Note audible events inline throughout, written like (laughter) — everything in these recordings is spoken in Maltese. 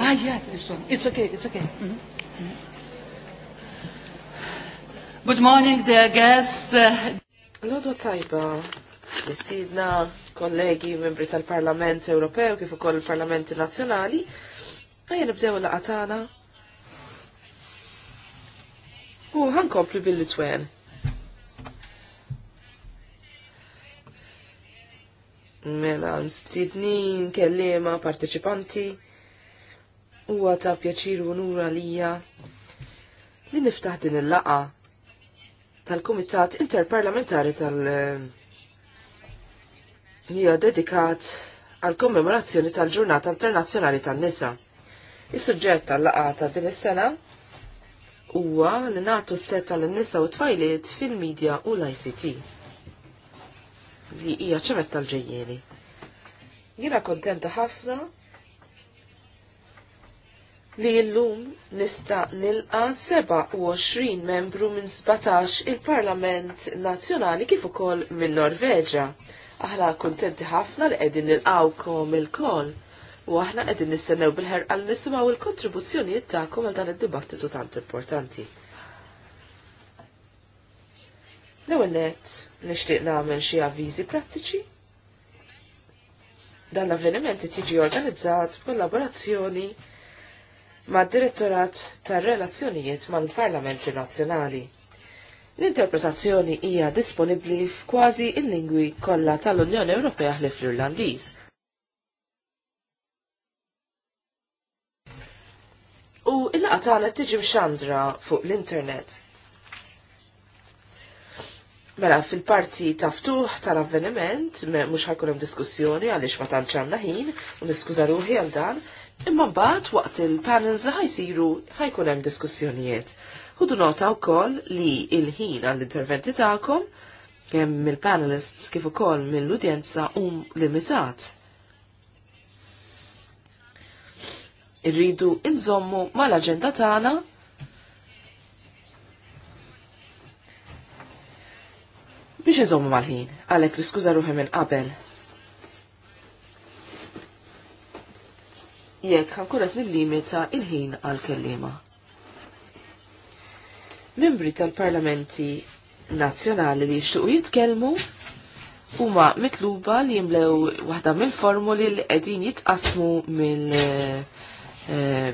Ah, yes, this one. It's okay, it's okay. Mm -hmm. Good morning, dear guests. Lodo tajba, istidna kollegi membri tal-Parlament Ewropew kif ukoll il-Parlamenti Nazzjonali. Ejja nibdew laqatana. U ħankomplu billi twen. Mela, mstidnin, kellima, partecipanti huwa ta' pjaċir u nura lija li niftaħ din il-laqa tal-Kumitat Interparlamentari tal- hija dedikat għal kommemorazzjoni tal-Ġurnata Internazzjonali tan-Nisa. Is-suġġett tal-laqa ta' din is-sena huwa li nagħtu s-setta lin-nisa u tfajliet fil-medja u l-ICT li hija ċemet tal-ġejjieni. Jiena kontenta ħafna li l-lum nista nilqa 27 membru minn 17 il-Parlament Nazzjonali kif ukoll minn Norveġa. Aħna kuntenti ħafna li qegħdin nilqawkom il-kol u aħna qegħdin nistennew bil-ħerqa li nisimgħu il-kontribuzzjonijiet tagħkom għal dan id-dibattitu tant importanti. L-ewwel nett nixtieq nagħmel xi avviżi prattiċi. Dan l-avveniment tiġi organizzat b'kollaborazzjoni mad direttorat tar relazzjonijiet mal-Parlamenti Nazzjonali. L-interpretazzjoni hija disponibbli f'kważi il-lingwi kollha tal-Unjoni Ewropea ħlif fl-Irlandiż. U il-laqa tagħna tiġi mxandra fuq l-internet. Mela, fil-parti ta' ftuħ tal-avveniment, mhux ħajkun hemm diskussjoni għaliex ma tantx għandna ħin, u niskuża ruħi għal dan, Imma mbagħad waqt il-panels li ħajsiru ħajkun hemm diskussjonijiet. Ħudu nota wkoll li il-ħin għall-interventi tagħkom kemm mill-panelists kif ukoll mill-udjenza hum limitat. Irridu inżommu mal-aġenda tagħna biex iżommu mal-ħin, għalhekk niskuża ruħi minn qabel jekk ħankun nil-limita il-ħin għall-kelliema. Membri tal-parlamenti nazzjonali li jixtiequ jitkellmu huma mitluba li jimlew waħda mill-formuli li qegħdin jitqasmu mill- eh,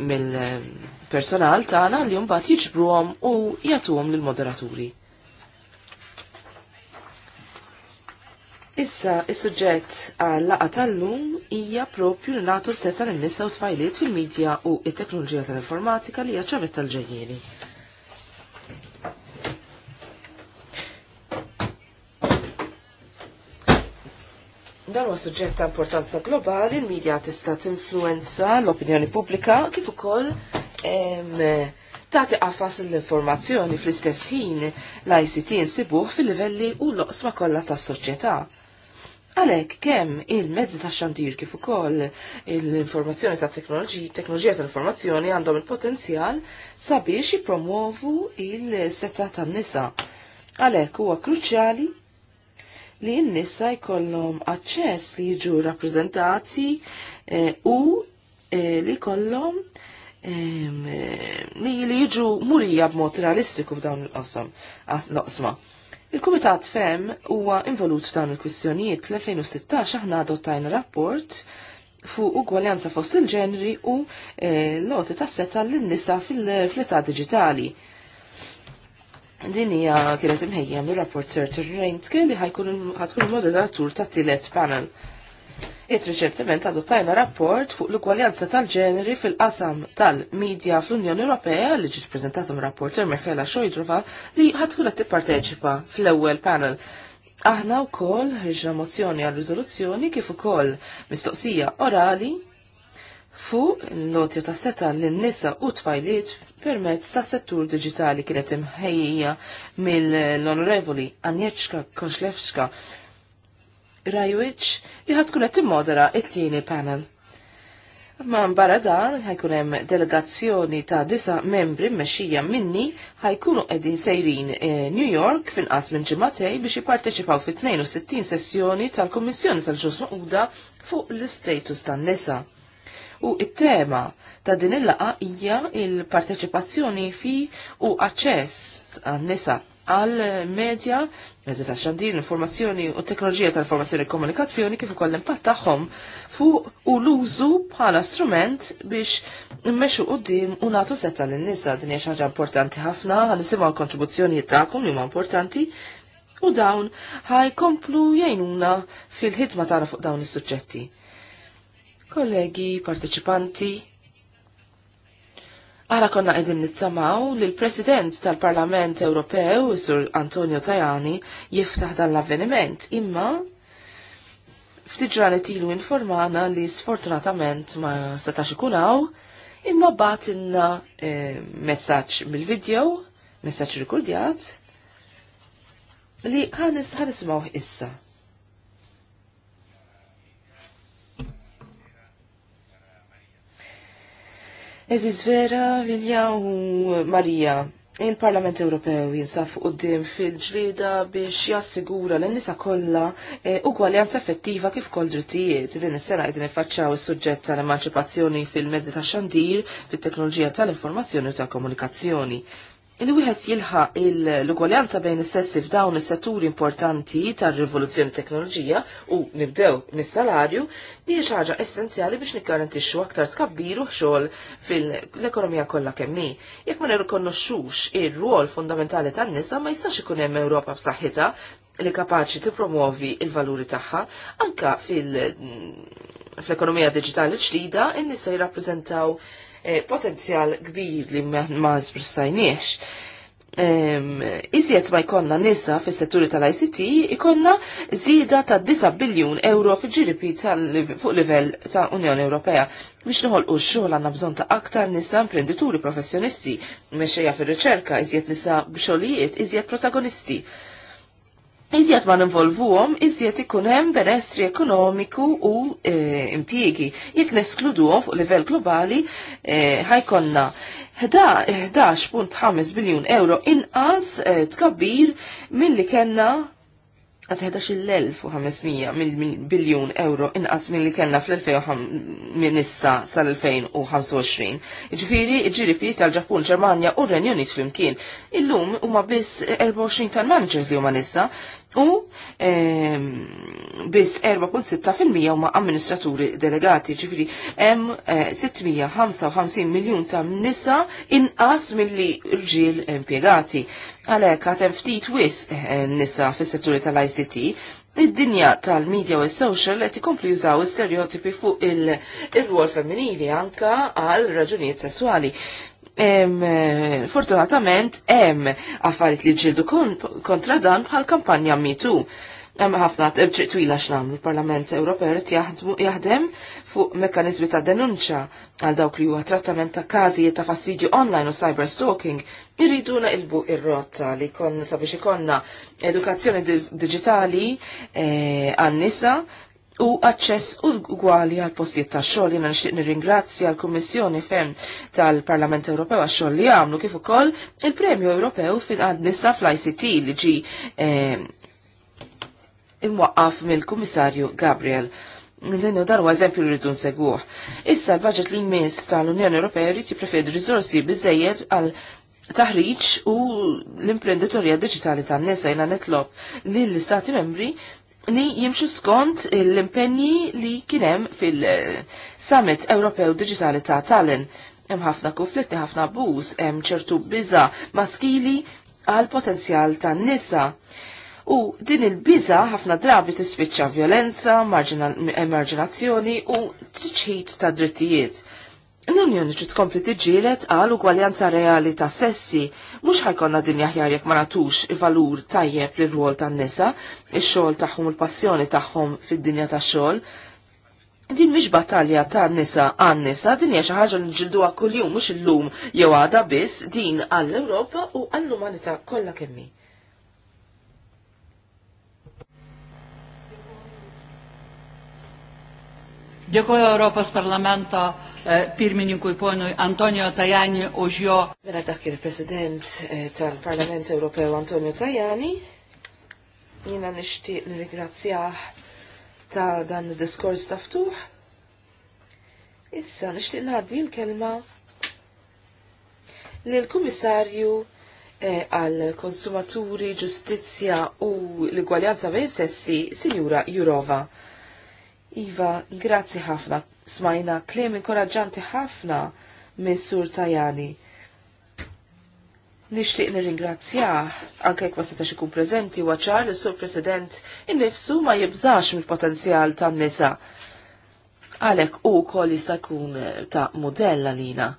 mill-personal tagħna li mbagħad jiġbruhom u jagħtuhom lill-moderaturi. Issa, is-suġġett għal laqa tal-lum hija propju li nagħtu seta' lin-nisa u tfajliet fil-medja u t-teknoloġija tal-informatika li hija tal-ġejjieni. Dan huwa suġġett ta' importanza globali, il-medja tista' tinfluenza l-opinjoni pubblika kif ukoll tagħti qafas l-informazzjoni fl-istess ħin l-ICT insibuh fil-livelli u l-oqsma kollha tas-soċjetà. Għalek, kemm il-mezzi ta' xandir kif ukoll l-informazzjoni ta' teknoloġija, teknoloġija tal-informazzjoni għandhom il-potenzjal sabiex jipromuovu il-setta tan nisa Għalek, huwa kruċjali li n-nisa jkollhom aċċess li jiġu rappreżentati eh, u eh, li kollhom eh, li jiġu murija b'mod realistiku f'dawn il-qosma. Il-Kumitat FEM huwa involut f'dawn il-kwistjonijiet l-2016 aħna adottajna rapport fuq ugwaljanza fost il-ġenri u l-loti e, ta' seta l-nisa fil-età digitali. Din hija kienet imħejjem mir rapport Sir Reintke li ħajkun ħatkun il-moderatur ta' tielet panel. It reċentement adottajna rapport fuq l-ugwaljanza tal-ġeneri fil-qasam tal-medja fl-Unjoni Ewropea li ġiet preżentatum rapporter Michela Xojdrova li ħadkulet tipparteċipa fl-ewwel panel. Aħna wkoll ħriġna mozzjoni għal riżoluzzjoni kif ukoll mistoqsija orali fuq l-notju ta' seta l-nisa u tfajliet permezz ta' settur digitali kienet imħejja mill-onorevoli Anjeċka Koszlewska Rajwich li ħatkun qed timmodera it-tieni panel. Ma barra dan ħajkun hemm delegazzjoni ta' disa membri mmexxija minni ħajkunu qegħdin sejrin e, New York finqas minn ġimgħatej biex jipparteċipaw fit-62 sessjoni tal-Kummissjoni tal-Ġus Maquda fuq l-istatus tan-nisa. U it-tema ta' din il-laqa hija il-parteċipazzjoni fi u aċċess tan-nisa għal medja Eżet għax l-informazzjoni u teknoloġija tal-informazzjoni e komunikazzjoni kif ukoll l-impatt tagħhom fu u l-użu bħala strument biex immexxu qudiem u nagħtu setta lin-nisa din hija xi ħaġa importanti ħafna, nisimgħu l-kontribuzzjonijiet tagħkom li huma importanti u dawn ħajkomplu jgħinuna fil-ħidma tagħna fuq dawn is-suġġetti. Kollegi, partecipanti, Għala konna għedin nittamaw li l-President tal-Parlament Ewropew, Sur Antonio Tajani, jiftaħ dan l-avveniment, imma ftiġranet tilu informana li sfortunatament ma setax ikunaw, imma batinna e, eh, messaċ mill-video, messaċ rikurdjat, li ħanismaw issa. Eżiz vera, Vilja u Marija, il-Parlament Ewropew jinsaf d-dim fil-ġlida biex jassigura l-nisa kollha e, ugwaljanza effettiva kif kol drittijiet. Din is-sena qegħdin faċċaw is-suġġett tal-emanċipazzjoni fil-mezzi tax-xandir, fit-teknoloġija tal-informazzjoni u tal-komunikazzjoni. Il-wieħed jilħaq l-ugwaljanza bejn is-sessi f'dawn is-setturi importanti tar-rivoluzzjoni teknoloġija u nibdew mis-salarju li xi ħaġa essenzjali biex nikkarantixxu aktar tkabbir u xogħol fil-ekonomija kollha kemm hi. Jekk ma nirrikonnoxxux ir-rwol fundamentali tan-nisa ma jistax ikun hemm Ewropa b'saħħitha li kapaċi tippromuovi il-valuri tagħha Anke fil- ekonomija digitali ġdida, in-nisa jirrappreżentaw E, potenzjal kbir li ma espressajniex. iżjed ma jkonna nisa fis setturi tal-ICT, jkonna zida ta' 9 biljun euro fil-GDP fuq livell ta' Unjoni Ewropea. Biex nħol u xogħol għandna bżonn ta' aktar nisa imprenditori professjonisti, mexxejja fir-riċerka, iżjed nisa b'xogħlijiet, iżjed protagonisti. Iżjed ma ninvolvuhom, iżjed ikun hemm benessri ekonomiku u e, impjiegi. Jekk neskluduhom fuq livell globali, e, ħajkonna e, 11.5 biljun euro inqas e, tkabbir milli kellna għaz 11.500 biljun euro inqas milli li kellna fl-2005 minn issa sal-2025. Ġifiri, pi tal-ġappun, Ġermanja u Renju Unit flimkien. Illum huma biss 24 tal-managers li huma nissa, U ehm, bis 4.6% huma amministraturi delegati, ġifiri hemm eh, 655 miljun ta' nisa inqas milli rġiel impjegati. Għalhekk għad hemm ftit wis eh, nisa fis-setturi tal-ICT, id-dinja tal-medja u s-social qed ikomplu jużaw stereotipi fuq il-rwol femminili anka għal raġunijiet sessuali. Eh, fortunatament hemm affarijiet li ġildu kontra dan bħal kampanja mitu. Għamma ħafna twila x'nam il-Parlament Ewropew qed jaħdem fuq mekkaniżmi ta' denunċa għal dawk li huwa trattament ta' każijiet ta' fastidju online u cyberstalking irridu naqilbu ir-rotta li konna sabiex ikonna edukazzjoni digitali eh, għan-nisa u aċċess ugwali għal postijiet ta' xogħol jiena nixtieq nirringrazzja l kummissjoni Fem tal-Parlament Ewropew għax xogħol li għamlu kif ukoll il-Premju Ewropew fin għad nisa fl-ICT li ġi eh, imwaqqaf mill-Kummissarju Gabriel. Nillinu darwa eżempju li rridu nseguh. Issa l-budget li jmiss tal-Unjoni Ewropea jrid jipprefed riżorsi biżejjed għal taħriġ u l-imprenditorja digitali tan-nisa jena nitlob lill istati membri li jimxu skont l-impenji li kienem fil-Summit Ewropew Digitali ta' Tallinn. Hemm ħafna konflitti, ħafna abbuż, hemm ċertu biża maskili għal potenzjal tan-nisa. U din il-biża ħafna drabi tispiċċa violenza, marġinazzjoni u tċħid ta' drittijiet L-Unjoni ġi tkompli tiġġielet għal ugwaljanza reali ta' sessi, mhux ħajkonna dinja aħjar jekk ma nagħtux valur tajjeb lir rwol tan-nisa, ix-xogħol tagħhom u l-passjoni tagħhom fid-dinja tax-xogħol, Din mhix battalja ta' nisa għan nisa, din hija xi ħaġa li nġilduha kuljum mhux illum jew għada biss din għall-Ewropa u għall-umanità kollha kemm hi. Dziękuję Europos Parlamenta Eh, pirmininkui ponui Antonio Tajani už Mela dak il-President eh, tal-Parlament Ewropew Antonio Tajani, jina nishtiq rigrazzja ta' dan diskors taftuħ. Issa nishtiq naħdi l-kelma l-Kummissarju eh, għal-Konsumaturi, Ġustizja Ġustizzja u l-Igwaljanza bejn sessi, Signora Jurova. Iva, grazzi ħafna smajna kliem inkoraġġanti ħafna minn Sur Tajani. Nishtiq nirringrazzjah anke jekk ma setax ikun preżenti ċar li sur President innifsu ma jibżax mill-potenzjal tan-nisa. Għalek u kol jista' jkun ta' modella għalina.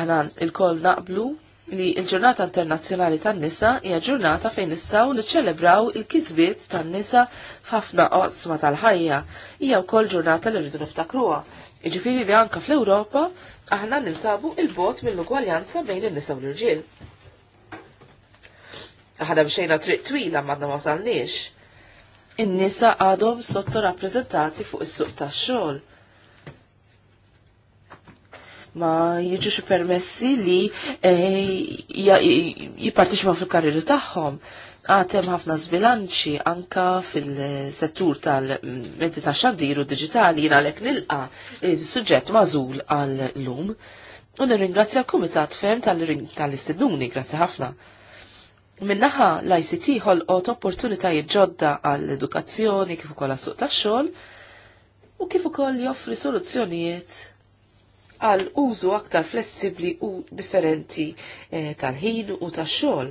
Aħna il-koll naqblu li l-ġurnata internazzjonali tan-nisa hija ġurnata fejn nistgħu niċċelebraw il-kisbiet tan-nisa f'ħafna qosma tal-ħajja. Hija wkoll ġurnata li rridu niftakruha. Jiġifieri li anke fl-Ewropa aħna ninsabu il-bot mill-ugwaljanza bejn in-nisa u l-irġiel. Aħna mxejna triq twila m'għandna wasalniex. In-nisa għadhom sotto rappreżentati fuq is-suq tax-xogħol ma jiġux permessi li eh, jipparteċipaw fil-karriru tagħhom. Għatem ħafna zbilanċi anka fil-settur tal-mezzi ta' xandiru digitali jina lek nilqa il sujġet mażul għal-lum. U nirringrazzja l-Kumitat Fem tal-Istidnuni, grazzi ħafna. Minnaħa l-ICT ħolqot opportunitajiet ġodda għall-edukazzjoni kif ukoll għas-suq tax-xogħol u kif ukoll joffri soluzzjonijiet għal użu aktar flessibli u differenti eh, tal-ħin u tax-xogħol.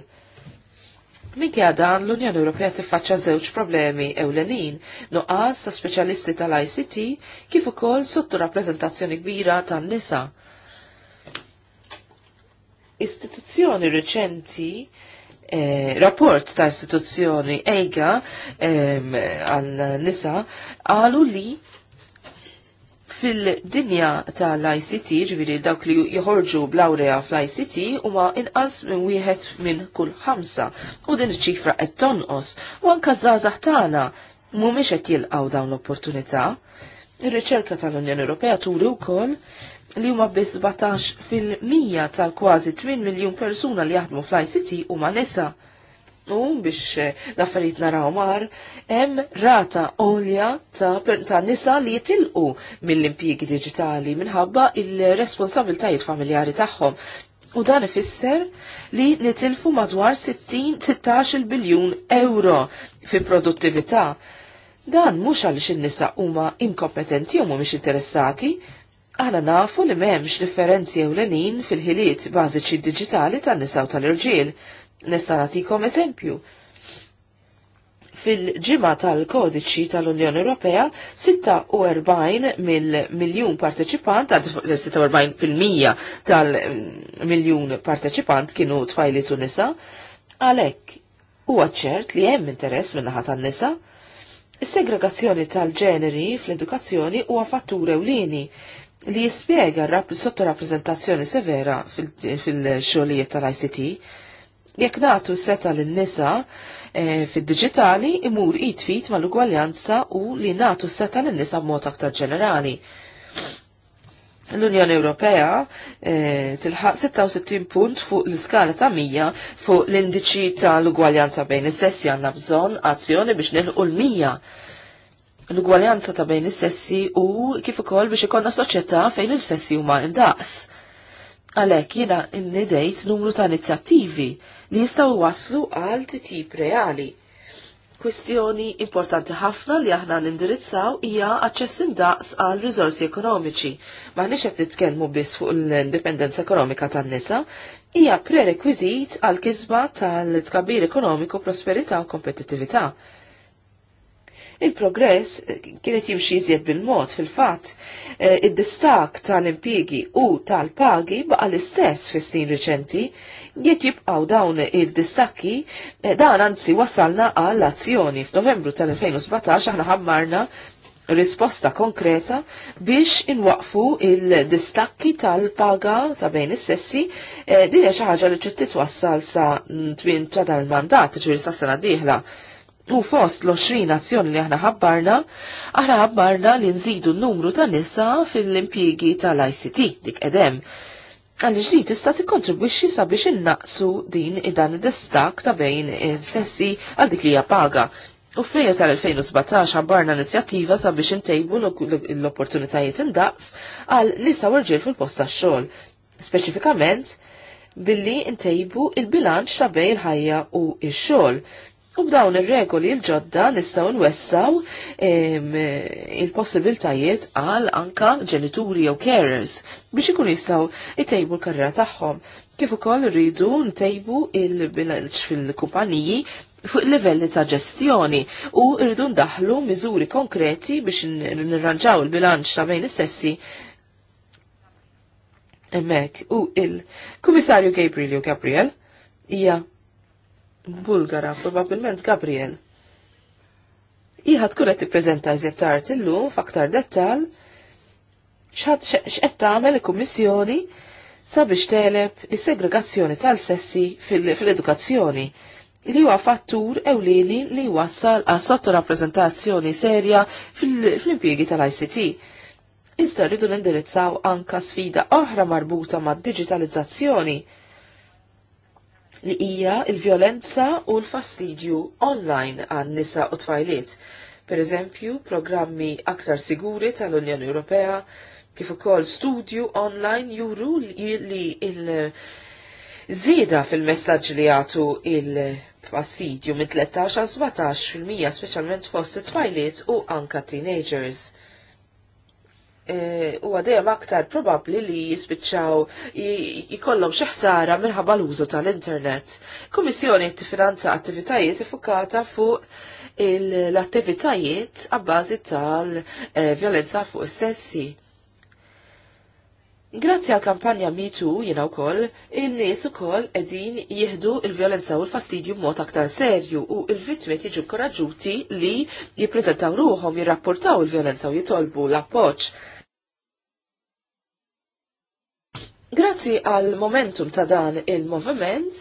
Minkja dan l-Unjoni Ewropea tiffaċċa żewġ problemi ewlenin, nuqqas ta' speċjalisti tal-ICT kif ukoll sottu rappreżentazzjoni kbira tan-nisa. Istituzzjoni riċenti eh, rapport ta' istituzzjoni Ega għal eh, nisa għalu li Fil-dinja tal-ICT, ġviri dawk li joħorġu b'laurea fl-ICT, huma inqas minn wieħed minn kull ħamsa, u din iċ-ċifra qed tonqos, u anke żgħażagħ tagħna mhumiex qed jilqgħu dawn l-opportunità. Ir-riċerka tal-Unjoni Ewropea turi wkoll li huma biss 17 fil-mija tal-kważi 8 miljun persuna li jaħdmu fl-ICT huma nisa u biex eh, laffariet naraw mar, hem rata olja ta', ta nisa li jitilqu mill-impjiegi digitali minħabba il-responsabiltajiet familjari tagħhom. U dan ifisser li nitilfu madwar 16 biljun euro fi produttività. Dan mhux għaliex in-nisa huma inkompetenti u mhumiex interessati, Aħna nafu li m'hemmx differenzi ewlenin fil-ħiliet bażiċi digitali tan-nisa u tal-irġiel. tal irġiel Nista' nagħtikom eżempju. Fil-ġimgħa tal-kodiċi tal-Unjoni Ewropea, 46 mil miljun parteċipant, 46% tal-miljun parteċipant kienu tfajli tunisa, għalhekk huwa ċert li hemm interess min-naħa tan-nisa, Is-segregazzjoni tal-ġeneri fl-edukazzjoni huwa għafattur ewlieni li jispjega rappresentazzjoni severa fil-xogħlijiet tal-ICT jekk nagħtu seta lin nisa e, eh, fid-diġitali imur jitfit mal-ugwaljanza u li nagħtu seta lin nisa b'mod aktar ġenerali. L-Unjoni Ewropea e, tilħaq 66 punt fuq l-iskala ta' 100 fuq l-indiċi tal-ugwaljanza bejn is-sessi għandna bżonn azzjoni biex nilqu l-100 l-ugwaljanza ta' bejn is-sessi u kif ukoll biex ikollna soċjetà fejn il-sessi huma indaqs. Għalek jina innidejt numru ta' inizjattivi li jistaw waslu għal titjib reali. Kwistjoni importanti ħafna li aħna nindirizzaw hija aċċess indaqs għal rizorsi ekonomiċi. Ma nix qed nitkellmu biss fuq l-indipendenza ekonomika tan-nisa, hija prerekwiżit għal kisba tal-tkabbir ekonomiku, prosperità u kompetittività. Il-progress kienet jimxi jizjed bil-mod fil-fat. Eh, id-distak tal-impigi u tal-pagi baqa l-istess fi snin reċenti, jekk jibqaw dawn il-distakki, eh, dan anzi wasalna għall azzjoni. F'Novembru tal-2017 aħna ħammarna risposta konkreta biex inwaqfu il-distakki tal-paga ta' bejn is-sessi eh, din hija xi ħaġa li trid titwassal sa twin ta' dan il-mandat, ġifieri sa sena dieħla. U fost l-20 azzjoni li aħna ħabbarna, aħna ħabbarna li nżidu n-numru ta' nisa fil-impjigi tal-ICT, dik edem. Għalli ġdijt tista' tikkontribwixxi sabiex innaqsu din id-dan id-distak ta' bejn sessi għal dik li hija paga. U f'Mejju tal-2017 ħabbarna inizjattiva sabiex intejbu l-opportunitajiet indaqs għal nisa u rġil fil-post tax-xogħol. Speċifikament, billi intejbu il-bilanċ ta' bejn il-ħajja u il-xol U b'dawn ir-regoli l-ġodda nistgħu nwessaw il-possibiltajiet għal anka ġenituri jew carers biex ikun jistgħu jtejbu l-karriera tagħhom. Kif ukoll rridu ntejbu il-bilanċ fil-kumpaniji fuq livelli ta' ġestjoni u rridu ndaħlu miżuri konkreti biex nirranġaw il-bilanċ ta' bejn is-sessi emmek u il-Kummissarju Gabriel Gabriel hija Bulgara, probabilment Gabriel. Iħa tkun qed tippreżenta iżjed tard illum f'aktar dettal x'qed tagħmel il-Kummissjoni sabiex teleb is-segregazzjoni tal-sessi fil-edukazzjoni li huwa fattur ewlieni li wassal għal rappreżentazzjoni serja fl-impjiegi tal-ICT. Iżda rridu nindirizzaw anka sfida oħra marbuta mad-digitalizzazzjoni li hija il-vjolenza u l-fastidju online għan nisa u tfajliet. Per eżempju, programmi aktar siguri tal-Unjoni Ewropea, kif ukoll studju online juru li il- Zida fil-messagġ li għatu il-fastidju minn 13 għal 17 fil-mija specialment fost it-twajliet u anka teenagers. E, huwa dejjem aktar probabbli li jispiċċaw jikollom xi ħsara minħabba l-użu tal-internet. Kummissjoni tiffinanza attivitajiet ifukata fuq l-attivitajiet għabbażi tal-violenza fuq is-sessi. Grazzi għal kampanja mitu jina wkoll, in-nies ukoll qegħdin jieħdu il-vjolenza u l-fastidju mod aktar serju u l vitmet tiġu korraġuti li jippreżentaw ruhom jirrapportaw il-vjolenza u jitolbu l-appoġġ Grazzi għal momentum ta' dan il-moviment,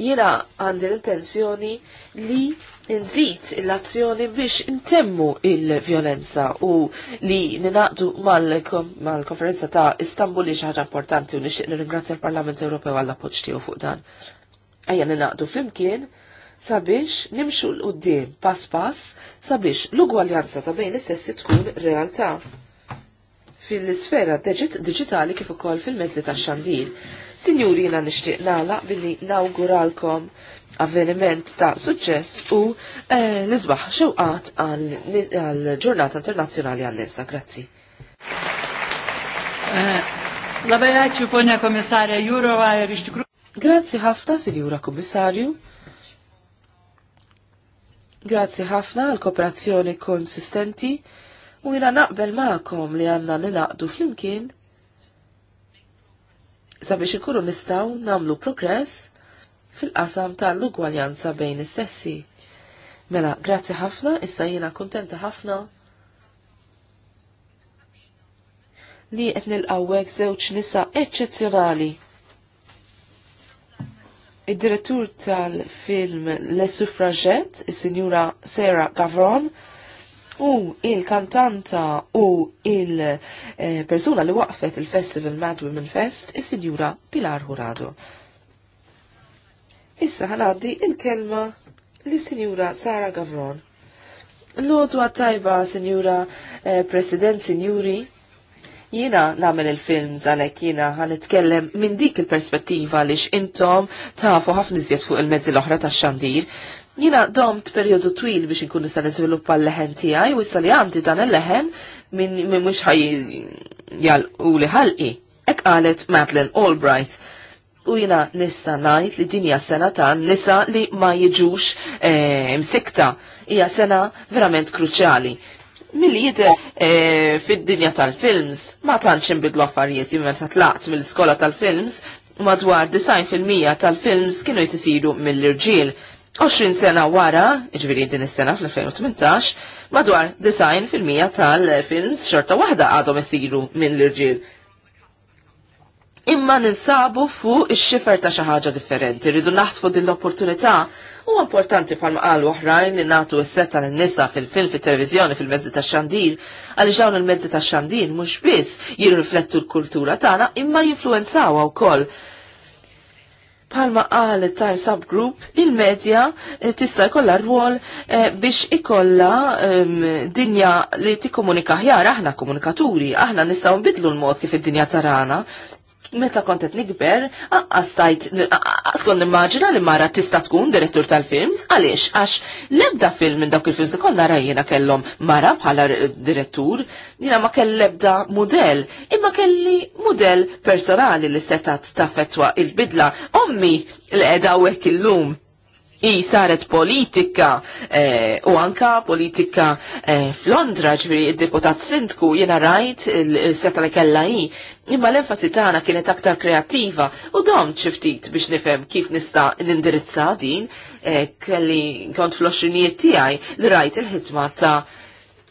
jiena għandi l-intenzjoni li nżid l-azzjoni biex ntemmu il-violenza u li ninaqdu mal-konferenza ta' Istanbul li xaħġa importanti u nixtieq nirringrazzja l-Parlament Ewropew għall appoġġ tiegħu fuq dan. Ejja ninaqdu flimkien sabiex nimxu l-qudiem pass pass sabiex l-ugwaljanza ta' bejn is-sessi tkun realtà fil-sfera digitali kif ukoll fil-mezzi tax-xandir. Sinjuri jiena nixtieq nagħlaq billi nawguralkom avveniment ta' suċċess u eh, xewqat għal-Ġurnata Internazzjonali għal-nessa. Grazzi. Eh, e Grazzi ħafna, Sinjura Komissarju. Grazzi ħafna għal kooperazzjoni konsistenti U jina naqbel ma'kom li għanna nilaqdu fl-imkien sabiex ikunu nistaw namlu progress fil-qasam tal-ugwaljanza bejn is-sessi. Mela, grazzi ħafna, issa jiena kuntenta ħafna li qed nilqawwek żewġ nisa eċċezzjonali. Id-direttur tal-film Le Suffragette, is-sinjura Sarah Gavron, u il-kantanta u il-persuna li waqfet il-Festival Mad Women Fest is-Sinjura Pilar Hurado. Issa ħanaddi il-kelma lis-Sinjura Sara Gavron. Lodu għattajba, Sinjura eh, President, Sinjuri, jina namel il-film zanek jina itkellem minn dik il-perspettiva lix intom tafu ħafna iżjed fuq il-mezzi l-oħra ta' xandir Jina domt periodu twil biex nkun nista' niżviluppa l-leħen tiegħi u issa li għandi dan il-leħen minn min mhux ħaj jalqu li ħalqi. Ek qalet Madeleine Albright u jina nista najt li dinja sena ta' nisa li ma jiġux e, msikta. Hija sena verament kruċjali. Milli jide e, eh, fid-dinja tal-films, ma tantx inbidlu affarijiet meta tlaqt mill-iskola tal-films, madwar 90% tal-films kienu jtisiru mill-irġiel. 20 sena wara, iġviri din is-sena fl-2018, madwar design fil-mija tal-films xorta waħda għadhom isiru minn l-irġiel. Imma ninsabu fuq ix-xifer ta' xi ħaġa differenti, rridu naħtfu din l-opportunità u importanti bħal qalu oħrajn li nagħtu s-setta lin-nisa fil-film fit-televiżjoni fil-mezzi tax-xandir għaliex ġawn il-mezzi tax-xandir mhux biss jirriflettu l-kultura tagħna imma jinfluwenzawha wkoll Palma għal tar subgroup, il-medja eh, tista' jkollha rwol eh, biex ikollha ehm, dinja li tikkomunika ħjar aħna komunikaturi, aħna nistgħu nbidlu l-mod kif id-dinja tarana, meta kontet nikber, għastajt, għaskon immaġina li mara tista tkun direttur tal-films, għaliex, għax lebda film minn dawk il-films li konna rajjena kellom mara bħala direttur, jina ma kell lebda model, imma kelli model personali li setat ta' fetwa il-bidla, ommi l edawek il illum i saret politika eh, u anka politika eh, f'Londra ġviri il deputat Sindku jena rajt il-seta li kella i imma l-enfasi tagħna kienet aktar kreattiva u dom ċiftit biex nifhem kif nista' nindirizza din eh, kelli kont fl-oxrinijiet tiegħi li rajt il-ħidma ta'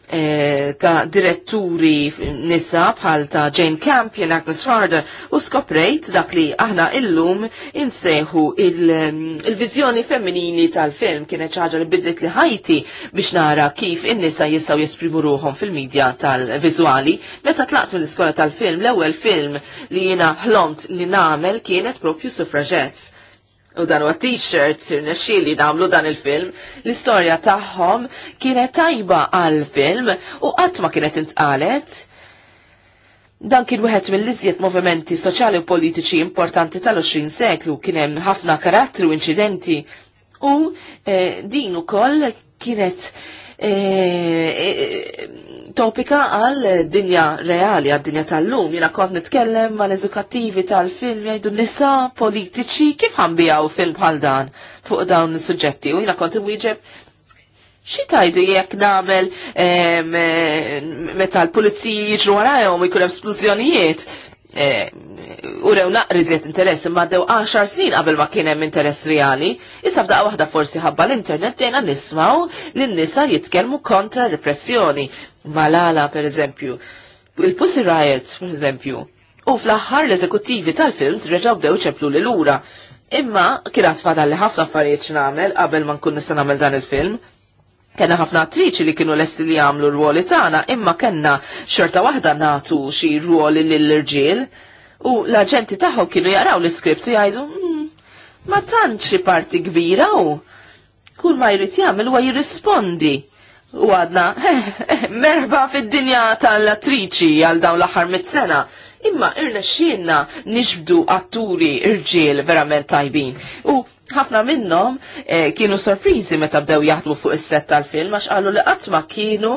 Eh, ta' diretturi nisa bħal ta' Jane Campion, Agnes Farder, u skoprejt dak li aħna illum inseħu mm, il-vizjoni il femminili tal-film kienet ċaġa li bidlet li ħajti biex nara kif in-nisa jistaw jesprimu ruħom fil-medja tal-vizuali. Meta tlaqt mill-iskola tal-film, l-ewwel film li jiena ħlont li namel kienet propju suffragettes u dan wa t-shirt sirna xili namlu dan il-film, l-istorja tagħhom kienet tajba għal-film u qatt ma kienet intqalet. Dan kien wieħed mill-iżjed movimenti soċjali u politiċi importanti tal-20 seklu kien hemm ħafna karattru inċidenti u eh, din ukoll kienet eh, eh, topika għal dinja reali, għal dinja tal-lum. Jina kont nitkellem mal edukattivi tal-film jgħidu nisa politiċi kif ħambijaw film bħal dan fuq dawn is-suġġetti. U jina kont imwieġeb xi tajdu jekk nagħmel eh, meta l-pulizija jiġu għarajom u jkun splużjonijiet Eh, u rew naqriżiet interess imma dew 10 snin qabel ma kien hemm interess reali, issa f'daqqa waħda forsi ħabba l-internet dejna nismaw li n-nisa jitkellmu kontra repressjoni. Malala per eżempju, il-Pussy Riots per eżempju, u fl-aħħar l-eżekuttivi tal-films reġgħu bdew ċemplu lil lura. Imma kienet fadalli ħafna affarijiet x'namel qabel ma nkun nista' nagħmel dan il-film kena ħafna attriċi li kienu lesti li għamlu r-ruoli tagħna, imma kena xorta waħda natu xi ruoli lill-irġiel u l-aġenti tagħhom kienu jaraw l-iskript u jgħidu hmm, ma tantx parti kbira u kull ma jrid jagħmel huwa jirrispondi. U għadna, (laughs) merba fid-dinja tal-attriċi għal dawn l-aħħar mit-sena imma irna xienna nixbdu atturi irġiel verament tajbin. U ħafna minnhom eh, kienu sorpriżi meta bdew jaħdmu fuq is-set tal-film għax qalu li qatt ma kienu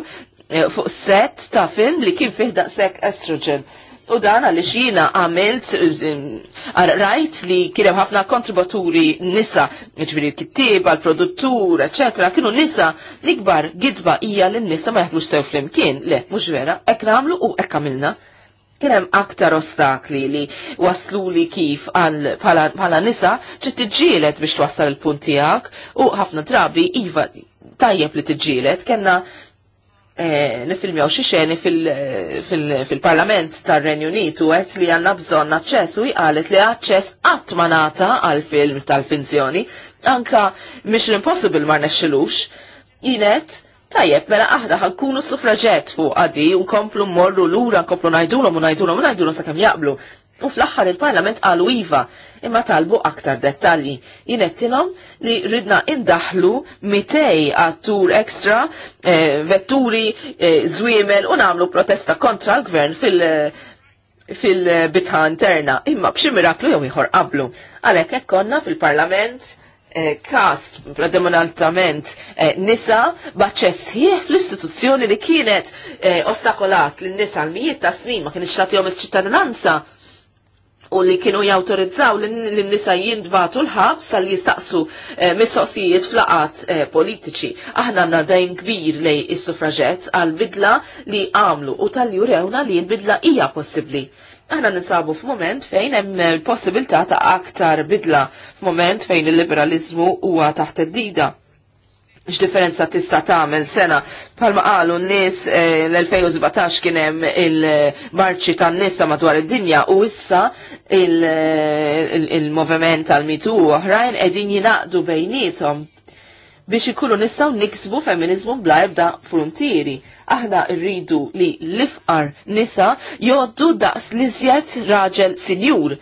eh, fuq set ta' film li kien fih daqshekk estrogen. U dan għalli xina għamilt, eh, rajt li kienem ħafna kontributuri nisa, ġviri jiġifieri l-kittiba, l-produttur, ecc. kienu nisa l-ikbar gidba ija l-nisa ma jaħdmux sew flimkien, le, mux vera, ek namlu u ek għamilna. Kien hemm aktar ostakli li waslu li kif għal bħala nisa ċi tġilet biex twassal il-punt tiegħek u ħafna drabi iva tajjeb li tġilet kellna eh, nifilmjaw xi xeni fil-Parlament tar-Renju Unitu għet li għandna bżonn aċċess u jqalet li aċċess qatt ma għal film tal-finzjoni anka l Impossible ma rnexxilux. Jinet, Tajjeb, mela aħna ħankunu suffraġet fuq għadi, unkomplu morru l-ura, komplu najdulom, unajdulom, unajdulom sa' kam jaqblu. U fl-axħar il-parlament għalu iva, imma talbu aktar dettalji. Jinettilom li ridna indaħlu mitej għattur ekstra, eh, vetturi, eh, zwimel, unamlu protesta kontra l-gvern fil- eh, fil-bitħa eh, interna, imma b'xi miraklu jew ieħor qablu. Għalhekk hekk konna fil-Parlament Eh, kast predominantament eh, nisa b'aċċess ħieħ fl-istituzzjoni li kienet eh, ostakolat lin nisa l-mijiet ta' snin ma kienx tagħtihom iċ-ċittadinanza u li kienu jawtorizzaw l nisa jindbatu l-ħabs tal jistaqsu mistoqsijiet flaqat politiċi. Aħna għanna dajn kbir li is-suffraġett għal-bidla li għamlu u tal-jurewna li l-bidla hija possibli aħna ninsabu f'moment fejn hemm il-possibilità eh, ta' aktar bidla, f'moment fejn il-liberalizmu huwa taħt id-dida. X'differenza tista' tagħmel sena palma qalu n-nies eh, l-2017 kien hemm il-marċi tan-nisa madwar id-dinja u issa eh, il-moviment tal-mitu u oħrajn qegħdin jingħaqdu bejniethom biex ikunu nistaw niksbu feminizmu bla ebda frontieri. Aħna rridu li l-ifqar nisa joddu daqs li zjed raġel sinjur.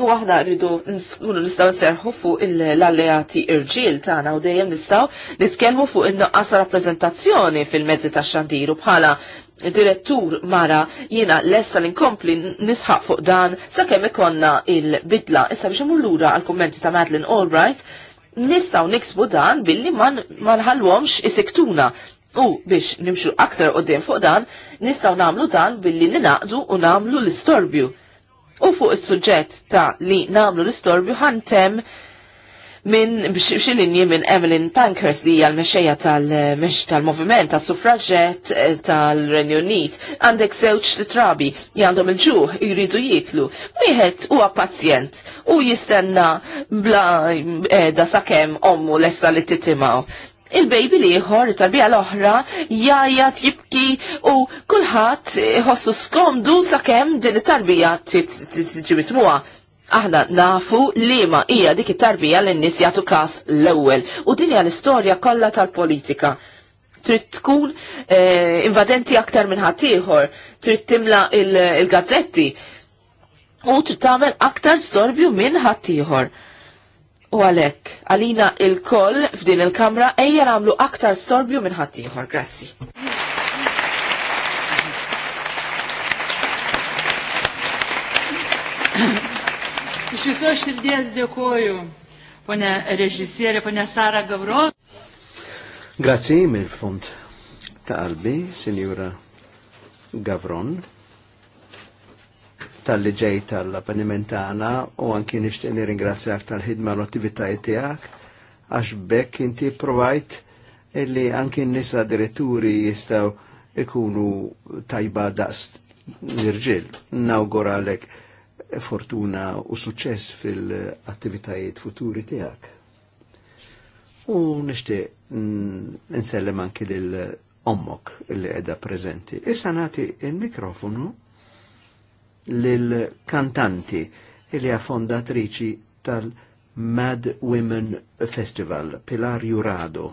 U aħna rridu nkunu nistaw nserħu fuq l-alleati irġiel tagħna u dejjem nistaw nitkellmu fuq in-noqqas rappreżentazzjoni fil-mezzi tax-xandiru bħala direttur mara jiena lesta l-inkompli nisħaq fuq dan sakemm ikonna il-bidla. Issa biex imur lura għal kummenti ta' Madeleine Albright, nistaw niksbu dan billi ma nħallwomx isiktuna. U biex nimxu aktar qoddim fuq dan, nistaw namlu dan billi ninaqdu u namlu l-istorbju. U fuq is-suġġett ta' li namlu l-istorbju ħantem minn xil-linji minn Evelyn Pankhurst li hija l-mexxejja eh, tal-moviment tas-suffraġġett eh, tal-Renju Unit għandek t trabi li għandhom il-ġuħ jridu jitlu. Wieħed huwa pazjent u jistenna bla eh, da sakemm ommu lesta li titimaw. Il-baby jħor tarbija l-oħra, jajat jibki u kullħat ħossu skomdu sakemm din it-tarbija tġibitmuha aħna nafu li ma hija dik it-tarbija l n-nies jagħtu każ l-ewwel u din hija l-istorja kollha tal-politika. Trid tkun eh, invadenti aktar minn ħaddieħor, trid timla il-gazzetti il u trid tagħmel aktar storbju minn ħaddieħor. U għalek, għalina il-koll f'din il-kamra ejja namlu aktar storbju minn ħaddieħor. Grazzi. Iš viso širdies dėkoju, ponia režisierė, ponia Sara Gavro. Grazie Mirfond. talbi, signora Gavron, Talli ġej tal-appanimentana u anki nishtiq nirringrazzjak tal-ħidma l-attivitajiet tiegħek għax bekk inti provajt illi anki n-nisa diretturi jistaw ikunu tajba daqs l-irġil. Nawguralek fortuna u suċċess fil-attivitajiet futuri tiegħek. U nixtieq nsellem anki lil ommok li qiegħda preżenti. Issa nagħti il-mikrofonu lil kantanti li fondatriċi tal- Mad Women Festival, Pilar Jurado.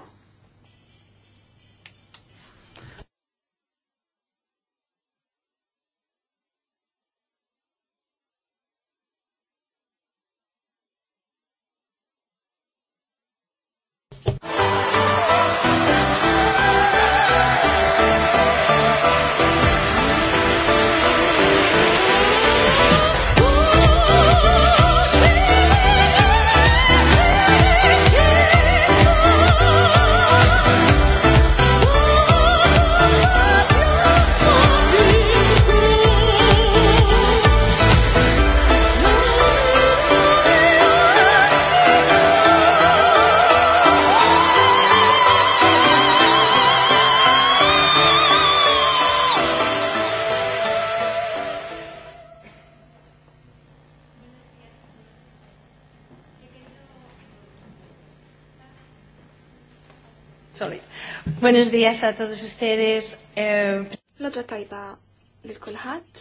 Buenos días a todos ustedes. Eh, lodwa tajba l-kulħat.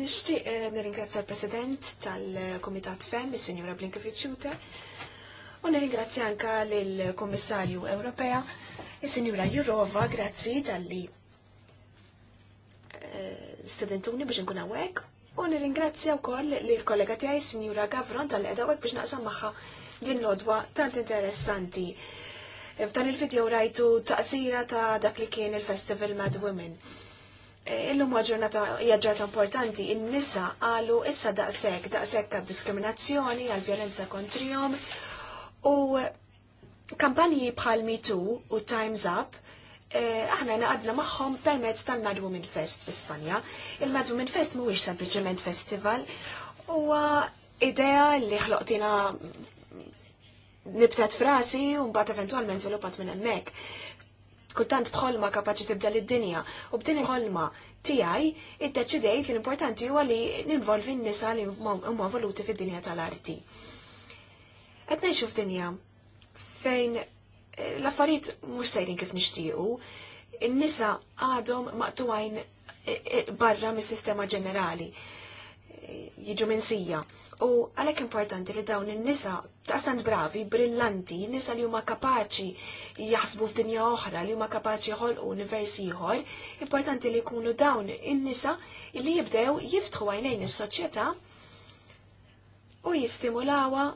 Nishtiq eh, nirringrazzja l-President tal-Komitat FEM, il signora Blinkovic-Jute, u nirringrazzja anka l-Kommissarju Ewropea, il-Sinjura Jurova, grazzi tal-li eh, stedentuni biex nkun għawek, u nirringrazzja u koll l-kollega tijaj, Sinjura Gavron, tal-edawek biex naqsam maħħa din lodwa tant interessanti. F'dan il-video rajtu taqsira ta' dak li kien il-Festival Mad Women. E, illum ġurnata hija ġurnata importanti, in-nisa qalu issa daqshekk, daqshekk għad-diskriminazzjoni, għal-vjolenza kontrihom u kampanji bħal Mitu u Times Up e, aħna għadna magħhom permezz tal-Mad Women Fest fi Spanja. Il-Mad Women Fest mhuwiex sempliċement festival, huwa idea li ħloqtina nibtet frasi u mbagħad eventwalment żviluppat minn hemmhekk. Kultant bħolma kapaċi tibda lid-dinja u b'din il-ħolma tiegħi iddeċidejt li l-importanti huwa li ninvolvi n-nisa li huma voluti fid-dinja tal-arti. Qed ngħixu f'dinja fejn eh, l-affarijiet mhux sejrin kif nixtiequ, in-nisa għadhom maqtuwajn eh, eh, barra mis-sistema ġenerali jiġu minsija. sija. U għalek importanti li dawn in-nisa taqstan bravi, brillanti, nisa li huma kapaċi jaħsbu f'dinja oħra, li huma kapaċi u univers ieħor, importanti li jkunu dawn in-nisa li jibdew jiftħu għajnejn is soċjeta u jistimulawa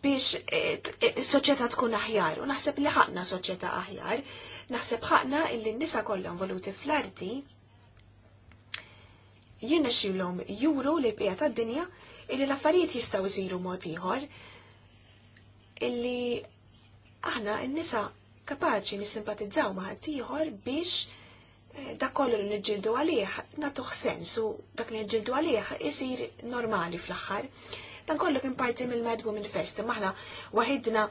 biex is-soċjetà eh, tkun aħjar u naħseb li ħakna soċjeta' aħjar, naħseb ħakna il n-nisa kollha involuti fl-arti jien nixilhom juru li bqija tad-dinja illi l-affarijiet jistgħu jsiru mod ieħor illi aħna n-nisa kapaċi nissimpatizzaw ma' ieħor biex eh, dak kollu li niġġieldu għalih sens sensu dak li niġġieldu għalih isir normali fl-aħħar. Dan kollu kien parti mill medbu Women Fest, maħna waħidna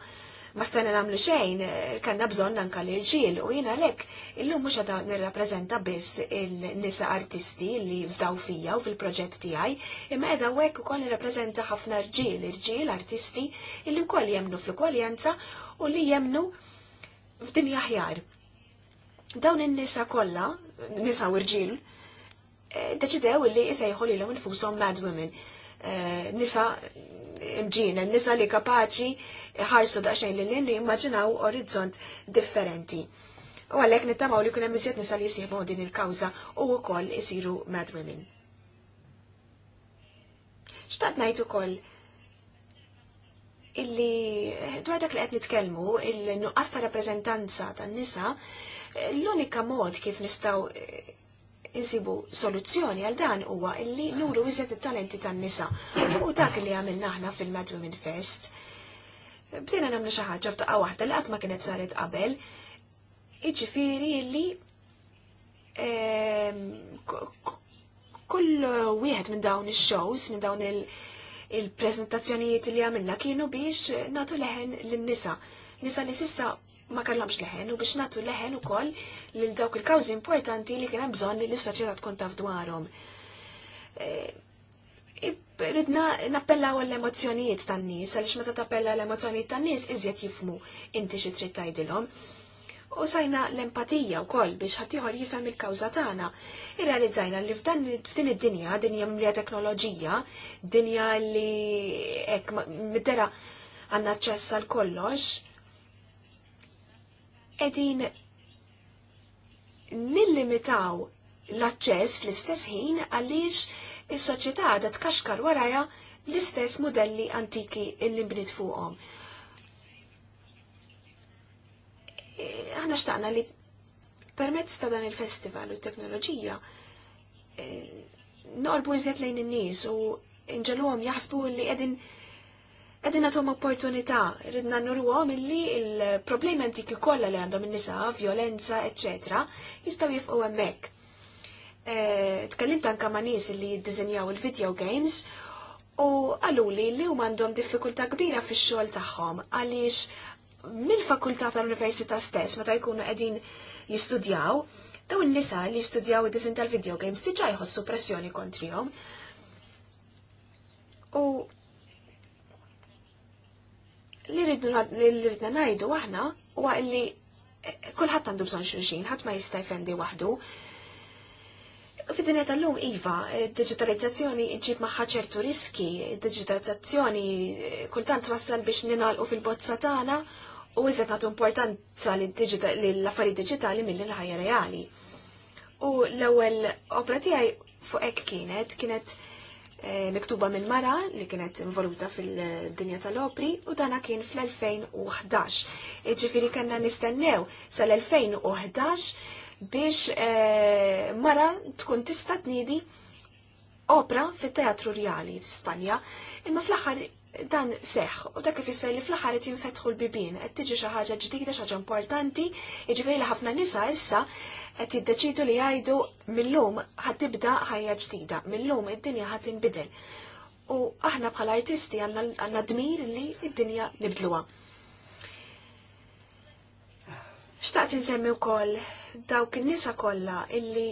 ma stanna nagħmlu xejn, kanna bżonn anka l ġil u jiena lek illum mhux għadha nirrapprezenta biss il-nisa artisti li fdaw fija u fil-proġett tiegħi, imma qiegħda hekk ukoll nirrapprezenta ħafna rġiel, irġiel artisti illi wkoll jemnu fl-ukwaljanza u li jemnu f'dinja ħjar. Dawn in-nisa kollha, nisa u rġiel, eh, deċidew li jisejħu lilhom infushom mad women Eh, nisa mġina, nisa li kapaċi ħarsu daċxajn li l innu jimmaġinaw immaġinaw orizzont differenti. U għalek nittamaw li kunem iżjed nisa li jisibu din il-kawza u u koll jisiru mad women. Xtaqt najtu koll illi eh, dwar dak li qed nitkellmu il-nuqqas ta' rappreżentanza tan-nisa l-unika mod kif nistgħu eh, insibu soluzzjoni għal dan huwa illi nuru iżet it-talenti tan-nisa. U dak li għamilna aħna fil-Mad Women Fest. Bdejna nagħmlu xi ħaġa ftaqa' waħda li qatt ma kienet saret qabel. Iġifieri li ehm, kull wieħed minn dawn ix-shows, minn dawn il-prezentazzjonijiet li għamilna kienu biex natu leħen lin-nisa. Nisa li sissa ma kellhomx leħen u biex nagħtu leħen ukoll lil dawk il-kawżi importanti li kien hemm bżonn li l-soċieta tkun taf dwarom. E, ridna nappellaw l emozjonijiet tan-nies għaliex meta tappella l emozjonijiet tan-nies iżjed jifmu inti xi trid tajdilhom. U sajna l-empatija wkoll biex ħaddieħor jifhem il-kawża tagħna. Irrealizzajna li f'dan f'din id-dinja, dinja mlija teknoloġija, dinja li hekk middera għandna ċessa l kollox, edin nillimitaw l-aċċess fl-istess ħin għaliex is-soċjetà għadha tkaxkar waraja l-istess modelli antiki illi nbnit fuqhom. E, aħna xtaqna li permezz ta' dan il-festival u t-teknoloġija e, norbu iżjed lejn in-nies u nġeluhom jaħsbu li qegħdin Għedin għatom opportunità, rridna nurru għom illi il-problemi antiki kolla li għandhom il-nisa, violenza, etc. jistaw jifqu għemmek. E, tkellimt anka ma' nies li jiddizinjaw il-video games u għaluli li hum għandhom diffikultà kbira fix-xogħol tagħhom għaliex mill-fakultà tal-Università stess meta jkunu qegħdin jistudjaw, daw in nisa li jistudjaw id-disin tal-video games diġà jħossu pressjoni kontrihom. U Li rridna najdu aħna huwa li eh, kulħadd għandu bżonn xulxin, ħadd ma jista' jfendi waħdu. Fid-dinja tal-lum, Iva, eh, digitalizzazzjoni ġib maħħa ċertu riski, digitalizzazzjoni eh, kultant wassal biex ninalqu fil-bozza tagħna u iżed nagħtu importanza l-affarijiet diġitali mill l-ħajja reali. U l-ewwel opra tiegħi fuq hekk kienet kienet Eh, miktuba minn mara li kienet involuta fil-dinja tal-opri u dana kien fl-2011. Ġifiri kanna nistennew sal-2011 biex eh, mara tkun tista' tnidi opra fit-teatru reali f'Spanja. Imma fl-aħħar dan seħ, u dak ifisser li fl-aħħar qed jinfetħu l-bibin, qed tiġi xi ħaġa ġdida, xi ħaġa importanti, jiġifieri li ħafna nisa issa qed jiddeċidu li jgħidu millum ħad tibda ħajja ġdida, millum id-dinja ħad tinbidel. U aħna bħala artisti għandna dmir li id-dinja nibdluha. Xtaqt insemmi wkoll dawk in-nisa kollha illi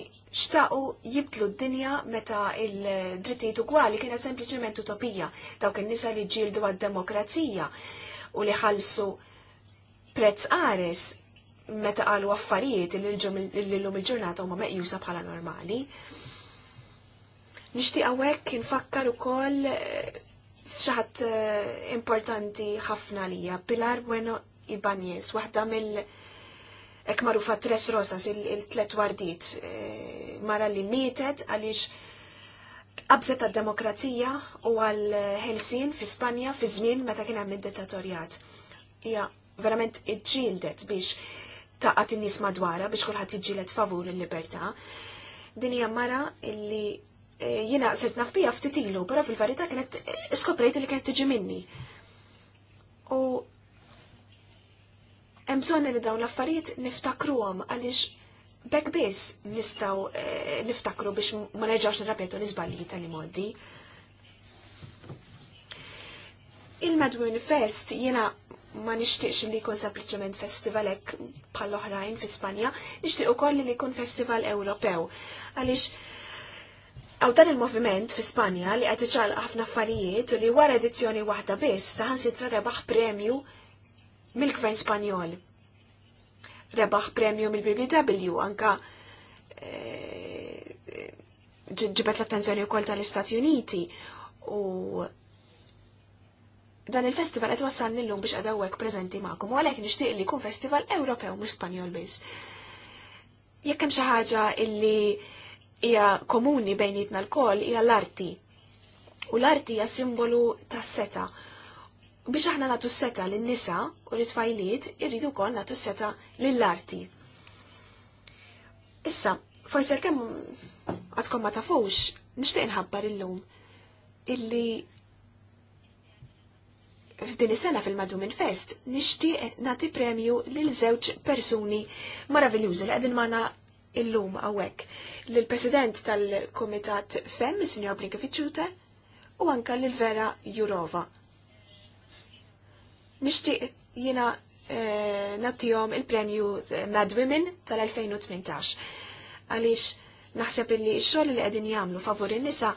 xtaqu jibdlu d-dinja meta il-drittijiet ugwali kienet sempliċement utopija, dawk il nisa li ġildu għad-demokrazija u li ħallsu prezz għares meta qalu affarijiet li l-lum il-ġurnata huma meqjusa bħala normali. Nixtieq hawnhekk infakkar ukoll eh, xaħat eh, importanti ħafna lija, Pilar Bueno Ibanez, waħda mill- ek fa tres rosas il-tlet wardit e, mara li mietet għaliex qabżet għad-demokrazija u għal-Helsin fi Spanja fi żmien meta kien hemm id-dittatorjat. Hija verament iġġieldet biex taqgħet in-nies madwara biex kulħadd iġġieled favur il-libertà. Din hija mara li e, jiena sirt naf ftit ilu, però fil-verità kienet e, skoprejt li kienet tiġi minni. U Hemm li dawn l-affarijiet niftakruhom għaliex bekk biss nistgħu eh, niftakru biex ma nerġgħux nirrapetu l-iżbalji tal modi Il-Madwin Fest jiena ma nixtieqx li jkun sempliċement festivalek hekk bħal oħrajn fi Spanja, nixtieq ukoll li jkun festival Ewropew. Għaliex għaw dan il-moviment fi Spanja li qed iċal ħafna affarijiet u li wara edizzjoni waħda biss saħansitra rebaħ premju mill-Gvern Spanjol. Rebaħ premju mill-BBW anka eh, ġibet l-attenzjoni u kolta tal-Istati Uniti u dan il-festival qed wassalni lum biex qed hawnhekk preżenti magħkom u għalhekk nixtieq li jkun festival Ewropew mhux Spanjol biss. Jekk hemm xi ħaġa illi hija komuni bejnietna l-kol hija l-arti. U l-arti hija simbolu tas-seta' U biex aħna natu seta l-nisa u l-tfajliet, irridu kol natu seta l-arti. Issa, forse l-kem għatkom ma tafux, nishtiq nħabbar il-lum illi f'din is-sena fil-Madumin Fest nixtieq nagħti premju lil żewġ persuni maraviljużi li qegħdin magħna illum hawnhekk. l president tal-Kumitat FEM, is-Sinjor Blinkeviċute, u anka lil Vera Jurova Nishtiq jina eh, natijom il-premju eh, Mad Women tal-2018. Għalix naħseb illi xoll li għedin jamlu favur il-nisa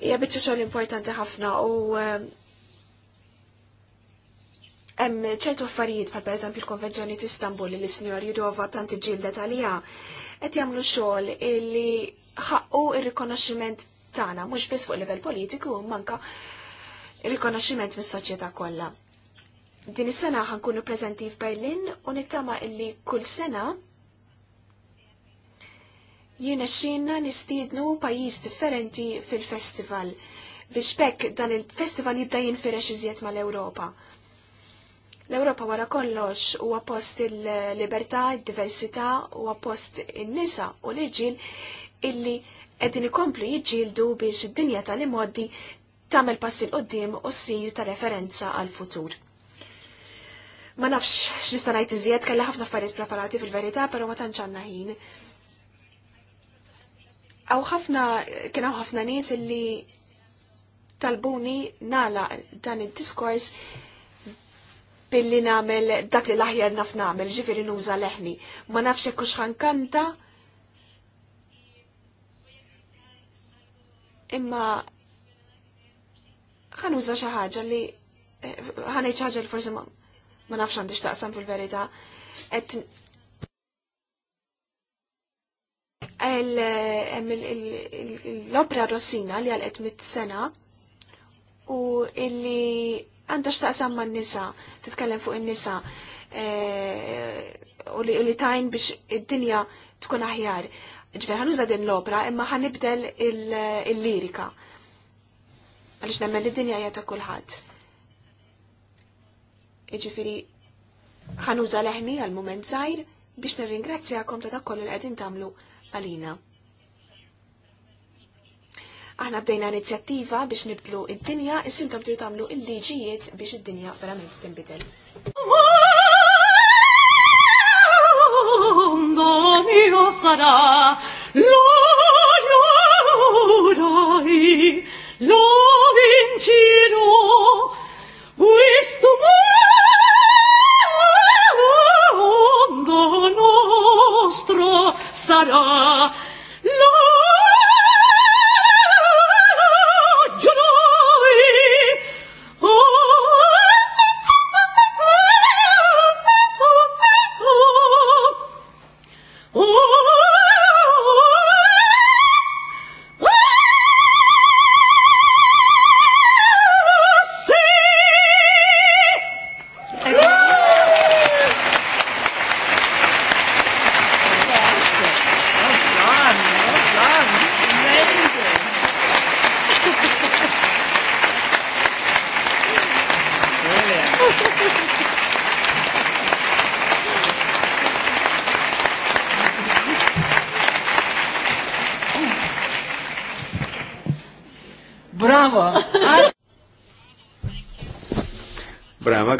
jgħabitċa xoll importanti ħafna u eh, hemm ċertu affarijiet bħal pereżempju l-Konvenzjoni ta' Istanbul li s-Sinjor Jurova tant ġilda talija qed jagħmlu xogħol li ħaqqu il rikonoxximent tagħna mhux biss fuq livell politiku manka il rikonoxximent mis-soċjetà kollha. Din is-sena ħankunu preżenti f'Berlin u nittama illi kull sena jiena xinna nistiednu pajjiż differenti fil-festival biex bekk dan il-festival jibda jinfirex iżjed mal-Ewropa. L-Ewropa wara kollox huwa post il-libertà, id-diversità, huwa post in-nisa u l ġil illi qegħdin ikomplu jiġġieldu biex id-dinja tal-imoddi tagħmel passi l qoddim u s-sir ta' referenza għal futur. Ma nafx x'nista' ngħid iżjed kellha ħafna affarijiet preparati fil-verità, però ma tantx għandna ħin. Aw ħafna kien hawn ħafna nies illi talbuni nala dan id-diskors billi nagħmel dak li l-aħjar naf nagħmel, ġifieri nuża leħni. Ma nafx hekk hux ħankanta, imma ħanuża xi ħaġa li ħanejt xi ħaġa li forsi ma nafx għandix taqsam fil-verità. Et l-opera Rossina li għal mit sena u illi għandax taqsam ma' nisa titkellem fuq n nisa e, u li tajn biex id-dinja tkun aħjar. Ġver ħanuża din l-opera imma ħanibdel il-lirika. Għalix nemmen id-dinja jgħata kulħadd Iġifiri, ħanuża leħni għal moment zaħir biex nirringrazzjakom ta' dak kollu li qegħdin tagħmlu għalina. Aħna bdejna inizjattiva biex nibdlu id-dinja, issintom tridu tagħmlu il-liġijiet biex id-dinja verament tinbidel. Domino sarà lo lo questo mondo sara ah, ah, ah.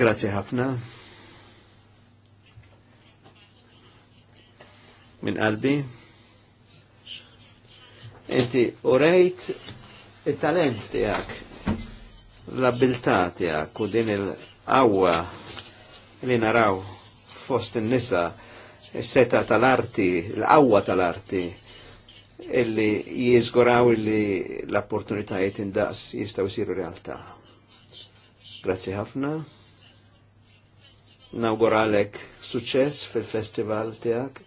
grazzi ħafna. Min qalbi. Inti urejt il-talent tijak, l abilta tijak u din il-għawa li naraw fost il-nisa, il-seta tal-arti, l-għawa tal-arti illi jizguraw illi l-opportunitajiet indaqs jistaw jisiru realtà. Grazie ħafna nawguralek suċess fil-festival tijak,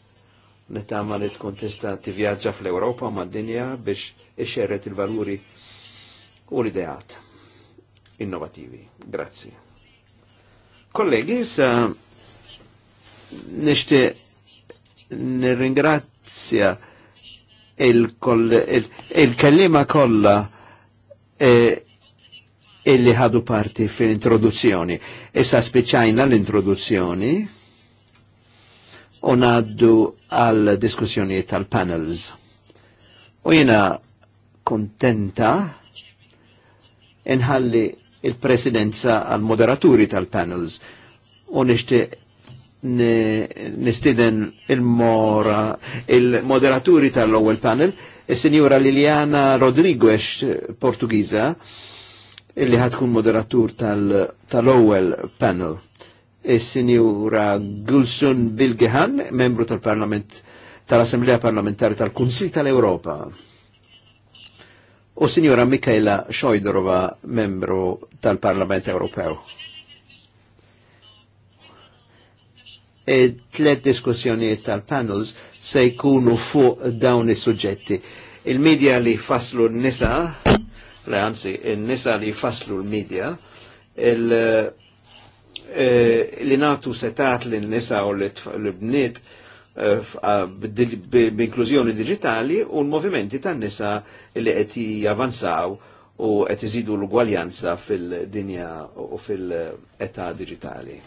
netama li tkun tista tivjaġġa fl-Europa ma' dinja biex iċerret il-valuri u l-ideat innovativi. Grazzi. Kollegi, sa nishti nirringrazzja il kallima il, il kolla e eh, illi ħadu parti fil-introduzzjoni. Issa spiċajna l-introduzzjoni u naddu għal diskussjoni tal-panels. U jena kontenta inħalli il-presidenza għal moderaturi tal-panels u nishti nistiden il-mora il-moderaturi tal-ewwel panel is-sinjura Liliana Rodriguez Portugiza illi ħatkun moderatur tal-ewwel tal panel. Is-Sinjura Gulsun Bilgehan, membru tal-Parlament tal-Assemblea Parlamentari tal-Kunsil tal-Europa. U Sinjura Mikaela Xojdrova, membru tal-Parlament Ewropew. E tlet diskussjonijiet tal-panels se jkunu fuq dawn is-suġġetti. Il-medja li faslu n-nisa le anzi, n-nisa li jfasslu l-medja, eh, li natu setat li n-nisa u l-bnit eh, b'inklużjoni digitali u l-movimenti tan-nisa li qed javanzaw u qed iżidu l-ugwaljanza fil-dinja u fil-età digitali.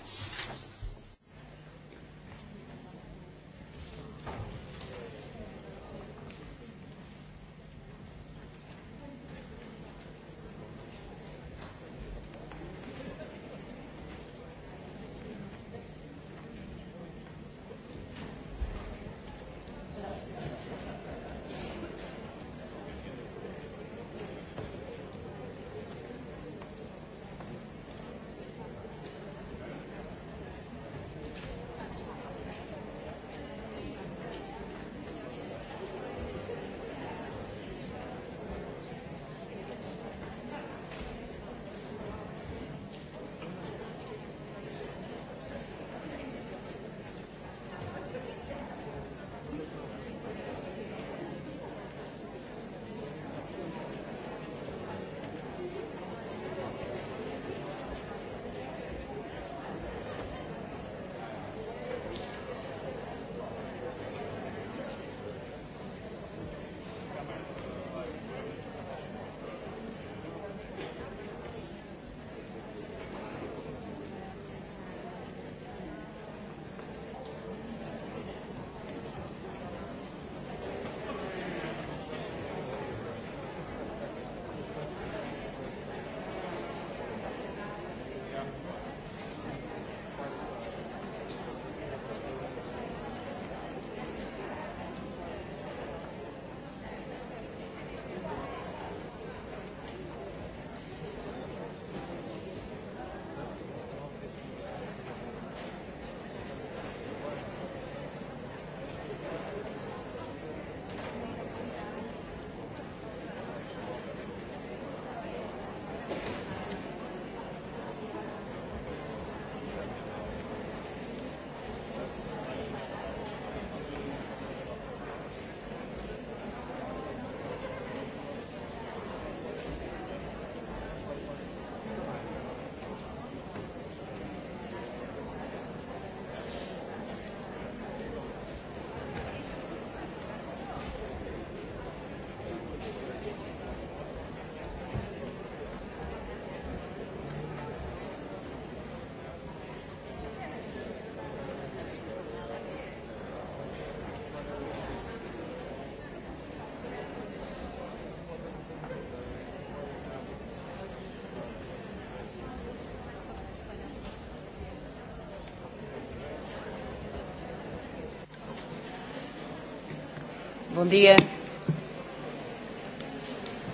Bon dia.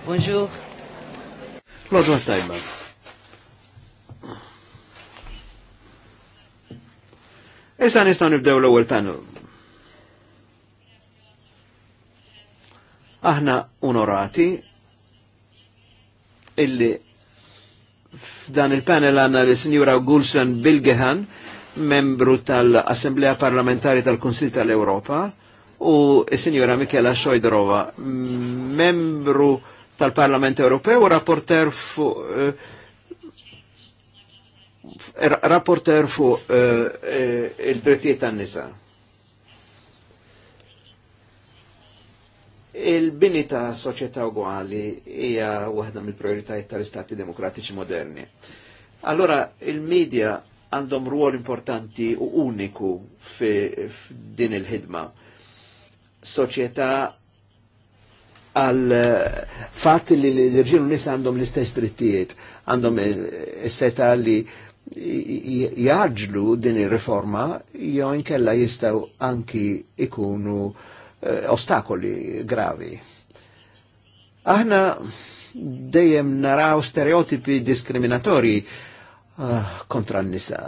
Bonjour. Lodwa tajma. Issa nistgħu nibdew l-ewwel panel. Aħna unorati illi f'dan il-panel għanna l-Sinjura Gulsen Bilgehan, membru tal-Assemblea Parlamentari tal-Konsil tal-Europa, u il sinjora Michela Xojdrova, membru tal-Parlament Ewropew u rapporter fu eh, rapporter fu eh, eh, il-drittijiet tan-nisa. Il-bini ta' soċjetà ugwali hija waħda mill-prioritajiet tal-Istati Demokratiċi Moderni. Allora, il-medja għandhom ruol importanti u uniku fi din il-ħidma soċjetà għal eh, fatt li l-irġilu nis għandhom l-istess drittijiet, għandhom eh, s-seta li jaġlu din il-reforma, jo inkella jistaw anki ikunu eh, ostakoli gravi. Aħna dejjem naraw stereotipi diskriminatori ah, kontra n-nisa.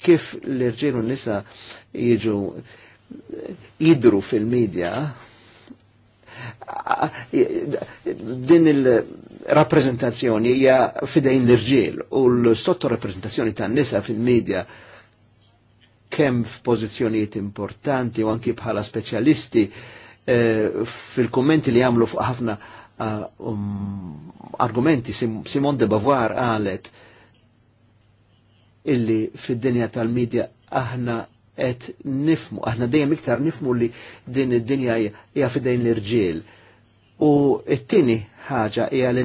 Kif l-irġilu n-nisa jiġu jidru fil-medja din il-rappresentazzjoni hija fidejn l-irġiel u l-sottorappresentazzjoni tan-nisa fil-medja kemm f'pożizzjonijiet importanti u anki bħala speċjalisti eh, fil-kummenti li jagħmlu fuq ħafna eh, um, argumenti Simon de Beauvoir qalet illi fid-dinja tal-medja aħna qed nifmu, aħna dejjem iktar nifmu li din id-dinja hija fidejn l-irġiel. U t-tieni ħaġa hija li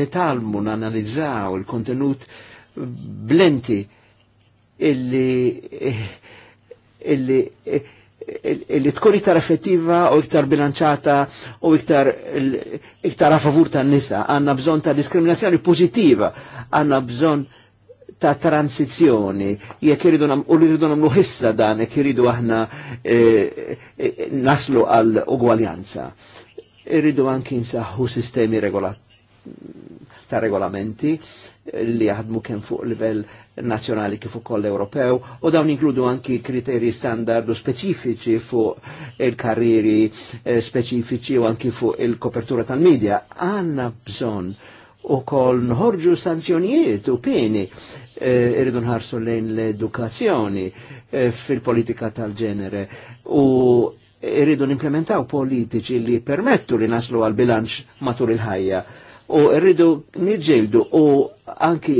nitalmu nanalizzaw il-kontenut blenti illi illi illi tkun iktar effettiva u iktar bilanċata u iktar iktar a favur tan nisa għanna bżon ta' diskriminazzjoni pozittiva għanna bżon ta' transizjoni, jekk iridu u li rridu nagħmlu dan jek iridu aħna e, e, e, naslu għal ugwaljanza. Jiridu anki nsaħħu sistemi ta' regolamenti li jaħdmu kemm fuq livell nazjonali kif ukoll Ewropew u dawn inkludu anki kriterji standardu speċifiċi fuq il-karriri speċifiċi u anki fuq il-kopertura tal-medja. Għanna bżonn u kol nħorġu sanzjonijiet u pieni eh, irridu nħarsu lejn l-edukazzjoni eh, fil-politika tal-ġenere u irridu nimplementaw politiċi li permettu li naslu għal bilanċ matur il-ħajja u irridu nirġildu u anki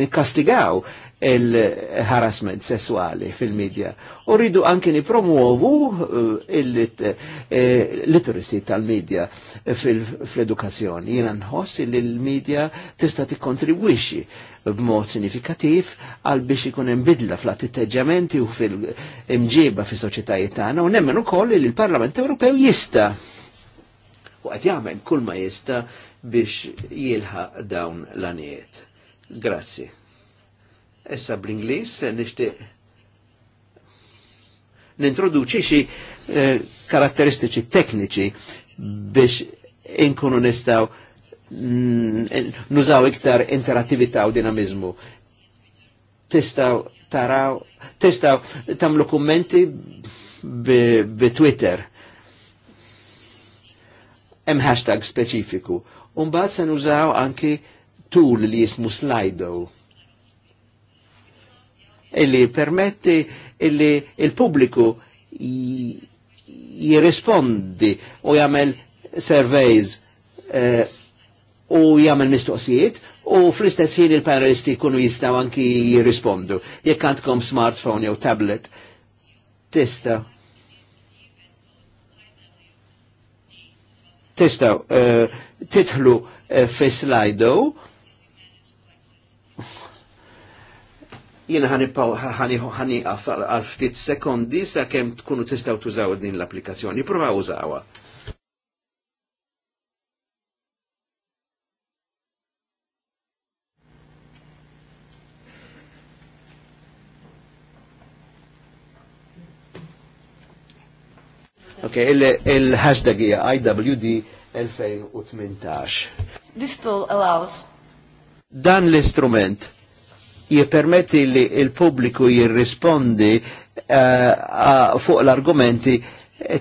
nikastigaw il-harassment sessuali fil-medja. U rridu anki nipromuovu eh, il-literacy eh, tal-medja fil-edukazzjoni. Jena nħoss li l-medja tista' tikkontribwixxi b'mod sinifikativ għal biex ikun imbidla fl-atteġġamenti u fil-imġiba fis soċjetajiet tagħna u nemmen ukoll li l-Parlament Ewropew jista' u qed jagħmel kull ma jista' biex jilħaq dawn l-anijiet. Grazie. Issa bl-Inglis eh, nixtieq nintroduċi xi eh, karatteristiċi tekniċi biex inkunu nistaw mm, nużaw iktar interattività u dinamizmu. Tistaw taraw, tistaw tamlu kummenti bi Twitter. Hemm hashtag speċifiku. Umbagħad se nużaw anki tool li jismu Slido illi permetti illi il-pubbliku jirrispondi u jagħmel surveys eh, u jagħmel mistoqsijiet u fl-istess ħin il-panelisti jkunu jistgħu anki jirrispondu. Jekk għandkom smartphone jew tablet tista' tista' eh, titħlu eh, fi Slido Jiena ħani għal ftit sekondi sa' kem tkunu tistaw tużaw din l-applikazzjoni. Prova użawa. Ok, il-hashtag il hija IWD 2018. This tool allows. Dan l-istrument jipermetti li il-pubbliku jirrispondi uh, fuq l-argumenti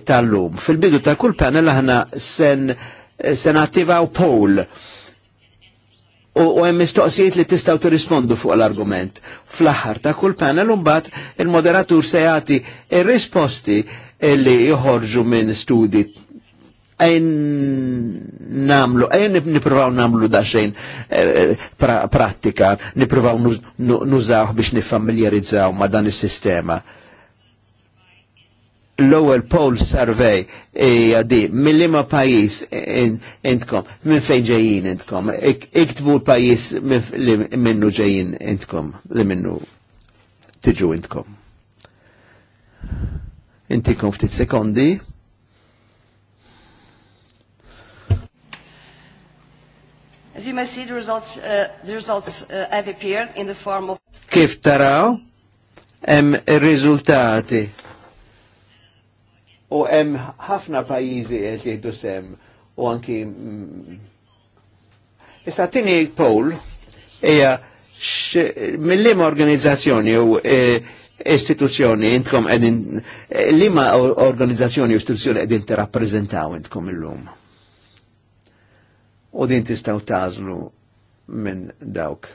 tal-lum. Fil-bidu ta' kull panel aħna sen, sen attivaw poll u hemm mistoqsijiet li tistaw tirrispondu fuq l-argument. Fl-aħħar ta' kull panel mbagħad il-moderatur se jagħti ir-risposti li joħorġu minn studi għajn namlu, għajn niprofaw namlu da xejn eh, pra, pratika, niprofaw nużaw biex nifamiljarizzaw ma dan il-sistema. l ewel poll survey jaddi, mill-liema pajjiż intkom, minn fejn ġejjin intkom, iktbu pajjiż minnu ġejjin intkom, li minnu tiġu intkom. Intikom ftit sekondi. As you may see, the results, uh, the results uh, have appeared in the form of... Kif taraw? Em rizultati. U em ħafna pajizi għet jiddu sem. U anki... Mm, issa tini poll eja mill-lima e, organizzazzjoni u istituzzjoni intkom edin, lima organizzazzjoni u istituzzjoni edin te rapprezentaw intkom il-lum? u din tistaw tażlu minn dawk.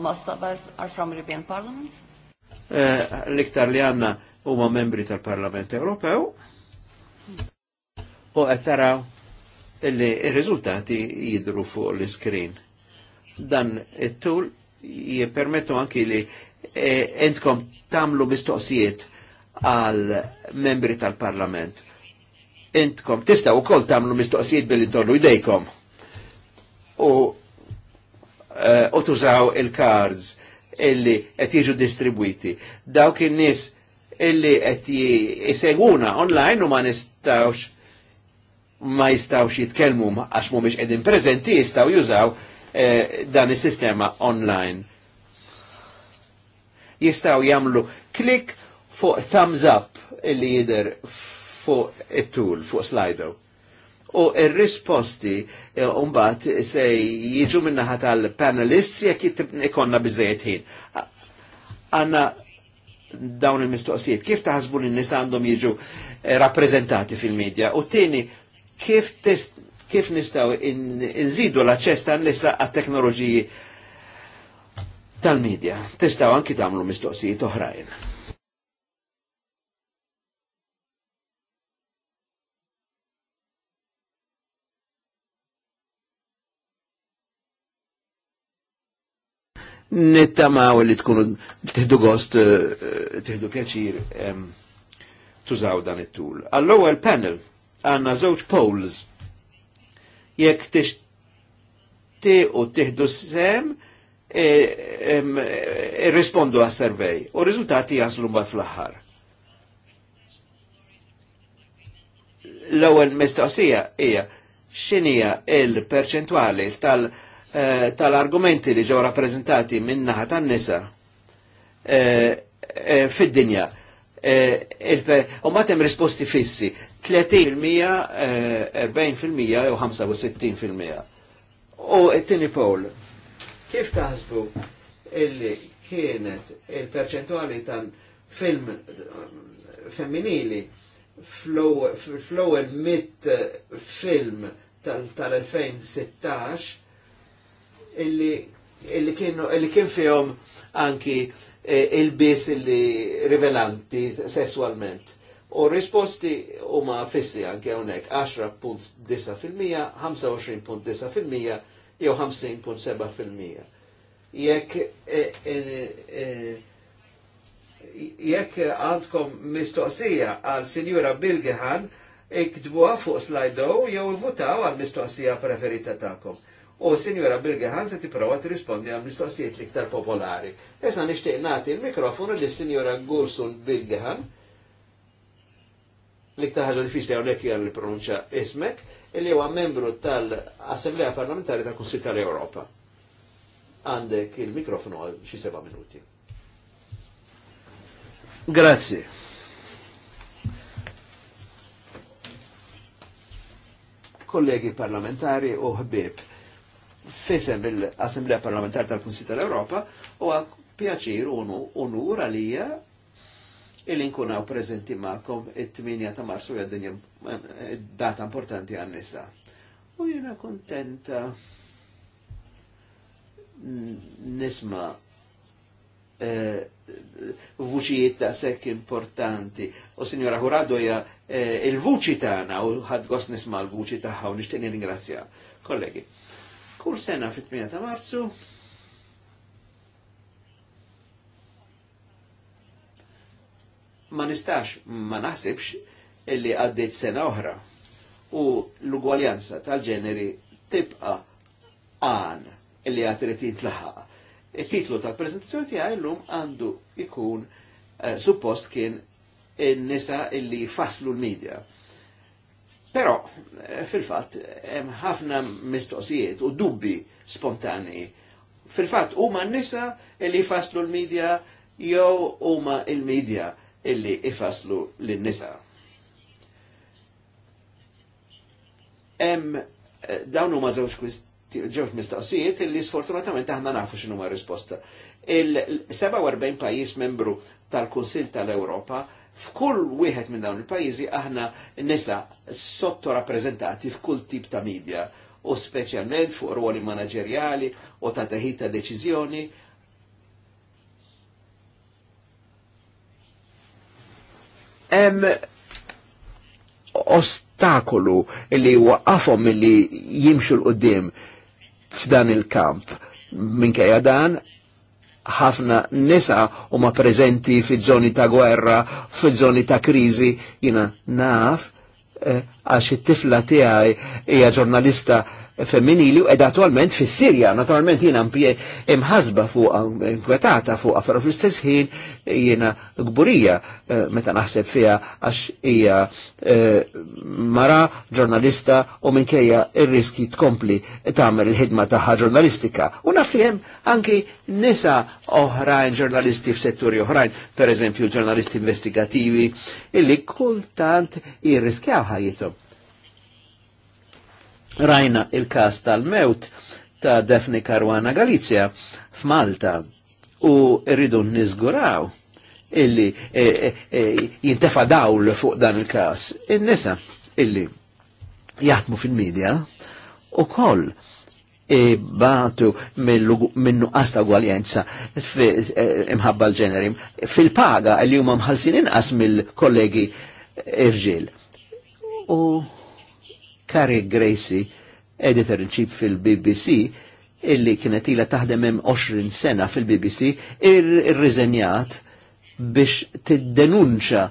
most of us are from European Parliament. Eh, l-iktar li għanna huma membri tal-Parlament Ewropew u qed taraw illi ir-riżultati jidru fuq l-iskrin dan it-tul jipermettu anki li e, entkom tamlu mistoqsijiet għal membri tal-parlament. Entkom tista' u koll tamlu mistoqsijiet billi tonnu idejkom. U uh, tużaw il-cards illi qed jiġu distribwiti. Dawk in-nies illi qed jiseguna online u ma nistawx ma jistawx jitkellmu għax mhumiex qegħdin preżenti jistgħu jużaw Eh, dan is-sistema online. Jistaw jamlu klik fuq thumbs up li jider fuq it-tool, fuq Slido. U il-risposti eh, umbat se jiġu minnaħat tal-panelists jek ikonna bizzejt ħin. Għanna dawn il-mistoqsijiet, kif taħsbu li nis għandhom jiġu eh, rappresentati fil-medja? U t-tini, kif test kif nistaw nżidu l-aċċess tan-nisa għat-teknoloġiji tal-medja. Tistaw anki tagħmlu mistoqsijiet oħrajn. nittamaw li tkunu tihdu gost, eh, eh, tihdu pjaċir tużaw dan it-tul. All-ewwel panel għandna żewġ polls jekk u tieħdu sem irrispondu e, e, għas servej u riżultati jaslu mbagħad fl-aħħar. L-ewwel mistoqsija hija x'inhija il-perċentwali e, tal-argumenti li ġew rappreżentati minn naħa tan-nisa fid-dinja. U matem risposti fissi, 30%, eh, 40% u 65%. U it-tini poll, kif taħsbu illi kienet il-perċentuali ta' eh, eh, film femminili fl-ewwel mit film tal-2016 illi illi kien fihom anki il-bis illi rivelanti sesswalment. U risposti huma fissi anke hawnhekk 10.9%, 25.9% jew 50.7%. Jekk e, e, e, jekk għandkom mistoqsija għal Sinjura Bilgehan, iktbuha fuq slajdo jew votaw għal mistoqsija preferita tagħkom. U Sinjura Bilgehan se tipprova tirrispondi għal mistoqsijiet l-iktar popolari. Issa nixtieq nagħti l-mikrofonu lis Sinjura Gursun Bilgehan L-iktar ħaġa diffiċli hawnhekk hija li pronunċja ismek, illi huwa membru tal-Assemblea Parlamentari tal-Kunsil tal-Ewropa. Għandek il-mikrofonu għal xi seba' minuti. Grazie. kollegi parlamentari u ħbib fisem il-Assemblea Parlamentari tal-Kunsil tal-Europa u għak pjaċir unu unur għalija il nkunaw prezenti ma'kom it-8 ta' marzu għaddin eh, data importanti għannisa. U jena kontenta nisma eh, vuċijiet ta' sekk importanti. U Signora Hurado ja eh, il-vuċi għana u għad għos nisma l-vuċi tagħha u nixtieq ringrazzja. Kollegi, kull sena fit-8 ta' marzu ma nistax ma naħsibx illi għaddit sena oħra u l-ugwaljanza tal-ġeneri tibqa għan illi għatrit jitlaħaq. Il-titlu tal-prezentazzjoni tiegħi llum għandu ikun eh, suppost kien in-nisa illi faslu l-medja. Però eh, fil-fatt hemm ħafna mistoqsijiet u dubbi spontani. Fil-fatt huma n-nisa illi faslu l-medja jew huma il-medja il il medja illi ifaslu l-nisa. Em, eh, dawn huma żewġ ġewġ mistaqsijiet illi sfortunatament aħna nafu ma risposta. Il-47 pajjiż membru tal-Kunsil tal europa f'kull wieħed minn dawn il-pajjiżi aħna nisa sottorappreżentati f'kull tip ta' media u speċjalment fuq ruoli manageriali u ta' teħid ta' deċiżjoni Em, ostakolu li waqafhom li jimxu l-qoddim f'dan il-kamp. Minkejja dan, ħafna nisa huma preżenti fiż-żoni ta' gwerra, fiż-żoni ta' kriżi, jiena naf, eh, għax it-tifla tiegħi hija ġurnalista femminili u ed attualment fis sirja naturalment jiena imħazba fuqa, inkwetata fuqa, però fl-istess ħin jiena gburija eh, meta naħseb fiha għax hija eh, mara ġurnalista u minkejja ir-riski tkompli tagħmel il-ħidma tagħha ġurnalistika. U naf li hemm anki nisa oħrajn ġurnalisti f'setturi oħrajn, pereżempju ġurnalisti investigativi, illi kultant jirriskjaw ħajjithom Rajna il-kas tal-mewt ta' Defni Karwana Galizja f'Malta u rridu nizguraw illi e, e, e jintefa dawl fuq dan il-kas. Il-nisa illi jaħdmu fil-medja u koll e batu minnu qasta gwaljenza e, imħabba l-ġenerim fil-paga li huma mħalsin inqas mill-kollegi irġil. U Kari Gracie, editor in chief fil-BBC, illi kienet ila taħdem hemm 20 sena fil-BBC, ir-riżenjat biex tiddenunċa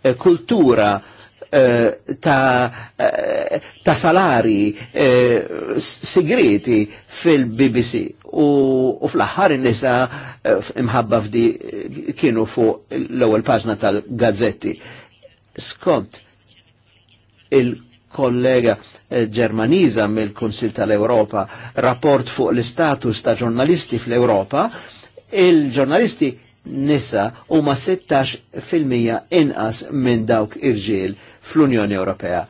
eh, kultura eh, ta', eh, ta salari segreti fil-BBC u, fl-aħħar nisa imħabba f'di kienu fuq l-ewwel paġna tal-gazzetti. Skont, il-kollega eh, Ġermaniza mill-Kunsil tal-Europa rapport fuq l-istatus ta' ġurnalisti fl-Europa, il-ġurnalisti nisa huma 16% inqas minn dawk irġiel fl-Unjoni Ewropea.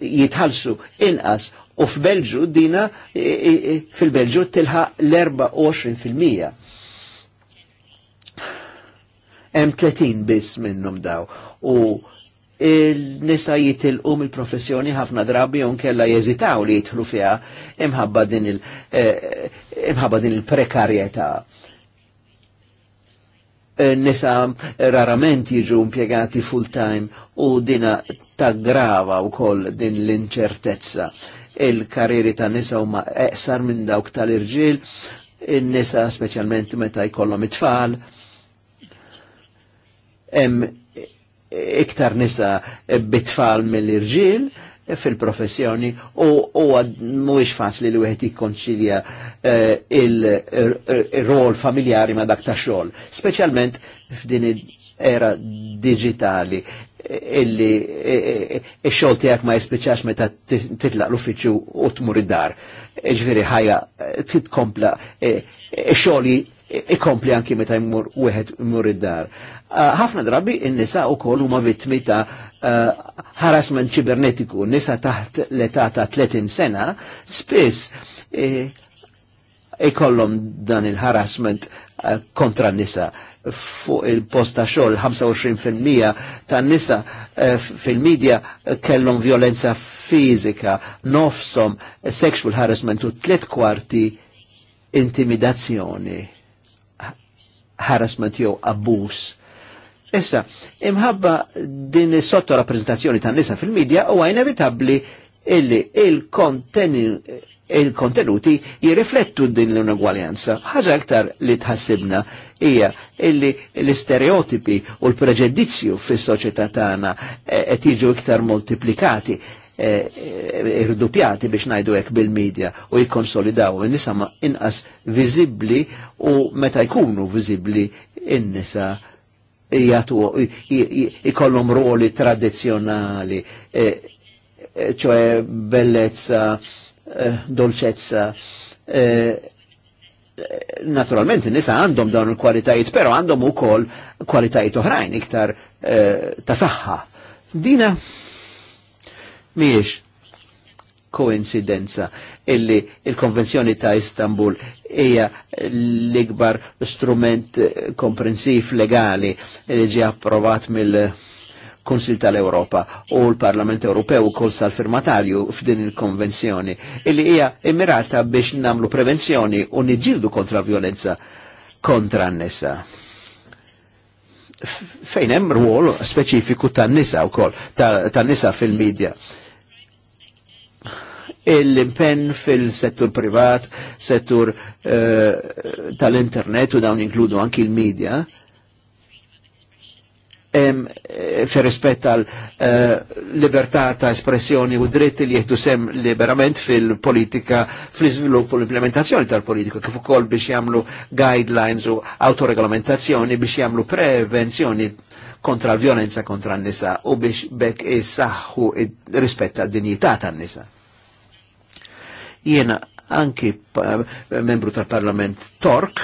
Jitħalsu inqas u f'Belġu dina fil-Belġu tilħa l-24%. Hemm 30 biss minnhom daw u il-nisa jitilqu -um mill-professjoni ħafna drabi kella jeżitaw li jidħlu fiha imħabba din il- eh, prekarjetà eh, Nisa rarament jiġu impiegati full-time u dina taggrava u koll din l-inċertezza. Il-karrieri ta' nisa huma eqsar minn dawk tal-irġiel, il nisa speċjalment meta jkollhom it-tfal, iktar nisa bitfall mill-irġiel fil-professjoni u għad mhuwiex faċli li wieħed jikkonċilja eh, il-rol er, er, familjari ma dak ta' xogħol, speċjalment f'din era digitali eh, illi eh, il-xol tijak ma jispiċax meta titlaq l-uffiċu u tmur id-dar. Ġviri ħajja titkompla, il-xoli ikompli anki meta jmur wieħed jmur id-dar. Eh, ħafna drabi n-nisa u kol huma vittmi ta' eh, harassment ċibernetiku, nisa taħt l-età ta' 30 sena, spiss eh, ikollhom dan il-harassment kontra n-nisa fuq il-post ta' xogħol 25% ta' nisa fil-medja kellhom violenza fizika, nofsom sexual harassment u tliet kwarti intimidazzjoni harassment jew abbuż Issa, imħabba din sotto rappresentazzjoni tan nisa fil-medja huwa inevitabbli illi il-kontenuti il jirriflettu din l-inugwaljanza. Ħaġa aktar li tħassibna hija illi l-istereotipi u l-preġedizzju fis-soċjetà tagħna e, qed jiġu iktar moltiplikati e, e, irdupjati biex najdu ek bil-medja u jikonsolidaw in-nisa ma inqas viżibbli u meta jkunu viżibbli in-nisa jgħatu ikollhom ruoli tradizzjonali, e, e, ċoe bellezza, e, dolcezza. dolċezza. E, naturalment nisa għandhom dawn il-kwalitajiet, pero għandhom ukoll kwalitajiet oħrajn iktar ta' saħħa. Dina miex koincidenza illi il-Konvenzjoni ta' Istanbul hija l-ikbar strument eh, komprensiv legali li ġi approvat mill- Konsil tal-Europa u l-Parlament Ewropew u kol sal-firmatarju f'din il-konvenzjoni illi hija immirata biex namlu prevenzjoni u niġildu kontra violenza kontra n-nisa. Fejn hemm rwol speċifiku tan-nisa wkoll, tan-nisa fil-medja. Ta l-impenn fil-settur privat, settur uh, tal-internet u dawn inkludu anki l-medja eh, fi rispett għal uh, libertà ta' espressjoni u dritti li jihdu sem liberament fil-politika, fil u l-implementazzjoni tal-politika, kif ukoll biex jagħmlu guidelines u autoregolamentazzjoni biex jagħmlu prevenzjoni kontra l-violenza kontra n-nisa u biex bekk issaħħu rispett għad-dinjità tan-nisa. Jiena anki membru tal-Parlament Tork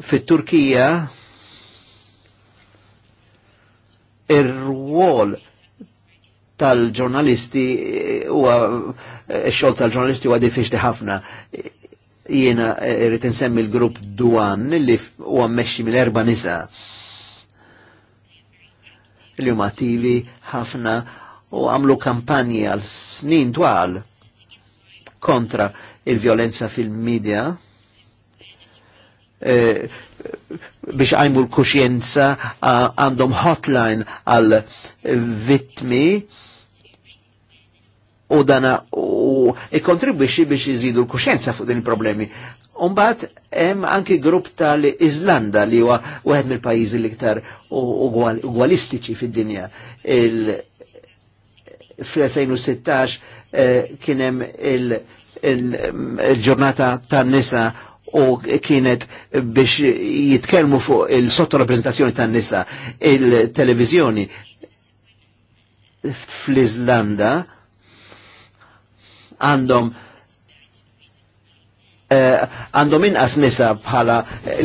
fit-Turkija ir wol tal-ġurnalisti eh, huwa eh, xogħol tal-ġurnalisti huwa diffiċli ħafna. Jiena eh, irrid insemmi l-grupp Duan li huwa mmexxi mill-erba' nisa li huma attivi ħafna u għamlu kampanji għal snin twal kontra il-violenza fil media e, eh, biex għajmu l-kuxjenza għandhom hotline għal vitmi u dana u ikontribwixi e biex jizidu l-kuxjenza fuq din il-problemi. Umbat, hemm anki grupp tal-Izlanda li huwa wieħed mill-pajjiżi l-iktar ugwalistiċi fid-dinja. Fl-2016 Eh, kienem il-ġurnata tan nisa u kienet biex jitkelmu fuq il rappresentazzjoni tan nisa il-televizjoni fl-Izlanda għandhom Eh, għandhom inqas nisa bħala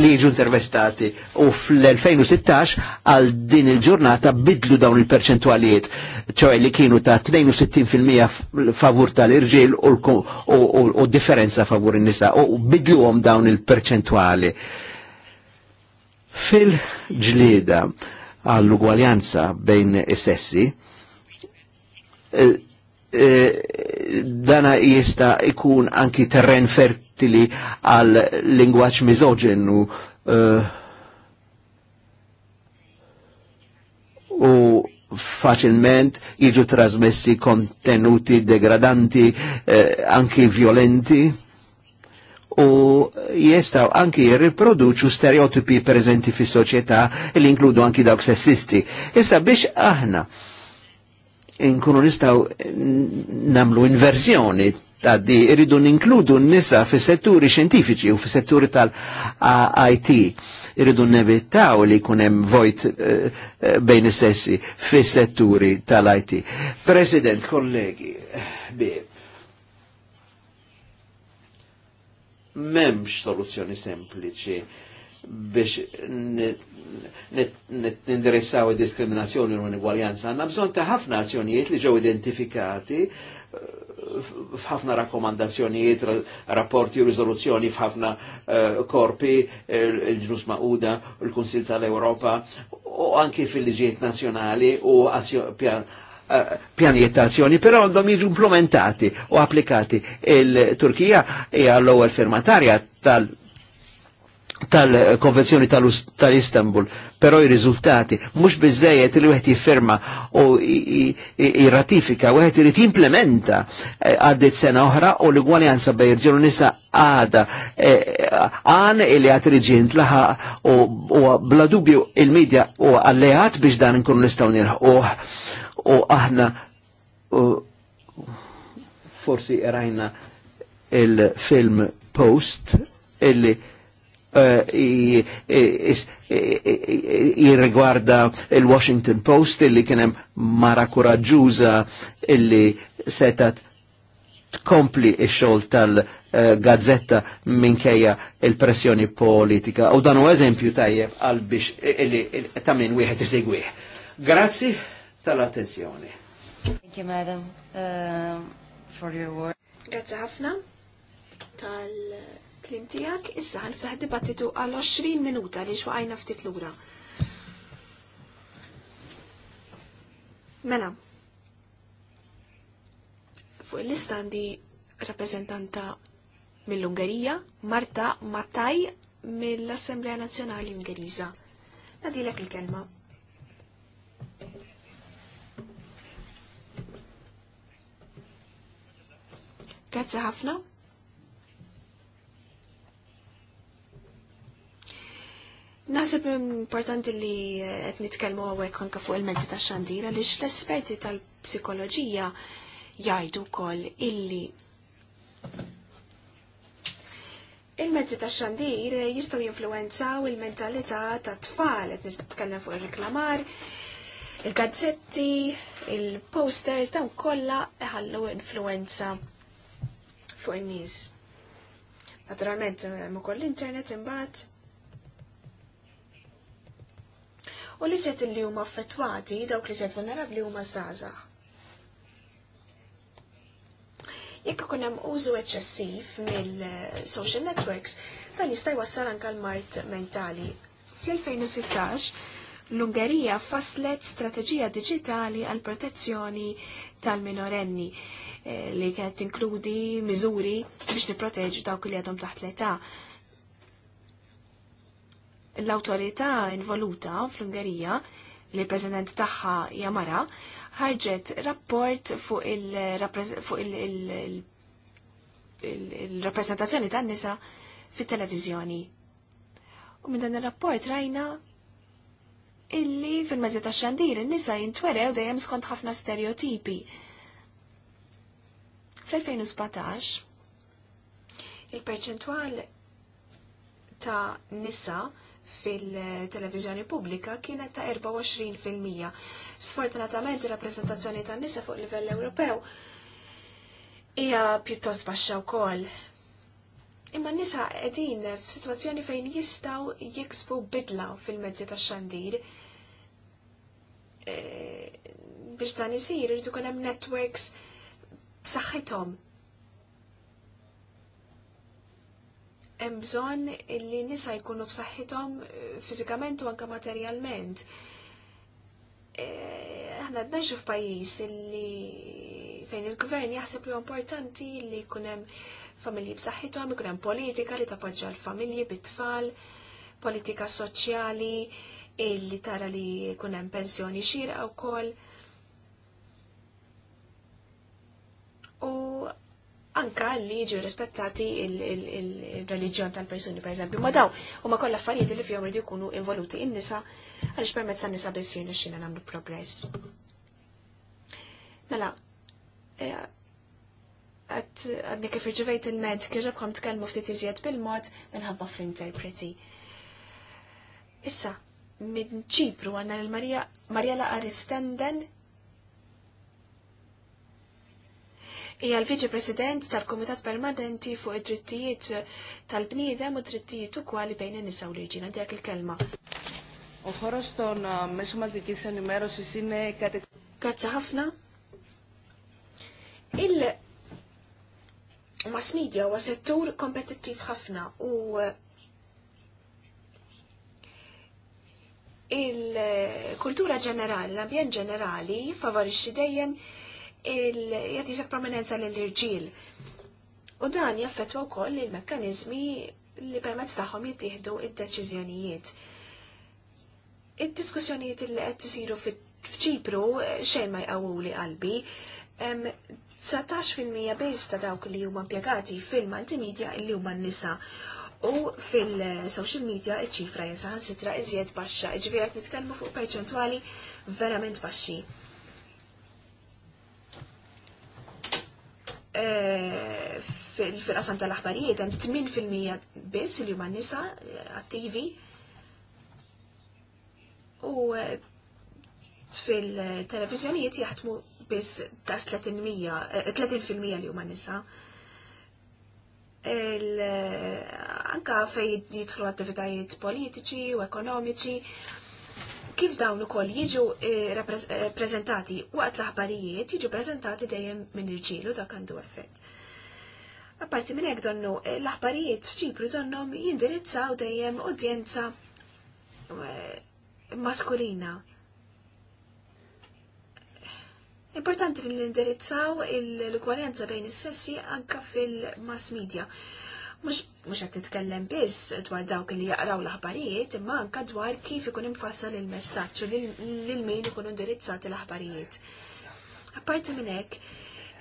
li jiġu intervestati u fl-2016 għal din il-ġurnata bidlu dawn il perċentwalijiet ċoj li kienu ta' 62% favur tal-irġiel u differenza favur il nisa u għom dawn il perċentwali Fil-ġlieda għall-ugwaljanza bejn is-sessi, eh, eh, dana jista ikun anki terren fertili tattili għal lingwaċ miżoġenu uh, eh, u faċilment jiġu trasmessi kontenuti degradanti, eh, anki violenti u jistaw anki jirriproduċu stereotipi prezenti fi soċieta li inkludu anki dawk sessisti. Issa biex aħna inkunu nistaw namlu inversjoni taddi irridu ninkludu n-nisa fi setturi xentifiċi u fi setturi tal-IT. Irridu nevitaw li kunem vojt eh, eh, bejn istessi fi setturi tal-IT. President, kollegi, bib. Memx soluzzjoni sempliċi biex nindirissaw id-diskriminazzjoni u l-inugwaljanza. Għanna bżon ta' ħafna azzjonijiet li ġew identifikati f'ħafna rakkomandazzjonijiet, rapporti u rizoluzzjoni f'ħafna eh, korpi, il-ġnus Mauda, il-Kunsil tal-Europa, u anki fil-liġijiet nazjonali u eh, pjanijiet ta' azzjoni, però għandhom jiġu implementati u applikati. Il-Turkija hija l-ewwel firmatarja tal- tal-konvenzjoni tal-Istanbul, però i riżultati mhux biżejjed li wieħed jifferma u jirratifika, wieħed irid jimplementa eh, għaddit sena oħra u l-igwaljanza bej irġiel nisa għada eh, għan li għat riġint laħa u bla dubju il-medja u għallejat biex dan nkunu nistgħu nirħuħ u aħna forsi rajna il-film Post illi jirrigwarda eh, il-Washington Post illi kienem mara kuraġuża illi setat tkompli ix-xogħol tal-gazzetta minkejja il-pressjoni politika. U dan u eżempju tajjeb għal biex illi ta' min wieħed isegwih. Grazzi tal-attenzjoni. Thank you, madam, uh, for your work. Grazie ħafna tal- klim tijak, issa ħaniftaħ dibattitu għal 20 minuta li xwaqajna ftit lura. Mela, fuq il-lista għandi rappresentanta mill-Ungerija, Marta Mataj mill-Assemblea Nazzjonali Ungeriża. Nadilek il-kelma. Grazie ħafna. Naħseb importanti li eh, qed nitkellmu hawnhekk anke fuq il-mezzi tax-xandira li l-esperti tal-psikoloġija jgħidu wkoll illi il-mezzi tax-xandir jistgħu jinfluwenzaw il-mentalità tat-tfal qed nitkellem fuq ir-reklamar, il-gazzetti, il-posters dawn kollha ħallu influwenza fuq in-nies. Naturalment hemm ukoll l-internet imbagħad u li set li huma affettwati dawk li set li huma żgħażagħ. Jekk ikun hemm użu eċċessiv mill-social eh, networks, dan jista' jwassal anke l-mart mentali. Fl-2016, l-Ungerija faslet strateġija diġitali għal protezzjoni tal-minorenni eh, li kienet tinkludi miżuri biex niproteġu dawk li għadhom taħt l-età l-autorità involuta fl-Ungerija li president tagħha jamara ħarġet rapport fuq il-rappresentazzjoni tan-nisa fit-televiżjoni. U minn dan ir-rapport rajna illi fil-mezzi ta' xandir in-nisa jintwerew dejjem skont ħafna stereotipi. Fl-2017 il-perċentwal ta' nisa fil-televizjoni pubblika kienet ta' 24%. Sfortunatament ir-rappreżentazzjoni tan nisa fuq livell Ewropew hija pjuttost baxxa wkoll. Imma nisa qegħdin f'sitwazzjoni fejn jistgħu jiksbu bidla fil-mezzi tax-xandir. E, biex dan isir irid ikun hemm networks b'saħħithom hemm bżonn li nisa jkunu b'saħħithom eh, fiżikament u anke materjalment. Eh, aħna qed f'pajjiż li fejn il-gvern jaħseb li importanti li jkun hemm familji b'saħħithom, ikun hemm politika li tappoġġa l-familji bit-tfal, politika soċjali illi tara li jkun hemm pensjoni xierqa wkoll. U anka li jiġu rispettati il reliġjon tal-persuni, per eżempju. Ma daw, u ma koll affarijiet li fjom rridu jkunu involuti in-nisa, għalix permezz tan nisa biss jirna xina namlu progress. Mela, eh, għadni kif irġivejt il-med, għam tkellmu ftit iżjed bil-mod minħabba fl-interpreti. Issa, minn ċipru għanna l-Marjala Aristenden hija l-Viċi President tal komitat Permanenti fuq id-drittijiet tal-bniedem u drittijiet ukwali bejn in-nisa u l-irġiel. Għandek il-kelma. U ħoros ton mesu mażikis enimerosi sinne kate. Grazzi ħafna. Il mass media huwa settur kompetittiv ħafna u e, il-kultura ġenerali, l-ambjent ġenerali favorixxi dejjem jgħat prominenza l-irġil. U dan jaffetwa wkoll il-mekkanizmi li permezz tagħhom jittieħdu id-deċiżjonijiet. Id-diskussjonijiet li qed isiru f'Ċipru xejn ma jqawuli qalbi, 19% bejz ta' dawk li huma impjegati fil-multimedja li huma n-nisa u fil-social media iċ-ċifra jinsaħan sitra iżjed baxxa, iġviri qed nitkellmu fuq perċentwali verament baxxi. Eh, fil-qasam tal-aħbarijiet hemm 8% biss li huma nisa eh, attivi u eh, fil-televizjonijiet jaħdmu biss tas 30% li huma nisa. Anka fej jidħlu attivitajiet politiċi u ekonomiċi kif dawn ukoll jiġu eh, eh, prezentati waqt l-aħbarijiet jiġu prezentati dejjem minn irġielu dak għandu effett. Apparti minn hekk donnu eh, l-aħbarijiet f'ċipru donnom jindirizzaw dejjem udjenza maskulina. Importanti li nindirizzaw l-ugwaljanza bejn is-sessi anke fil-mass media mux għat titkellem biss dwar dawk li jaqraw l-aħbarijiet, imma anka dwar kif ikun imfassal il-messaċ li lil min ikun indirizzat l-aħbarijiet. Apparti minn hekk,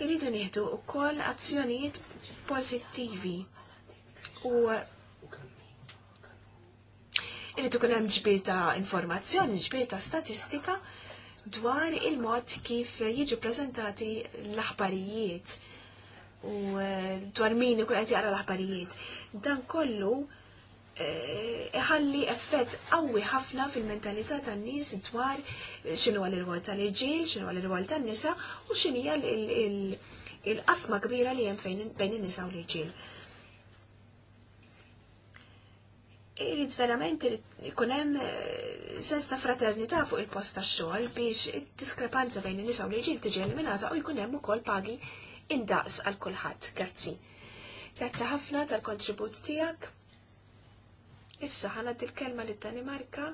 irridu nieħdu wkoll azzjonijiet pożittivi u irridu kun hemm ġbir ta' informazzjoni, ġbir statistika dwar il-mod kif jiġu prezentati l-aħbarijiet u eh, dwar min ikun qed jara l-aħbarijiet. Dan kollu eh, iħalli effett qawwi ħafna fil-mentalità tan-nies dwar x'inhu l-irwol tal-irġiel, x'inhu l-irwol tan-nisa u x'inhija l-qasma kbira li hemm fejn bejn in-nisa u l-irġiel. Irid verament ikun hemm eh, sens ta' fraternità fuq il-post tax-xogħol biex id-diskrepanza bejn in-nisa u l-irġiel tiġi eliminata u jkun hemm ukoll pagi indaqs għal kulħadd. Grazzi. Grazzi ħafna tal-kontribut tiegħek. Issa ħana dil-kelma lid danimarka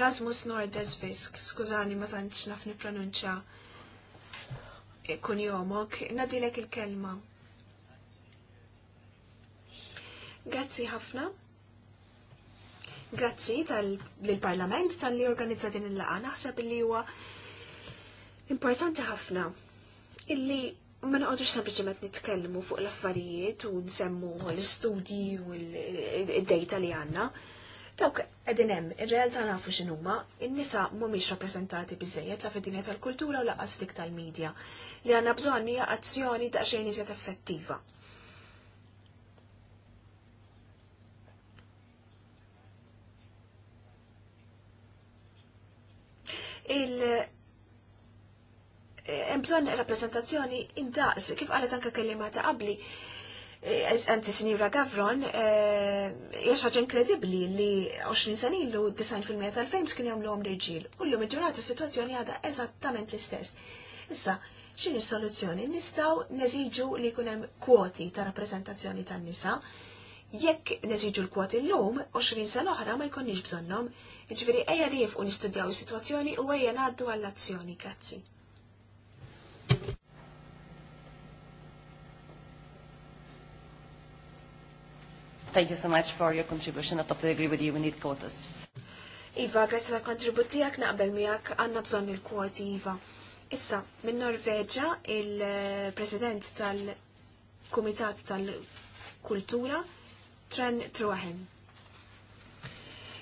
Rasmus Nordes Fisk, skużani ma tantx naf nippronunċja. kun jomok, nadilek il-kelma. Grazzi ħafna. Grazzi tal-parlament tal-li organizza din il-laqa. Naħseb li huwa Importanti ħafna illi ma naqodux sempliċement nitkellmu fuq l-affarijiet u nsemmu l istudji u l-data li għanna. Dawk qegħdin hemm, ir-realtà nafu x'inhuma, in-nisa mhumiex rappreżentati biżejjed la fid-dinja tal-kultura u laqas fik tal-medja li għandna bżonn hija azzjoni ta' xejn iżjed effettiva. il Eh, bżonn rappresentazzjoni indaqs, kif qalet anke kelliema ta' qabli. Għanti eh, Sinjura Gavron, eh, jax ħaġa inkredibbli li 20 sen ilu 90% tal fejm kien jagħmluhom riġiel. U llum il-ġurnata situazzjoni għadha eżattament l-istess. Issa, x'in is-soluzzjoni? Nistgħu neżiġu li jkun hemm kwoti ta' rappreżentazzjoni tan-nisa. Jekk neżiġu l-kwoti llum, 20 sena oħra ma jkunniex bżonnhom. Jiġifieri ejja li jifqu nistudjaw is-sitwazzjoni u eja naddu għall-azzjoni. Grazzi. Thank you so much for your contribution. I totally agree with you. We need quotas. Iva, grazie tal kontributijak naqbel miegħek għandna bżonn il-kwoti Iva. Issa, minn Norveġa il-President tal-Kumitat tal-Kultura Tren Truahen.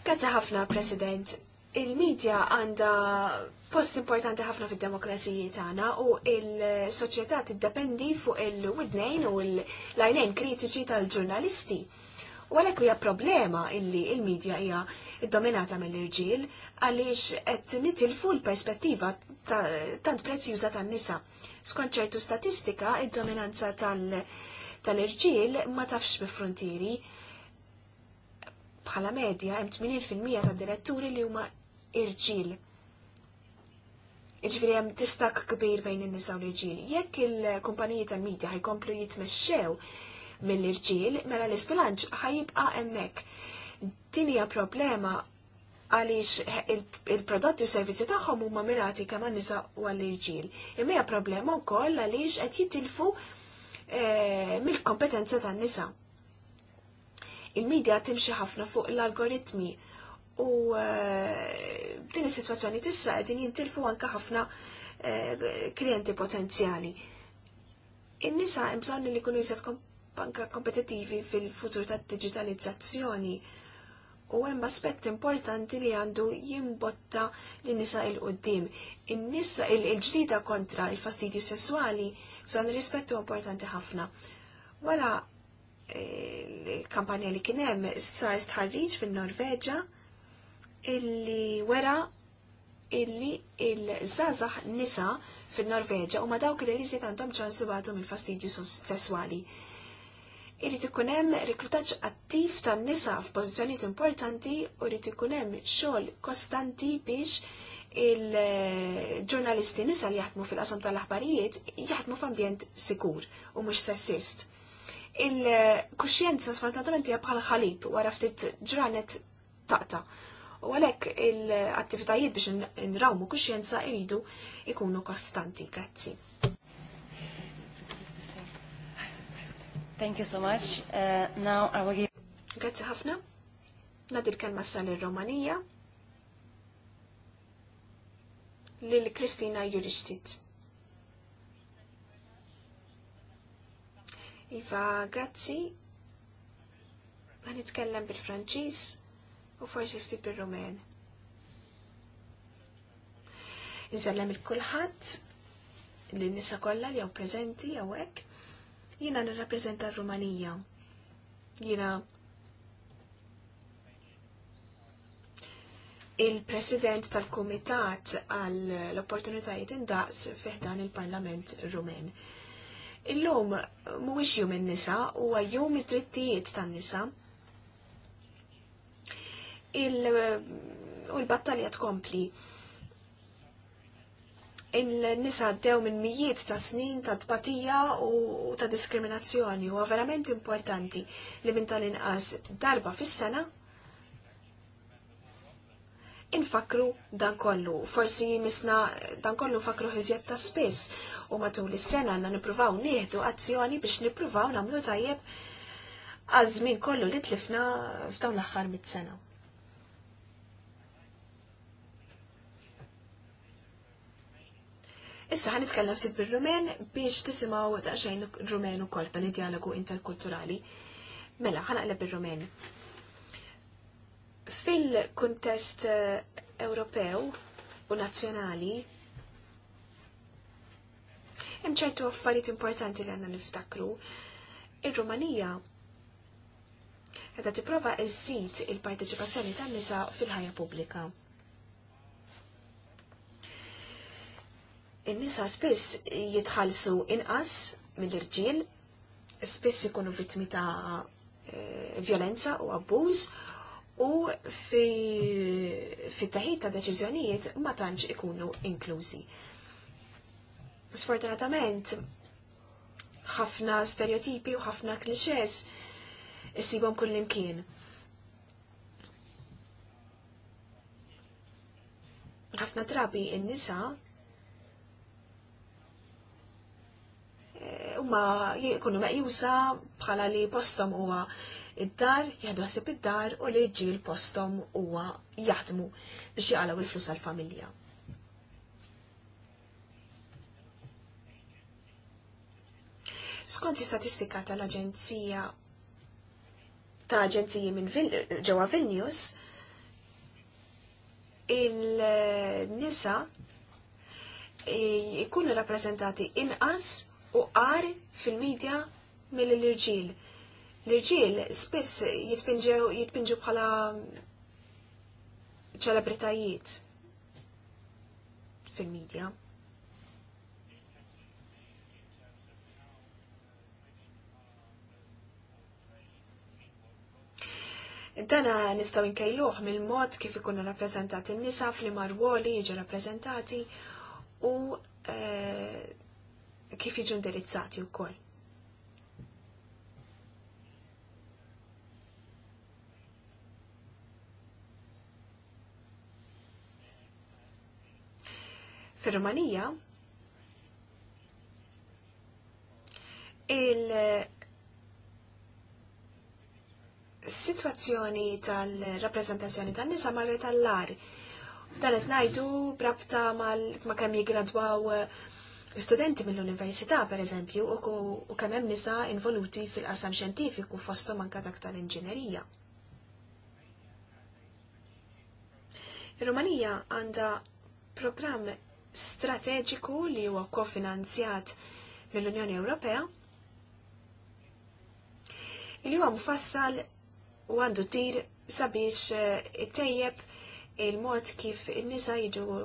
Grazzi ħafna, President. Il-medja għandha post importanti ħafna fid-demokrazija tagħna u il-soċjetà tiddependi fuq il-widnejn u l-lajnejn kritiċi tal-ġurnalisti. U għalhekk hija problema illi il-medja hija dominata mill-irġiel għaliex qed nitilfu l-perspettiva tant prezzjuża tan-nisa. Skont ċertu statistika, id-dominanza tal-irġiel ma tafx bi frontieri bħala medja hemm 80% ta' diretturi li huma irġiel. Iġviri hemm distak kbir bejn in-nisa u l-irġiel. Jekk il-kumpaniji tal-medja ħajkomplu jitmexxew mill-irġiel, mela l-isbilanċ ħajibqa' hemmhekk. Din hija problema għaliex il-prodotti u servizzi tagħhom huma mirati kemm għan-nisa u għall-irġiel. Imma hija problema wkoll għaliex qed jitilfu eh, mill-kompetenza tan-nisa. Il-medja timxi ħafna fuq l-algoritmi u eh, din is-sitwazzjoni tissa qegħdin jintilfu anke ħafna eh, klijenti potenzjali. In-nisa hemm bżonn li jkunu jżed banka kompetittivi fil-futur tad-digitalizzazzjoni. U hemm aspett importanti li għandu jimbotta lin nisa il-qoddim. In-nisa il-ġdida kontra il-fastidju sessuali f'dan rispettu importanti ħafna. Wara il-kampanja eh, li kien hemm sar stħarriġ fin-Norveġa illi wera illi il żażaħ nisa fin-Norveġa u ma dawk li riżiet għandhom ċans ibadhom il-fastidju sessuali. Irrid ikun hemm reklutaġġ attiv tan-nisa f'pożizzjonijiet importanti u rrid ikun hemm xogħol kostanti biex il-ġurnalisti nisa li jaħdmu fil-qasam tal-aħbarijiet jaħdmu f'ambjent sikur u mhux sessist. Il-kuxjenza sfortunatament hija bħal ħalib wara ftit ġranet taqta' u għalek l-attivitajiet biex nrawmu kuxjenza iridu ikunu kostanti. Grazzi. Thank you so much. Uh, now I will give... Grazie ħafna. Nadir kelma s-sal romanija Lil Kristina Juristit. Iva, grazzi. kellem bil-Franċis u forsi ftit bil-Rumen. Nżallem il-kulħadd l-nisa kollha li prezenti preżenti hawnhekk Jina nirrappreżenta r-Rumanija. Jina il-President tal-Kumitat għal l-opportunitajiet indaqs fiħdan il-Parlament Rumen. Illum mhuwiex jum in-nisa huwa jum id-drittijiet tan-nisa. Il- u l-battalja tkompli l nisa għaddew minn mijiet ta' snin ta' tbatija u ta' diskriminazzjoni huwa verament importanti li minn tal-inqas darba fis-sena infakru dan kollu. Forsi misna dan kollu fakru ħizjet ta' spess u matul is-sena na nippruvaw nieħdu azzjoni biex nippruvaw nagħmlu tajjeb għażmin kollu li tlifna f'dawn l-aħħar mit-sena. Issa ħan nitkellem ftit bil-Rumen biex tisimgħu daqsxejn Rumen ukoll dan id-dialogu interkulturali. Mela, ħanaqleb il-Rumen. Fil-kuntest eh, Ewropew u nazzjonali, hemm ċertu affarijiet importanti li għandna niftakru. Ir-Rumanija qiegħda tipprova iżżid il-parteċipazzjoni tan-nisa fil-ħajja pubblika. in-nisa spiss jitħallsu inqas mill-irġiel, spiss ikunu vittmi ta' eh, violenza u abbuż u fi taħit ta' deċiżjonijiet ma tantx ikunu inklużi. Sfortunatament, ħafna stereotipi u ħafna klixes issibhom kullimkien. ħafna drabi in-nisa huma jkunu meqjusa bħala li postom huwa id-dar, jgħadu għasib id-dar u li ġil postom huwa jaħdmu biex jaqalaw il-flus għal-familja. Skont l-istatistika tal-Aġenzija ta' aġenziji minn ġewwa Vilnius, il-nisa eh, jkunu rappresentati inqas u qar fil-medja mill-irġiel. L-irġiel spiss jitpinġu bħala ċelebritajiet fil-medja. Dana nistaw inkejluħ mill-mod kif ikunu rappresentati n-nisa fl-marwoli jiġu rappresentati u eh, kif jiġu indirizzati wkoll. Fir-Rumanija il situazzjoni tal-rappresentazzjoni tan-nisa marret tal-lar. Dan qed ngħidu brabta mal ma kemm jiggradwaw studenti mill-università, per eżempju, u kemm hemm nisa involuti fil-qasam xjentifiku fosthom manka dak tal-inġinerija. Ir-Rumanija għandha programm strateġiku li huwa kofinanzjat mill-Unjoni Ewropea li huwa mfassal u għandu tir sabiex eh, it-tejjeb il-mod kif in-nisa jiġu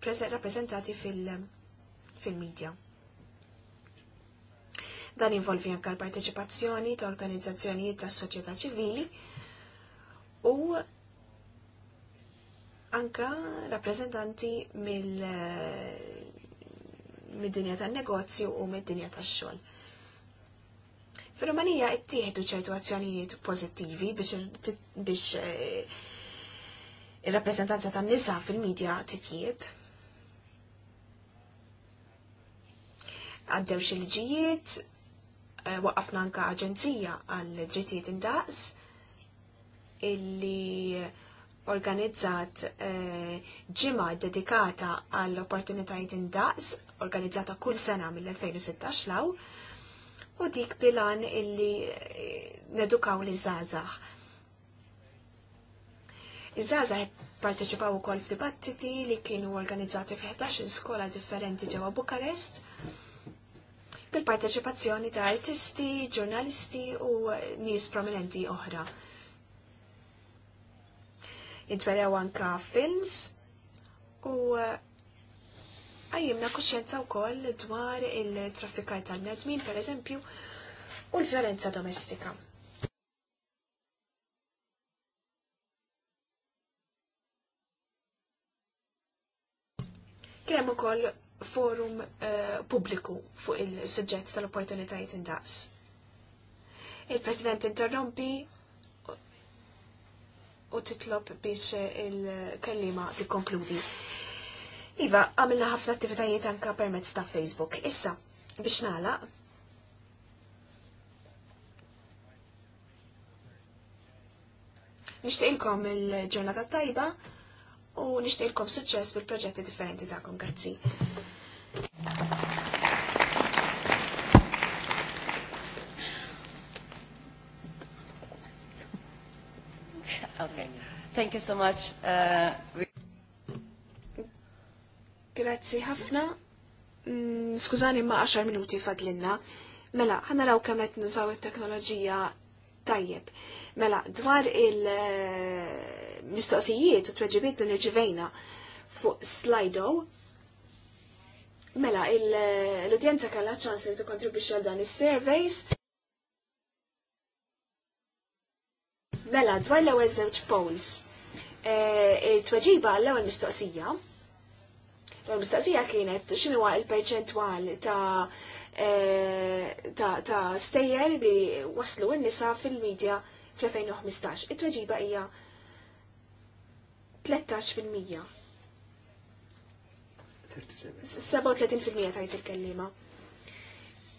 eh, rappresentati fil- fil-medja. Dan involvi anke l-parteċipazzjoni ta' organizzazzjonijiet tas soċjetà ċivili u anka rappreżentanti mill eh, mid-dinja tan-negozju u mid-dinja tax-xogħol. Fir-Rumanija ittieħdu ċertu azzjonijiet pożittivi biex biex eh, ir-rappreżentanza tan-nisa fil-medja titjieb. għaddew xi liġijiet, eh, waqafna anka aġenzija għal drittijiet indaqs illi organizzat eh, ġimgħa dedikata għall opportunitajiet indaqs, organizzata kull sena mill-2016 law, u dik bilan illi eh, nedukaw li zazax. Iż-żazax parteċipaw ukoll f'dibattiti li kienu organizzati fi 11 skola differenti ġewwa Bukarest bil-parteċipazzjoni ta' artisti, ġurnalisti u nies prominenti oħra. Intwerew anka films u eh, għajjimna kuxjenza u koll dwar il-traffikar tal-medmin, per eżempju, u l-violenza domestika. kemm ukoll forum eh, pubbliku fuq il-suġġett tal-opportunitajiet indaqs. Il-President interrompi u titlob biex il-kellima tikkonkludi. Iva, għamilna ħafna attivitajiet anka permezz ta' Facebook. Issa, biex nagħlaq. Nishtiqilkom il-ġurnata tajba u nishtiqkom suċċess bil-proġetti differenti ta'kom. Grazzi. Okay. Thank you so much. Uh, Grazzi ħafna. Mm, skużani ma' 10 minuti fadlinna. Mela, ħana raw qed nużaw it-teknoloġija tajjeb. Mela, dwar il- mistoqsijiet u tweġibiet li nirġivejna fuq Slido. Mela, l-udjenza kalla ċans li t-kontribuċi għal dan il-surveys. Mela, dwar l ewwel żewġ polls. Eh, Tweġiba l ewwel mistoqsija. L-ewel mistoqsija kienet x'inhuwa l-perċentwal ta' eh, ta' ta' stejjer li waslu n-nisa fil-medja fl-2015. It-tweġiba hija 13%. 37% tajt il-kellima.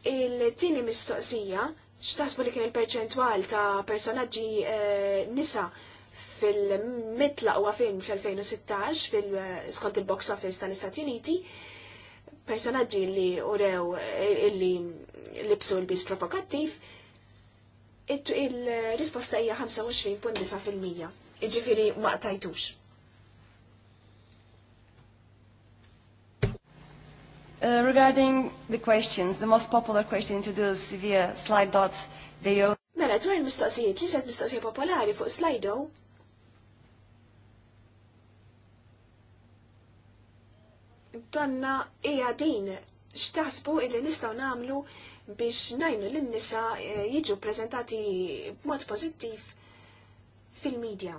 Il-tini mistoqsija, xtasbu li kien il-perċentwal ta' personaġġi eh, nisa fil-mitlaq u għafin fil-2016 fil-skont eh, il-box office tal-Istati Uniti, personaġġi li urew eh, li libsu l-bis provokattiv, il-risposta hija 25.9%. Iġifiri ma tajtux. Uh, regarding the questions, the most popular question introduced via o Mela, dwar il-mistoqsijiet, li set mistoqsija popolari fuq Slido? Donna, ija din, xtaħsbu illi nistaw namlu biex najnu l-nisa eh, jiġu prezentati b'mod pozittiv fil-medja.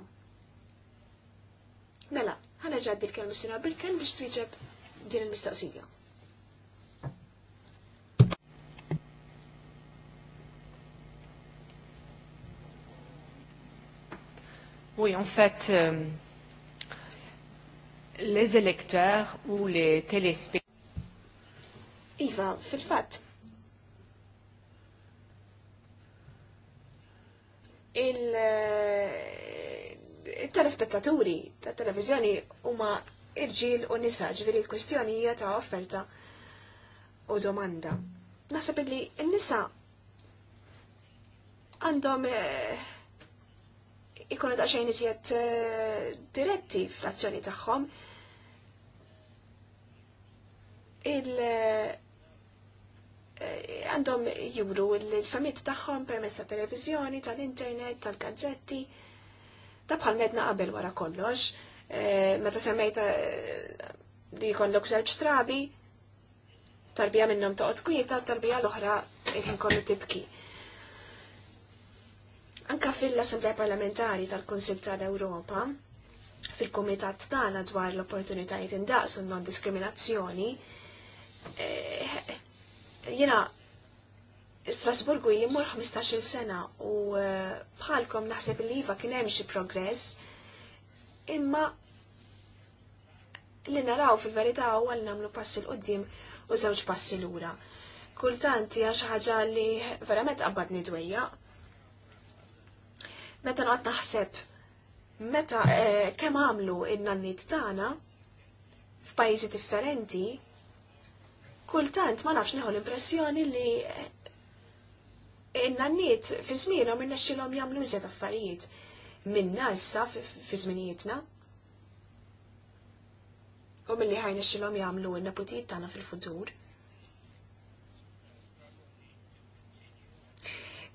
Mela, ħana ġaddi l-kelmu s-sina bil-kelm biex twieġeb din il-mistoqsija. Oui, en fait, euh, les électeurs ou les téléspectateurs. Iva, fil-fat. Eh, il-telespettaturi il ta' televizjoni huma irġil u nisa ġviri l-kwestjoni hija ta' offerta u domanda. Naħseb li n-nisa għandhom eh, ikunu xejn iżjed eh, diretti fl-azzjoni tagħhom. Il- eh, għandhom juru l-famiet tagħhom permezz ta' televizjoni, tal-internet, tal-gazzetti. Ta' bħal medna qabel wara kollox, eh, meta semmejta li jkollok żewġ trabi, tarbija minnhom toqgħod kwieta, tarbija l-oħra il kollu tibki. Anka fil-Assemblea Parlamentari tal-Konsil tal-Europa, fil-Komitat tagħna dwar l-opportunitajiet indaqsu non-diskriminazzjoni, eh, jena Strasburgu li mur 15 sena u eh, bħalkom naħseb li iva kien hemm xi progress, imma li naraw fil-verità huwa li nagħmlu passi l qudiem u żewġ passi lura. Kultanti għax ħaġa li verament qabadni dwejja, meta noqgħod naħseb meta eh, kemm għamlu in-nannit tagħna f'pajjiżi differenti, kultant ma nafx neħu l-impressjoni li eh, in-nannit fi żmienhom irnexxilhom jagħmlu iżed affarijiet minna issa fi żminijietna. U milli ħajna xilom jagħmlu n-neputijiet tagħna fil-futur.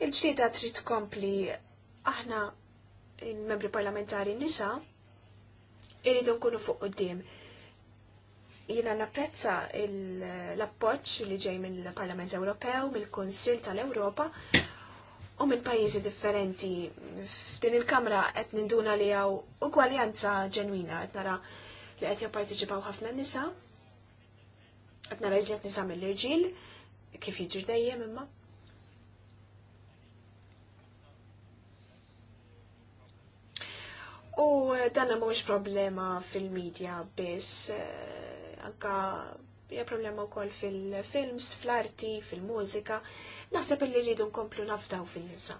Il-ġlieda trid tkompli aħna il-membri parlamentari nisa irridu nkunu fuq qoddim. Jina napprezza l-appoċ li ġej mill-Parlament Ewropew, mill-Konsil tal-Ewropa u minn pajjiżi differenti. F'din il-Kamra qed ninduna li hawn ugwaljanza ġenwina qed nara li qed jipparteċipaw ħafna nisa, qed nara iżjed nisa mill-irġiel, kif jiġri dejjem imma. U eh, dan mhuwiex problema fil-medja biss, eh, anka hija problema wkoll fil-films, fl-arti, fil-mużika. Naħseb li rridu nkomplu nafdaw fil nisa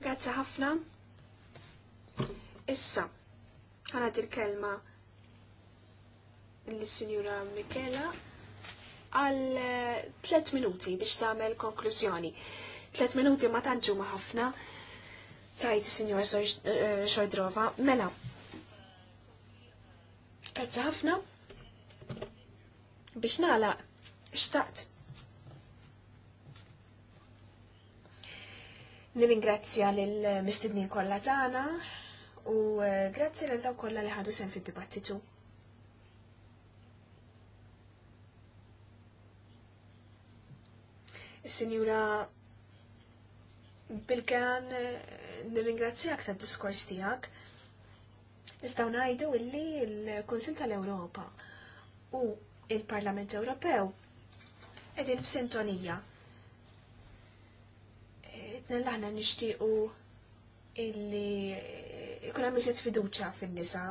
Grazzi ħafna. Issa, ħana il-kelma l-Sinjura Michela għal 3 eh, minuti biex tagħmel konklużjoni. 3 minuti ma tantxu ma ħafna tajt signor Xordrova, eh, mela. Grazzi ħafna. Biex nala, xtaqt. Nil-ingrazzja l mistidni kollha tagħna u eh, grazzja l daw kolla li ħadu sen fid-dibattitu. Signora Bilkan eh, nirringrazzjak tad diskors tiegħek. istaw ngħidu illi l-Kunsil tal-Ewropa u l parlament Ewropew qegħdin f'sintonija. Itnellaħna nixtiequ illi ikun hemm fiduċa fil nisa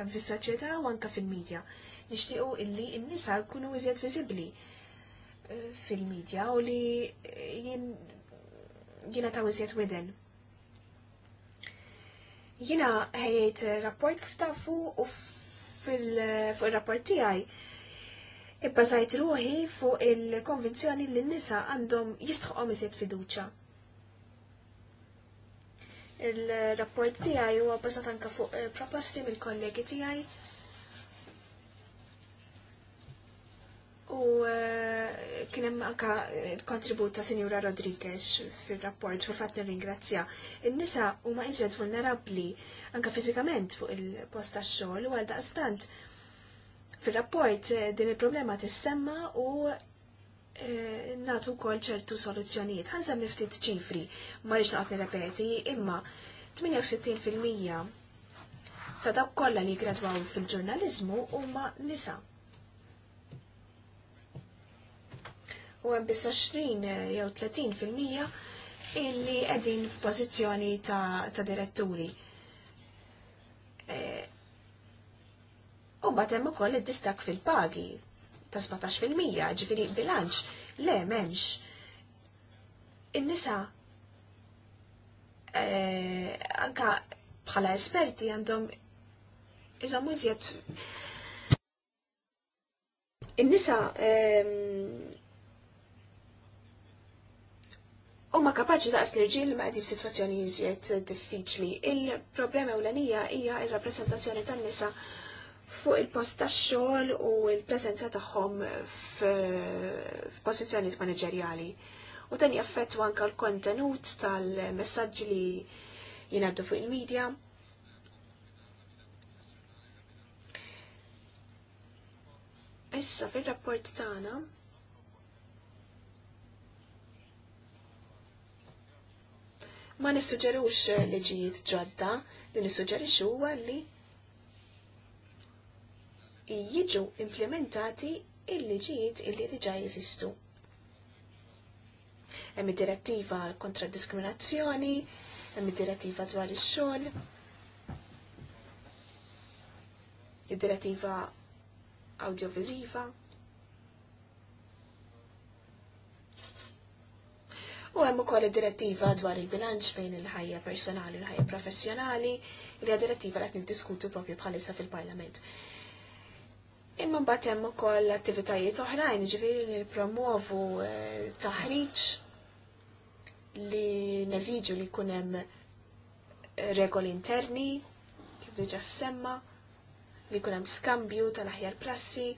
kam fil soċjetà u anke fil-medja. Nixtiequ illi n-nisa jkunu iżjed viżibbli eh, fil-medja u li jien ta' taw widen. Jina ħejjejt rapport kif tafu u fil-rapport tiegħi ibbażajt ruħi fuq il-konvenzjoni li n-nisa għandhom jistħuqom iżjed fiduċa. Il-rapport tiegħi huwa bbażat anka fuq eh, proposti mill-kollegi tiegħi U eh, kien hemm kontribut ta' Sinjura Rodriguez fir-rapport fil fatt nirringrazzja. In-nisa huma iżjed vulnerabbli anka fiżikament fuq il-post tax-xogħol u għal daqstant fir-rapport eh, din il-problema tissemma u eh, natu wkoll ċertu soluzzjonijiet. Ħanżem niftit ċifri, ma rridx noqgħod nirrepeti, imma 68% ta' dak kollha li jgradwaw fil-ġurnaliżmu huma nisa' u hemm biss 20 eh, jew 30 fil-mija illi qegħdin f'pożizzjoni ta', ta diretturi. E, u bat hemm ukoll id-distak fil-pagi ta' 17 fil-mija, ġifiri bilanċ le m'hemmx. In-nisa e, anka bħala esperti għandhom iżom iżjed in-nisa ehm, u ma kapaċi daqs l-irġil ma għedib situazzjoni jizjiet diffiċli. Il-problema ewlenija hija il-rappresentazzjoni tan-nisa fuq il-post ta' xogħol u l-preżenza tagħhom f'pożizzjonijiet manageriali. U dan jaffettwa anke l-kontenut tal-messaġġi li jingħaddu fuq il-medja. Issa fir-rapport tagħna ma nissuġġerux eh, liġijiet ġodda, li nissuġerix huwa li jiġu implementati il-liġijiet illi diġa jeżistu. Hemm id-direttiva kontra d diskriminazzjoni, hemm id-direttiva dwar ix-xogħol, id-direttiva audiovisiva. u hemm ukoll id-direttiva dwar il-bilanċ bejn il-ħajja personali u l-ħajja professjonali, li hija direttiva li qed niddiskutu propju bħalissa fil-Parlament. Imma mbagħad hemm ukoll attivitajiet oħrajn, ġifieri li nippromuovu eh, taħriġ li neżiġu li jkun hemm eh, regoli interni, kif diġà semma, li jkun hemm skambju tal-aħjar prassi,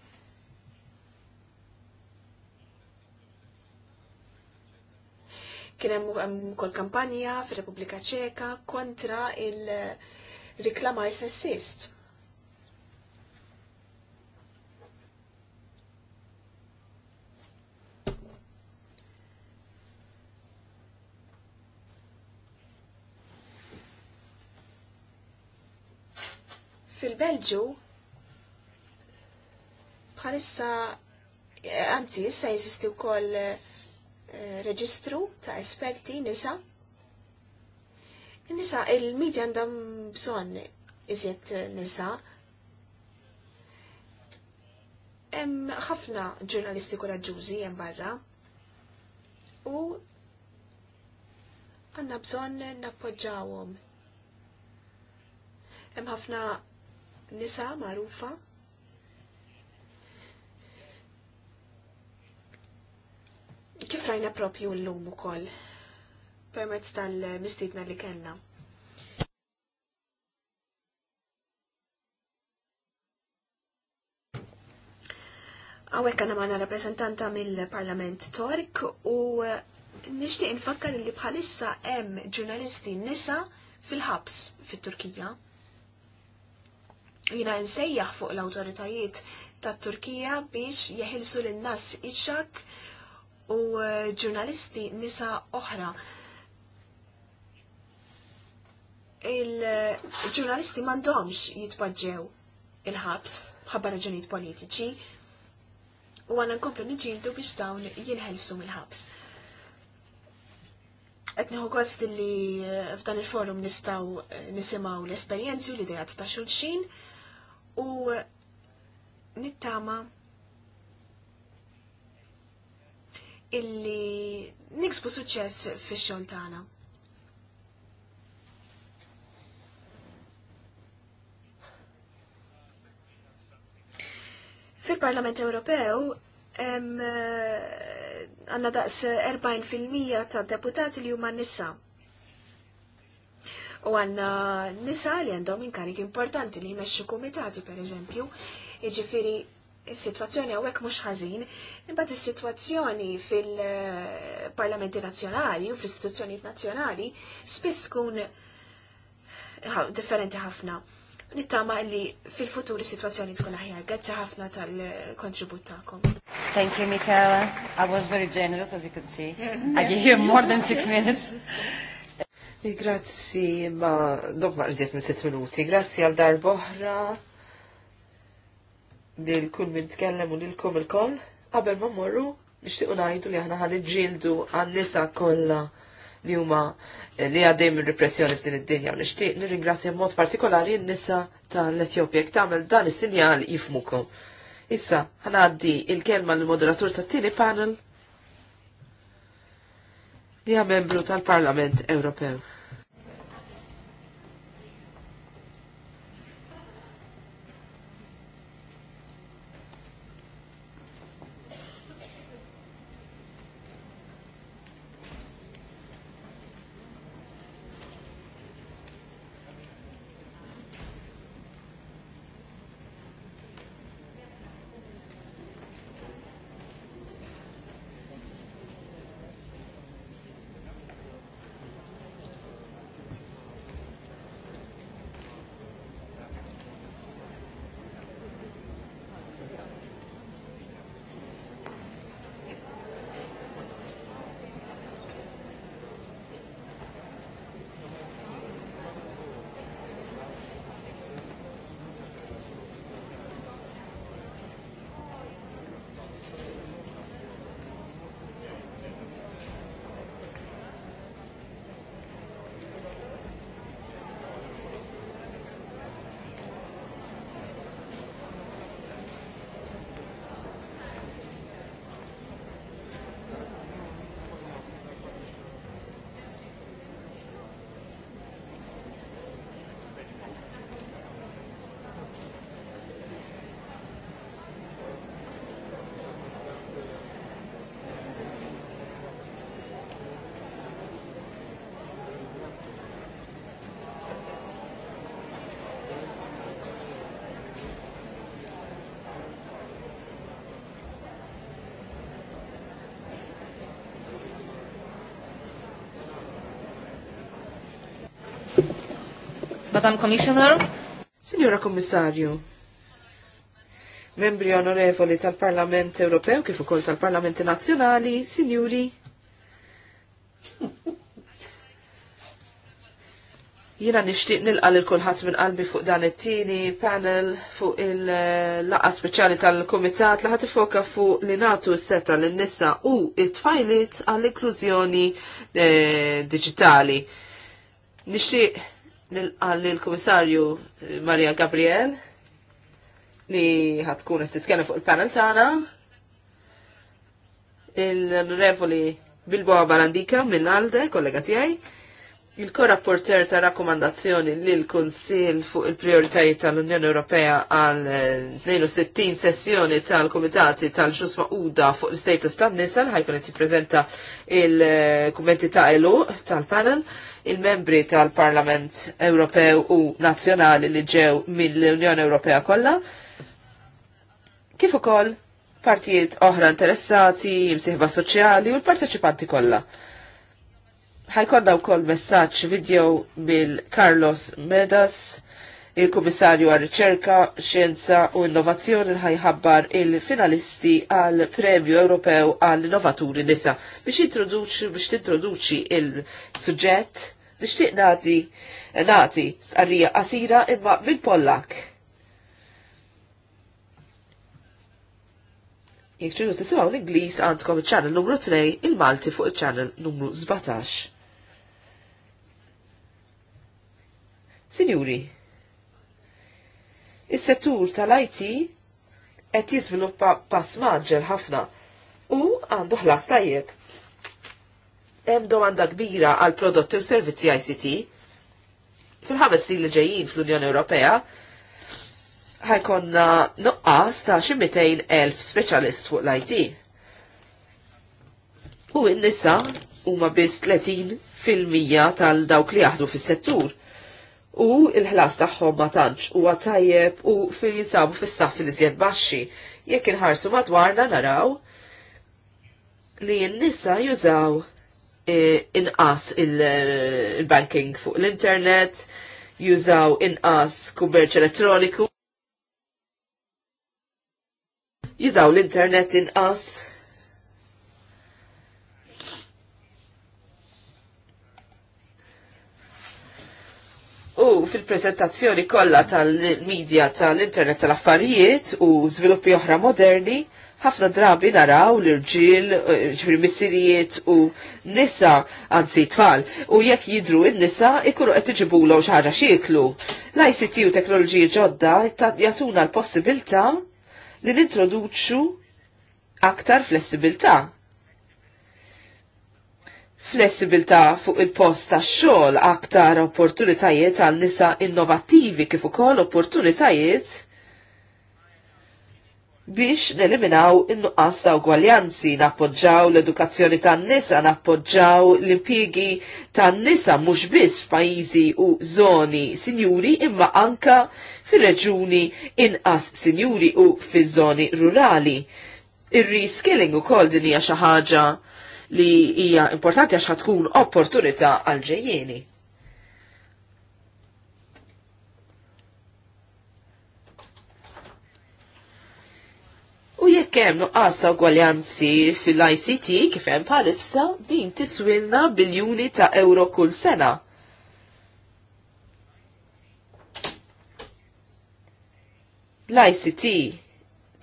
Kien hemm ukoll kampanja fir-Repubblika Ċeka kontra il-riklamar sessist. fil-Belġu bħalissa eh, anzi issa jeżisti wkoll eh, Eh, reġistru ta' esperti nisa. Nisa, il-medja għandhom bżonn iżjed nisa. Hemm ħafna ġurnalisti koraġġużi hemm barra. U għandna bżonn nappoġġawhom. Hemm ħafna nisa magħrufa Kif rajna propju l-lum ukoll permezz tal-mistidna li kellna. Għawek għana maħna rappresentanta mill-Parlament Tork u eh, nishtiq nfakkar li bħalissa hemm ġurnalisti nisa fil-ħabs fit-Turkija. Jina nsejjaħ fuq l-autoritajiet tat-Turkija biex jeħilsu l-nas iċak u e, ġurnalisti nisa oħra. Il-ġurnalisti e, mandomx jitpoġġew il-ħabs bħabba raġunijiet politiċi u għanna nkomplu nġildu biex dawn jinħelsu mill-ħabs. Etniħu għost li e, f'dan il-forum nistaw nisimaw l-esperienzi u l-idejat ta' xulxin u nittama illi niksbu suċċess fix xol tagħna. Fil-Parlament Ewropew eh, għanna daqs 40% ta' deputati li huma nisa. U għanna nisa li għandhom inkarik importanti li jmexxu komitati per eżempju, iġifiri Is-sitwazzjoni hawnhekk mhux ħażin, imbagħad is-sitwazzjoni fil-parlamenti nazzjonali u fl istituzzjoni nazzjonali spiss tkun differenti ħafna. Nittama li fil-futur is-sitwazzjoni tkun aħjar. Grazzi ħafna tal-kontribut tagħkom. Thank you, Michaela. I was very generous, as you can see. I gave you more than six minutes. Grazzi, ma dok marżiet minn sit minuti. Grazzi għal darboħra lil kull min tkellem u lilkom il-koll, qabel ma morru nixtiequ ngħidu li aħna ħaniġġieldu għan-nisa kollha li huma eh, li għaddej minn repressjoni f'din id-dinja u nixtieq nirringrazzja mod partikolari n-nisa tal-Etjopja jekk tagħmel dan is-sinjal jifmukom. Issa għaddi il-kelma l-moderatur tat-tieni panel li membru tal-Parlament Ewropew. Madam Commissioner. Signora Kommissarju, membri onorevoli tal-Parlament Ewropew kif ukoll tal-Parlamenti Nazzjonali, sinjuri. Jiena nixtieq nilqa' lil kulħadd minn qalbi fuq dan it-tieni panel fuq il-laqgħa speċjali tal-Kumitat li ħadd ifoka fuq li nagħtu s-setta lin-nisa u it-tfajlit għall-inklużjoni eh, diġitali. Nixtieq nilqalli l-Komissarju eh, Maria Gabriel li ħatkun qed titkellem fuq il-panel tagħna. Il-Revoli Bilboa Barandika minn Alde, kollega tiegħi, il-korrapporter ta' rakkomandazzjoni lil kunsil fuq il-prioritajiet tal-Unjoni Ewropea għal 62 eh, sessjoni tal-Komitati tal-Ġus Uda fuq l-status tan-nisa ħajkun qed jippreżenta il-kummenti eh, ta' elu tal-panel. tal panel il-membri tal-Parlament Ewropew u Nazzjonali li ġew mill-Unjoni Ewropea kollha, kif ukoll partijiet oħra interessati, imsieħba soċjali u l-parteċipanti kollha. Ħajkonna wkoll messaġġ video bil Carlos Medas, il-Kummissarju għal riċerka Xjenza u Innovazzjoni li ħajħabbar il-finalisti għal Premju Ewropew għall Innovaturi Nisa biex introduċi biex il-suġġett Nixtieq nati, nagħti arrija qasira imma minn Pollak. Jek tridu tisimgħu l-Ingliż għandkom il ċannel numru 3 il-Malti fuq iċ-ċannel numru 17. Sinjuri, is-settur tal-IT qed jiżviluppa pass maġġel ħafna u għandu ħlas tajjeb hemm domanda kbira għal prodotti u servizzi ICT fil-ħames snin li ġejjin fl-Unjoni Ewropea ħajkonna nuqqas ta' xi elf speċjalist fuq l-IT. U n-nisa huma biss 30 fil-mija tal-dawk li jaħdu fis-settur. U il-ħlas tagħhom ma tantx huwa tajjeb u fil-jinsabu fis saħħ fil-iżjed baxxi. Jekk inħarsu madwarna naraw li n-nisa jużaw Eh, inqas il-banking fuq l-internet, jużaw inqas kummerċ elettroniku, jużaw l-internet inqas U fil-prezentazzjoni kollha tal-medja tal-internet tal-affarijiet u żviluppi oħra moderni, ħafna drabi naraw l-irġil, eh, ġifri missirijiet u nisa, għanzi tfal, u jekk jidru n-nisa, ikunu qed iġibu l xieklu. L-ICT u teknoloġiji ġodda jagħtuna l-possibilità li nintroduċu aktar flessibilità. Flessibilità fuq il-post ta' xogħol aktar opportunitajiet għal nisa innovattivi kif ukoll opportunitajiet biex neliminaw in-nuqqas ta' ugwaljanzi, nappoġġaw l-edukazzjoni tan nisa, nappoġġaw l-impjigi tan nisa mhux biss f'pajjiżi u żoni sinjuri imma anka fir-reġuni inqas sinjuri u fiż-żoni rurali. Ir-reskilling ukoll din hija xi ħaġa li hija importanti għax tkun opportunità għal ġejjieni. U jekk hemm nuqqas ta' ugwaljanzi fil-ICT kif hemm bħalissa din tiswilna biljuni ta' euro kull sena. L-ICT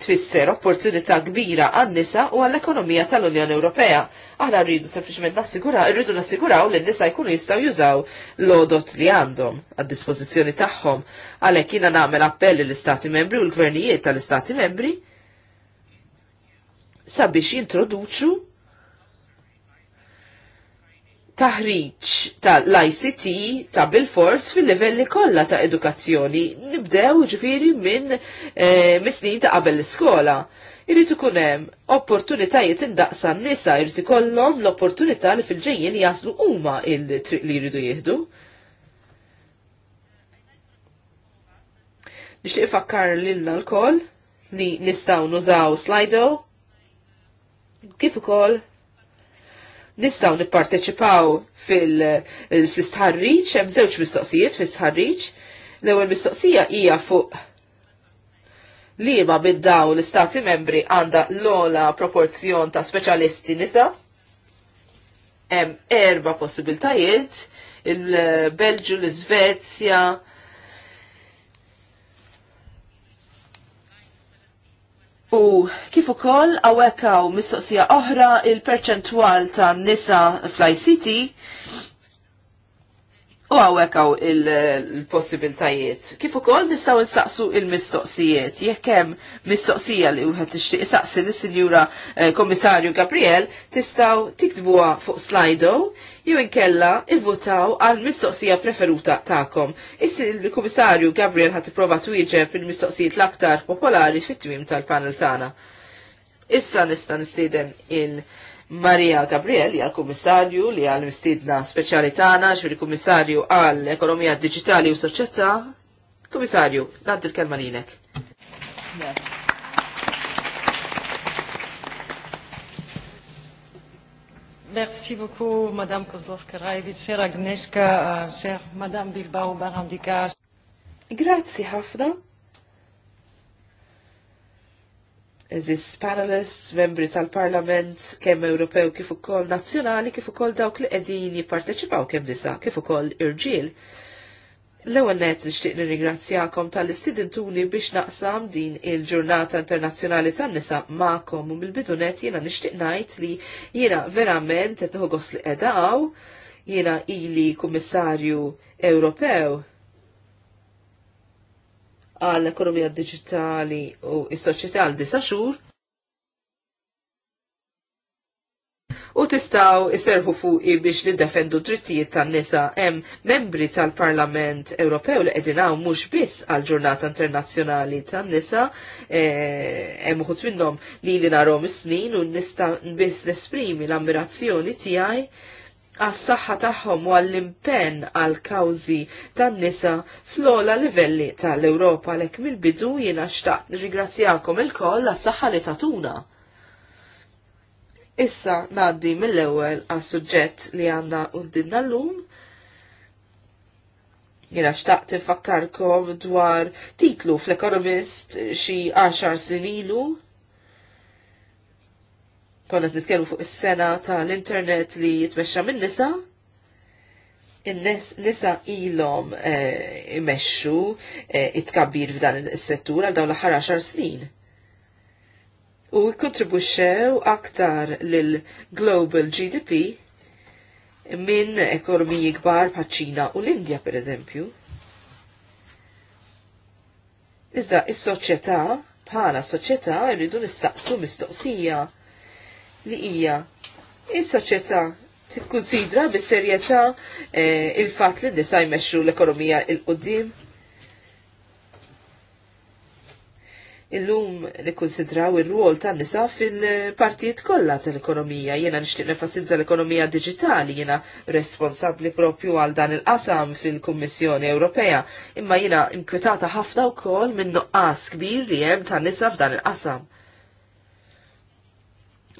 tfisser opportunità kbira għan-nisa u għall-ekonomija tal-Unjoni Ewropea. Aħna rridu sempliċement nassigura, rridu nassiguraw li n-nisa jkunu jistgħu jużaw l-odot li għandhom għad-dispożizzjoni tagħhom. Għalhekk jiena nagħmel appell l istati Membri u l-Gvernijiet tal-Istati Membri sabiex jintroduċu taħriġ ta' l-ICT ta' bil-fors fil-livelli kollha ta' edukazzjoni. Nibdew ġifiri minn e, eh, misnin ta' qabel l-iskola. Irrid ikun hemm opportunitajiet indaqsa n-nisa jrid ikollhom l-opportunità li fil-ġejjin jaslu huma il-triq li jridu jieħdu. Nixtieq ifakkar lilna l-koll li nistgħu nużaw Slido kif ukoll nistgħu nipparteċipaw fil-istħarriġ, eh, hemm żewġ mistoqsijiet fis-sħarriġ. L-ewwel mistoqsija hija fuq liema minn daw l-istati membri għandha l-ola proporzjon ta' speċjalisti nisa. Hemm erba' possibiltajiet il-Belġu, l-Iżvezja, U kif ukoll hawnhekk hawn mistoqsija oħra il-perċentwal ta' nisa fl-ICT u hawnhekk hawn il-possibiltajiet. Kif ukoll nistgħu nsaqsu il-mistoqsijiet jekk hemm mistoqsija li wieħed tixtieq isaqsi lis-Sinjura eh, Kommissarju Gabriel tistgħu tiktbuha fuq Slido jew inkella ivvutaw għal mistoqsija preferuta tagħkom. Il-Kummissarju Gabriel ħadd prova twieġeb il-mistoqsijiet l-aktar popolari fit twim tal-panel tagħna. Issa nista' nistieden il- Maria Gabriel, hija kummissarju li għal mistidna speċjali tagħna ġifieri kummissarju għal ekonomija diġitali u soċjetà. Kummissarju, nagħti l-kelma lilek. Yeah. Merci beaucoup, Madame Kozlowska-Rajvic, cher Agnieszka, euh, cher Madame Bilbao Barandika. Grazzi ħafna. Eżis panelists, membri tal-Parlament, kemm Ewropew kif ukoll nazzjonali, kif ukoll dawk li qegħdin jipparteċipaw kemm nisa, kif ukoll irġiel. L-ewwel net nixtieq nirringrazzjakom tal-istidentuni biex naqsam din il-Ġurnata Internazzjonali tan-nisa magħkom u mill-bidu net jiena nixtieq ngħid li jiena verament qed nħogos li qedaw jiena ili Kummissarju Ewropew għall ekonomija digitali u s-soċjetà għal disa xhur u tistaw iserħu fuqi biex niddefendu drittijiet tan-nisa hemm membri tal-Parlament Ewropew li qegħdin hawn mhux biss għall-Ġurnata Internazzjonali tan-nisa eh, hemm uħud minnhom li li narhom snin u nista' biss nesprimi l-ammirazzjoni tiegħi għas-saħħa tagħhom u għall-impenn għal kawżi tan-nisa fl ogħla livelli tal-Ewropa għalhekk mill-bidu jiena xtaqt nirringrazzjakom il-koll għas-saħħa li tatuna. Issa naddi mill-ewwel għas suġġett li għandna qudiemna llum. Jiena xtaqt infakkarkom dwar titlu fl-Economist xi 10 snin ilu. Konna nitkellmu fuq is-sena tal-internet li jitmexxa minn nisa nisa ilhom eh, imexxu eh, it-tkabbir f'dan is-settur għal dawn l-aħħar 10 snin u kontribuxxew aktar lil global GDP minn ekonomiji kbar bħal ċina u l-Indja pereżempju. Iżda is-soċjetà bħala soċjetà jridu nistaqsu mistoqsija li hija is-soċjetà tikkunsidra bis-serjetà eh, il-fatt li nisa jmexxu l-ekonomija il-qudiem. Illum nikkonsidraw ir-rwol tan-nisa fil-partijiet kollha tal-ekonomija. Jiena nixtieq nefasilza l-ekonomija diġitali, jiena responsabbli propju għal dan il-qasam fil-Kummissjoni Ewropea, imma jiena inkwetata ħafna wkoll minn nuqqas kbir li hemm tan-nisa f'dan il-qasam.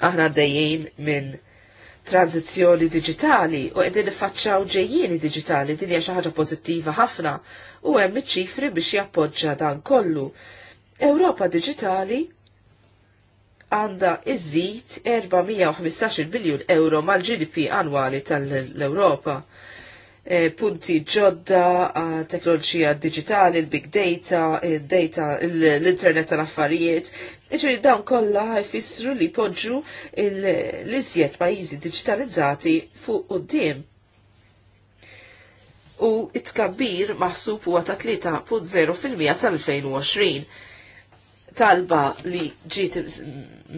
Aħna dejjin minn tranzizjoni digitali u qegħdin niffaċċaw ġejjieni digitali din hija xi ħaġa pożittiva ħafna u hemm iċ-ċifri biex jappoġġja dan kollu Ewropa Digitali għanda iżid 415 biljun euro mal-GDP annwali tal ewropa E, punti ġodda, teknoloġija digitali, il-big data, il-data, l-internet tal-affarijiet. Iġri dawn kollha jfissru li poġġu l-iżjed pajjiżi digitalizzati fuq quddiem. U it-kabbir maħsub huwa ta' 3.0% sal-2020 talba li ġiet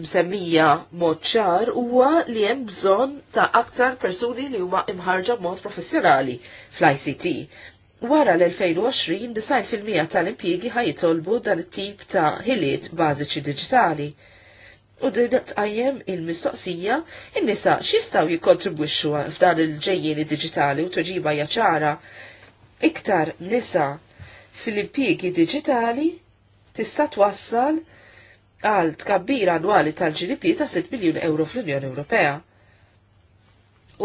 msemmija mod ċar huwa li hemm bżonn ta' aktar persuni li huma imħarġa mod professjonali fl-ICT. Wara l-2020, design fil-mija tal-impjiegi ħajtolbu dan it-tip ta' ħiliet bażiċi diġitali. U din tqajjem il-mistoqsija in-nisa x'jistgħu jikkontribwixxu f'dan il-ġejjieni diġitali u toġiba hija ċara. Iktar nisa fil-impjiegi diġitali tista' twassal għal tkabbir annwali tal-GDP ta' 6 biljun euro fl-Unjoni Ewropea.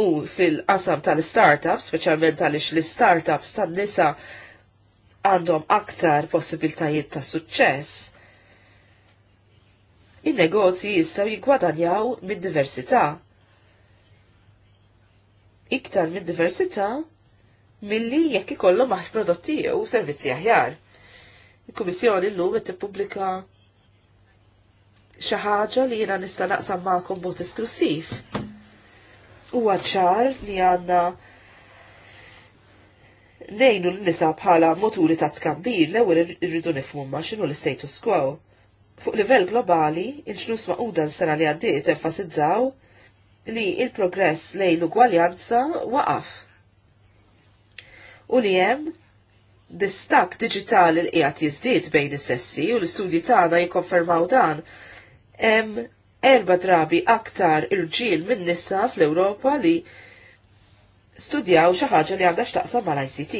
U fil-qasam tal-startups, speċjalment għaliex l-startups tan-nisa għandhom aktar possibiltajiet ta' suċċess. In-negozji jistgħu jinkwadanjaw mid-diversità. Iktar minn diversità milli jekk ikollhom prodotti u servizzi aħjar. Il-Kummissjoni llum qed tippubblika xi ħaġa li jiena nista' naqsam magħkom mod esklusiv. Huwa ċar li għandna nejnu l-nisa bħala moturi ta' tkambir l-ewwel irridu nifhmu ma x'inhu l-status quo. Fuq livell globali, il-ġnus maquda l-sena li għaddiet enfasizzaw li il-progress lejn l-ugwaljanza waqaf. U li hemm distak digitali li qiegħed jiżdied bejn is-sessi u l-istudji tagħna jikkonfermaw dan. Hemm erba' drabi aktar irġiel minn nisa fl-Ewropa li studjaw xi ħaġa li għandha x'taqsam mal-ICT.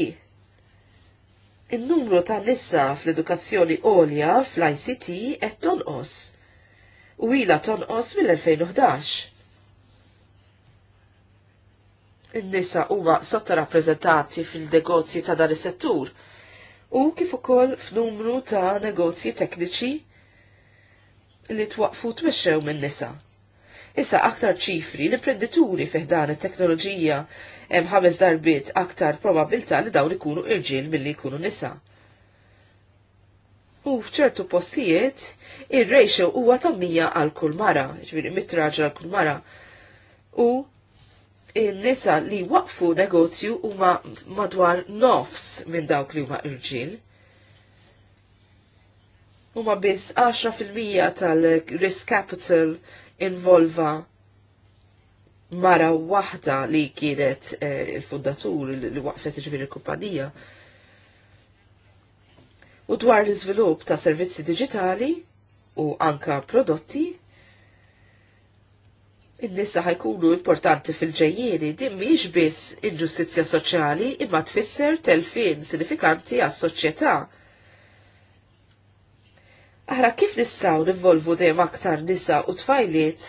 In-numru ta' nisa fl-edukazzjoni għolja fl-ICT qed tonqos u ila tonqos mill-2011 in-nisa huma sottorappreżentati fil-negozji ta' dan is-settur u kif ukoll f'numru ta' negozji tekniċi li twaqfu tmexxew min-nisa. Issa aktar ċifri l imprendituri fih dan it-teknoloġija hemm ħames darbiet aktar probabilità li dawn ikunu irġiel milli jkunu nisa. U fċertu postijiet, ir-ratio huwa ta' 100 għal kull mara, ġviri mitra għal kull mara. U il-nisa li waqfu negozju huma madwar nofs minn dawk li huma irġiel. Huma biss 10% tal-risk capital involva mara waħda li kienet eh, il-fundatur li waqfet ġbir il-kumpanija. U dwar l-iżvilupp ta' servizzi digitali u anka prodotti, in-nisa ħajkunu importanti fil-ġejjieri din mhix biss il-ġustizzja soċjali imma tfisser telfin sinifikanti għas-soċjetà. Aħra kif nistgħu nivolvu dejjem aktar nisa u tfajliet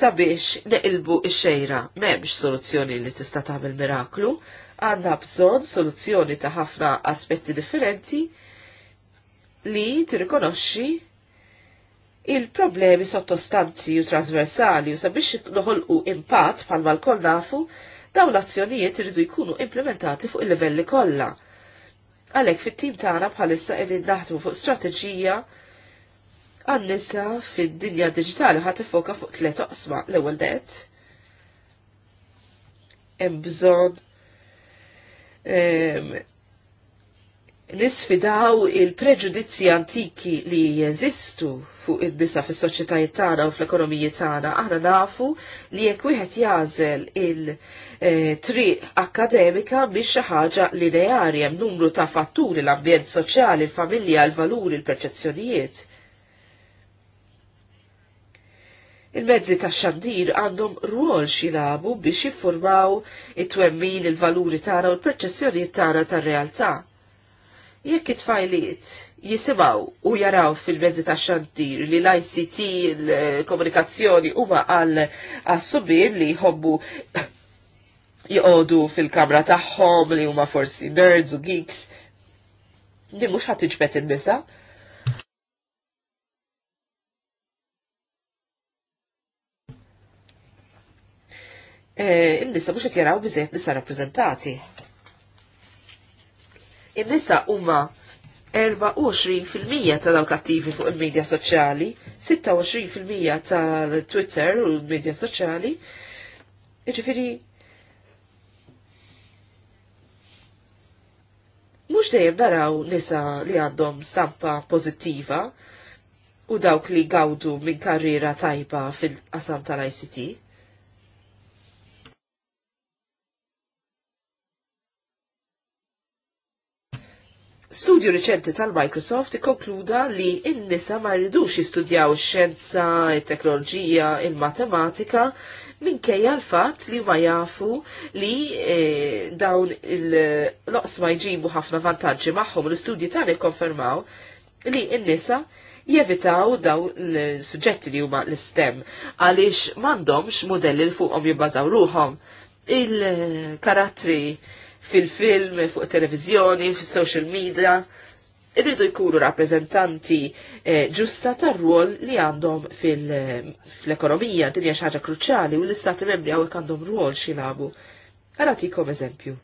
sabiex neqilbu ix-xejra m'hemmx soluzzjoni li tista' tagħmel miraklu, għandna bżonn soluzzjoni ta' ħafna aspetti differenti li tirrikonoxxi il-problemi sottostanti u trasversali u sabiex noħolqu impatt pal mal nafu, daw l-azzjonijiet iridu jkunu implementati fuq il-livelli kollha. Għalhekk fit-tim tagħna bħalissa qegħdin naħdmu fuq strateġija għan-nisa fid-dinja diġitali ħadd ifoka fuq tliet oqsma l-ewwel net. Hemm bżonn nisfidaw il-preġudizzi antiki li jeżistu fuq id-disa fis soċjetajiet tagħna u fl-ekonomiji tagħna, aħna nafu li jekk wieħed jażel il-triq eh, akademika biex xi ħaġa lineari hemm numru ta' fatturi l-ambjent soċjali, il-familja, l valuri l perċezzjonijiet Il-mezzi ta' xandir għandhom ruol xilabu biex jiffurmaw it-twemmin il-valuri tagħna u l-perċezzjonijiet tagħna tar-realtà. Ta Jekk it-tfajliet jisibaw u jaraw fil-mezzi ta' xandir li l-ICT, l-komunikazzjoni huma għal subir li jħobbu (coughs) jgħodu fil-kamra tagħhom li huma forsi nerds u geeks, li mhux ħadd iġbet in-nisa, eh, il-nisa mux jaraw bizzejt nisa rappresentati in-nisa huma 24% ta' dawk attivi fuq il-medja soċjali, 26% tal-Twitter u l-medja soċjali. Iġifieri mhux dejjem naraw nisa li għandhom stampa pożittiva u dawk li gawdu minn karriera tajba fil-qasam tal-ICT. Studju riċenti tal-Microsoft ikkonkluda li n-nisa ma rridux jistudjaw ix-xjenza, it-teknoloġija, il-matematika minkejja l-fatt li ma jafu li e, dawn il ma jġibu ħafna vantaġġi magħhom l-istudji tagħna jikkonfermaw li n-nisa jevitaw daw l-suġġetti li huma l-STEM għaliex m'għandhomx modelli l fuqhom jibbażaw ruħom il-karattri fil-film, fuq televizjoni, fil-social media, irridu jkunu rappresentanti eh, ġusta tar-rwol li għandhom fil-ekonomija, eh, din hija xaġa kruċali u l-istati membri hawnhekk għandhom rwol xilabu. Għalatikom eżempju.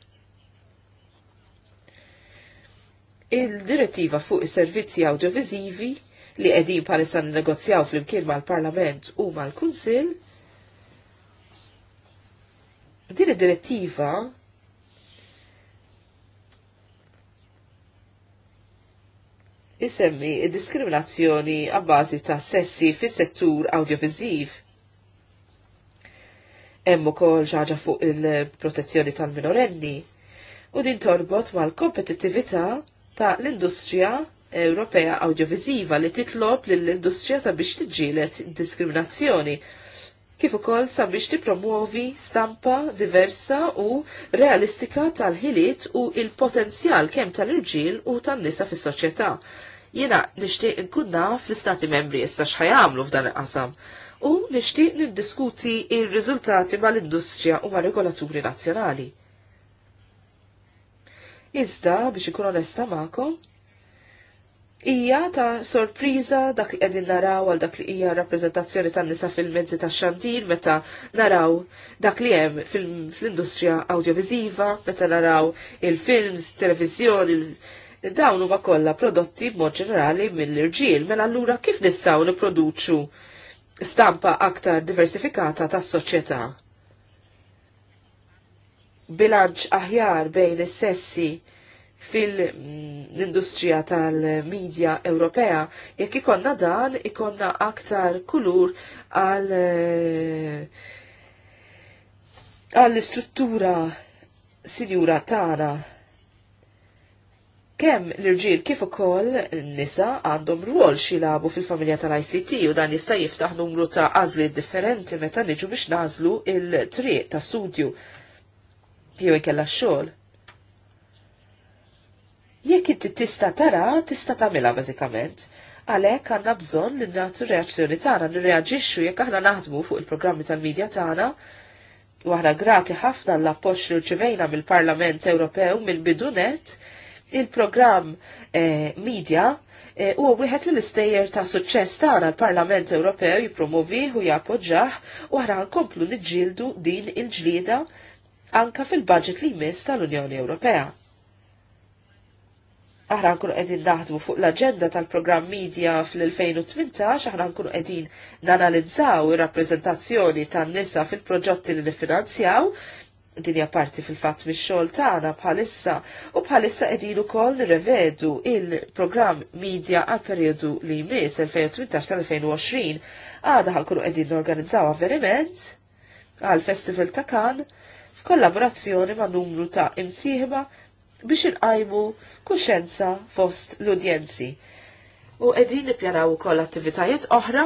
Il-direttiva fuq is-servizzi audiovisivi li qegħdin palissan negozjaw fl-imkien mal-Parlament u mal-Kunsill din id-direttiva isemmi diskriminazzjoni għabbażi ta' sessi fis-settur awdjoviżiv. Hemm ukoll ġaġa fuq il-protezzjoni tal-minorenni u din torbot mal-kompetittività ta' l-industrija Ewropea Awdjoviżiva li titlob lill industrija sabiex tiġġielet diskriminazzjoni kif ukoll sabiex tippromuovi stampa diversa u realistika tal-ħiliet u il-potenzjal kemm tal-irġiel u tan-nisa fis-soċjetà. Jiena nixtieq inkun naf l-istati membri issa x'ħajamlu f'dan il-qasam u nixtieq niddiskuti ir-riżultati mal-industrija u mar-regolaturi nazzjonali. Iżda biex ikun onesta magħkom, hija ta' sorpriża dak li qegħdin naraw għal dak li hija rappresentazzjoni tan-nisa fil-mezzi tax xantir meta naraw dak li hemm fl-industrija audiovisiva, meta naraw il-films, televizjoni, dawn huma kollha prodotti b'mod ġenerali mill-irġiel, mela allura kif nistgħu nipproduċu stampa aktar diversifikata tas-soċjetà? bilanċ aħjar bejn is-sessi fil-industrija tal-medja Ewropea, jekk ikonna dan, ikonna aktar kulur għal eh, għall-istruttura sinjura tagħna. Kemm l-irġiel kif ukoll nisa għandhom rwol xilabu fil-familja tal-ICT u dan jista' jiftaħ numru ta' għażli differenti meta niġu biex nażlu il-triq ta' studju jew ikella x-xogħol Jekk inti tista' tara, tista' tagħmilha bażikament. Għalhekk għandna bżonn li nagħtu reazzjoni tagħna, reagġiċu jekk aħna naħdmu fuq il-programmi tal-medja tagħna u aħna grati ħafna l-appoġġ li uċivejna mill-Parlament Ewropew mill-bidunet il-programm medja eh, media eh, u wieħed mill-istejjer ta' suċċess tagħna l-Parlament Ewropew jippromovih u jappoġġaħ u aħna nkomplu niġġieldu din il-ġlieda anka fil-budget li jmiss tal-Unjoni Ewropea aħna nkunu qegħdin naħdmu fuq l-aġenda tal-programm Media fl-2018 aħna nkunu qegħdin nanalizzaw ir-rappreżentazzjoni tan-nisa fil-proġetti li nifinanzjaw dinja parti fil-fatt mix-xogħol tagħna bħalissa u bħalissa qegħdin ukoll nirrevedu il-programm Media għal perjodu li jmiss 2018 tal-2020 għadha ħankunu qegħdin norganizzaw avveniment għal Festival ta' Kan f'kollaborazzjoni ma' numru ta' imsieħba biex inqajmu kuxenza fost l-udjenzi. U edin nippjanaw ukoll attivitajiet oħra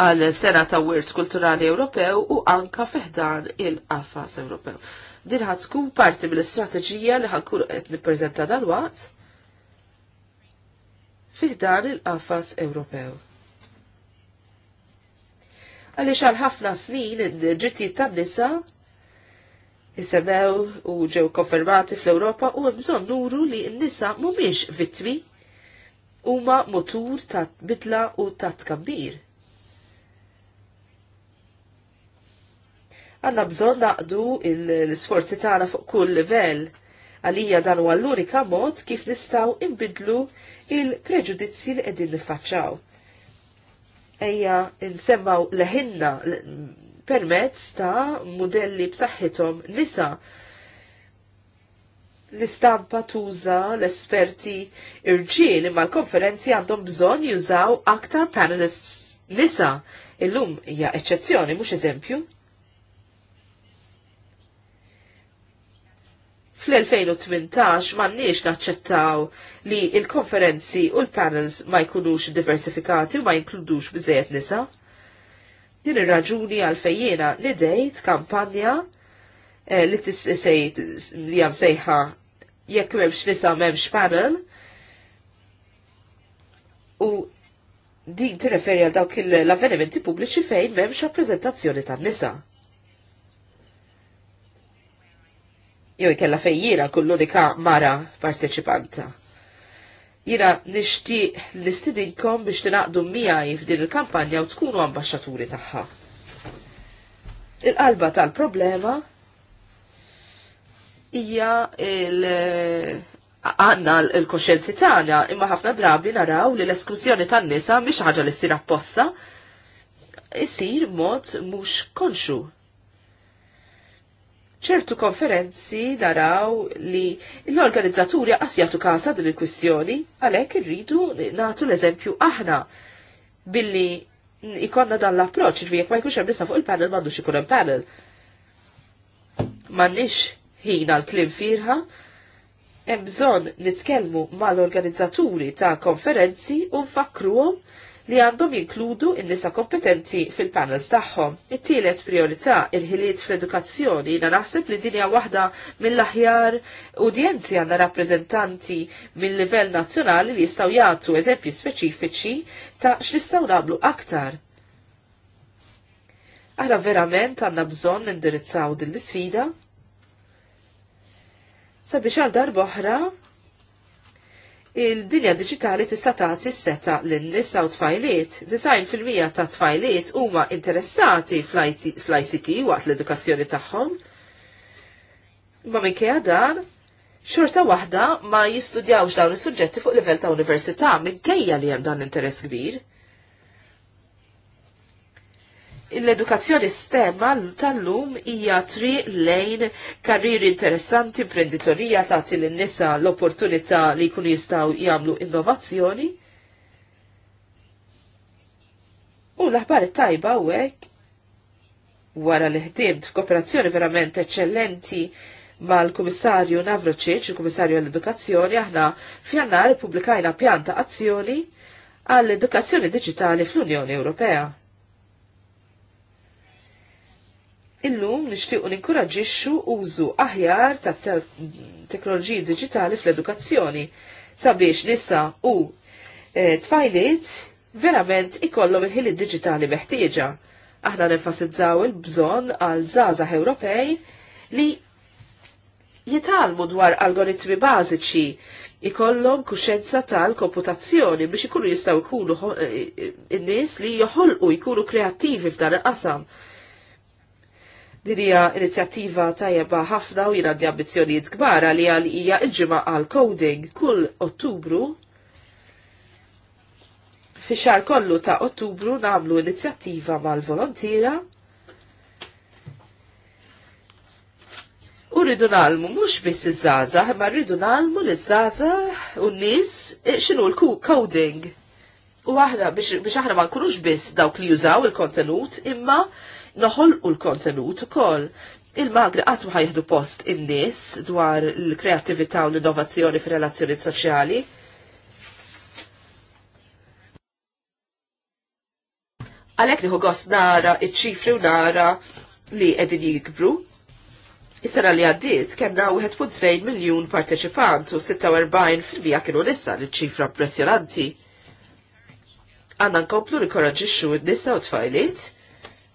għal sena ta' Wirt Kulturali Ewropew u anka fiħdan il-qafas Ewropew. Din ħad tkun parti mill-istrateġija li ħankun qed nippreżenta dal-waqt fiħdan il-qafas Ewropew għalix għal ħafna snin id-ġittijiet tan nisa jisemew u ġew konfermati fl-Europa u għemżon nuru li n-nisa mhumiex u huma motur ta' bidla u ta' tkabbir. Għanna bżonn naqdu l-sforzi tagħna fuq kull livell għalija dan huwa l-unika mod kif nistgħu imbidlu il-preġudizzi li qegħdin niffaċċaw. Ejja nsemmaw leħinna permezz ta' modelli b'saħħithom nisa. L-istampa tuża l-esperti irġiel imma l-konferenzi għandhom bżonn jużaw aktar panelists nisa. Illum hija eċċezzjoni mhux eżempju. fl-2018 m'għandniex naċċettaw li l konferenzi u l-panels ma jkunux diversifikati u ma jinkludux biżejjed nisa. Din ir-raġuni fejjena li dejt kampanja eh, li tissejt li għam sejħa jekk memx nisa memx panel u din tirreferi għal dawk l-avvenimenti pubbliċi fejn memx rappresentazzjoni tan-nisa. jew ikella fejjira kull unika mara parteċipanta. Jina nishtiq l-istidinkom biex tinaqdu miħaj f'din il-kampanja u tkunu ambasċaturi taħħa. Il-qalba tal-problema hija il- għanna l-koxenzi tagħna imma ħafna drabi naraw li l-esklusjoni tan-nisa mhix ħaġa li ssir apposta isir mod mhux konxu ċertu konferenzi naraw li l-organizzaturi jagħtu kasa din il-kwistjoni, għalhekk irridu nagħtu l-eżempju aħna billi ikonna dan l-approċ, ġvi jek ma jkunx hemm fuq il-panel m'għandux ikun hemm panel. M'għandniex ħina l-klim firħa, hemm bżonn nitkellmu mal-organizzaturi ta' konferenzi u nfakruhom li għandhom jinkludu in-nisa kompetenti fil-panels tagħhom. It-tielet priorità il-ħiliet fl-edukazzjoni jiena naħseb li dinja waħda mill-aħjar udjenzi għandna rappreżentanti mill-livell nazzjonali li jistgħu jagħtu eżempji speċifiċi ta' x'nistgħu nagħmlu aktar. Aħna verament għandna bżonn nindirizzaw din l-isfida sabiex għal darba oħra il-dinja digitali tista' tagħti s-seta lin nies u tfajliet. Design fil-mija ta' tfajliet huma interessati fl-ICT waqt l-edukazzjoni tagħhom. Ma minkejja dan, xorta waħda ma jistudjawx dawn is-suġġetti fuq livell ta' università minkejja li hemm dan interess kbir l-edukazzjoni STEM tal-lum hija tri lejn karriri interessanti, imprenditorija tagħti lin-nisa l-opportunità li jkunu jistgħu jagħmlu innovazzjoni. U l-aħbar tajba hekk wara li ħdiem f'kooperazzjoni verament eċċellenti mal-Kummissarju Navrocic, il-Kummissarju għall-Edukazzjoni, aħna f'jannar pubblikajna pjanta azzjoni għall-edukazzjoni digitali fl-Unjoni Ewropea. Illum nixtiequ ninkoraġixxu użu aħjar ta' teknoloġiji diġitali fl-edukazzjoni sabiex nisa u e, tfajliet verament ikollhom il-ħili diġitali meħtieġa. Aħna nenfasizzaw il-bżonn għal żgħażagħ Ewropej li jitalmu dwar algoritmi bażiċi ikollhom kuxenza tal-komputazzjoni biex ikunu jistgħu jkunu in-nies e, e, li joħolqu jkunu kreattivi f'dan il-qasam Din hija inizjattiva tajjeba ħafna u jien għandi ambizzjonijiet kbar li għal hija l-ġimgħa għal coding kull Ottubru fi xar kollu ta' Ottubru nagħmlu inizjattiva mal-volontira U rridu nalmu, mux biss iż-żaza, ma rridu nalmu l-żaza u n-nis xinu l-coding. U aħna biex aħna ma nkunux biss dawk li jużaw il-kontenut, imma u l-kontenut ukoll. Il-magri għatmu ħajħdu post in-nies dwar l-kreativita u l-innovazzjoni fir relazzjoni soċjali. Għalek liħu gost nara iċ-ċifri u nara li edin jikbru. Is-sena li għaddiet kemna 1.3 miljun parteċipant u 46% kienu nissa li ċifra impressjonanti. Għanna nkomplu rikoraġixxu n nissa u tfajlit?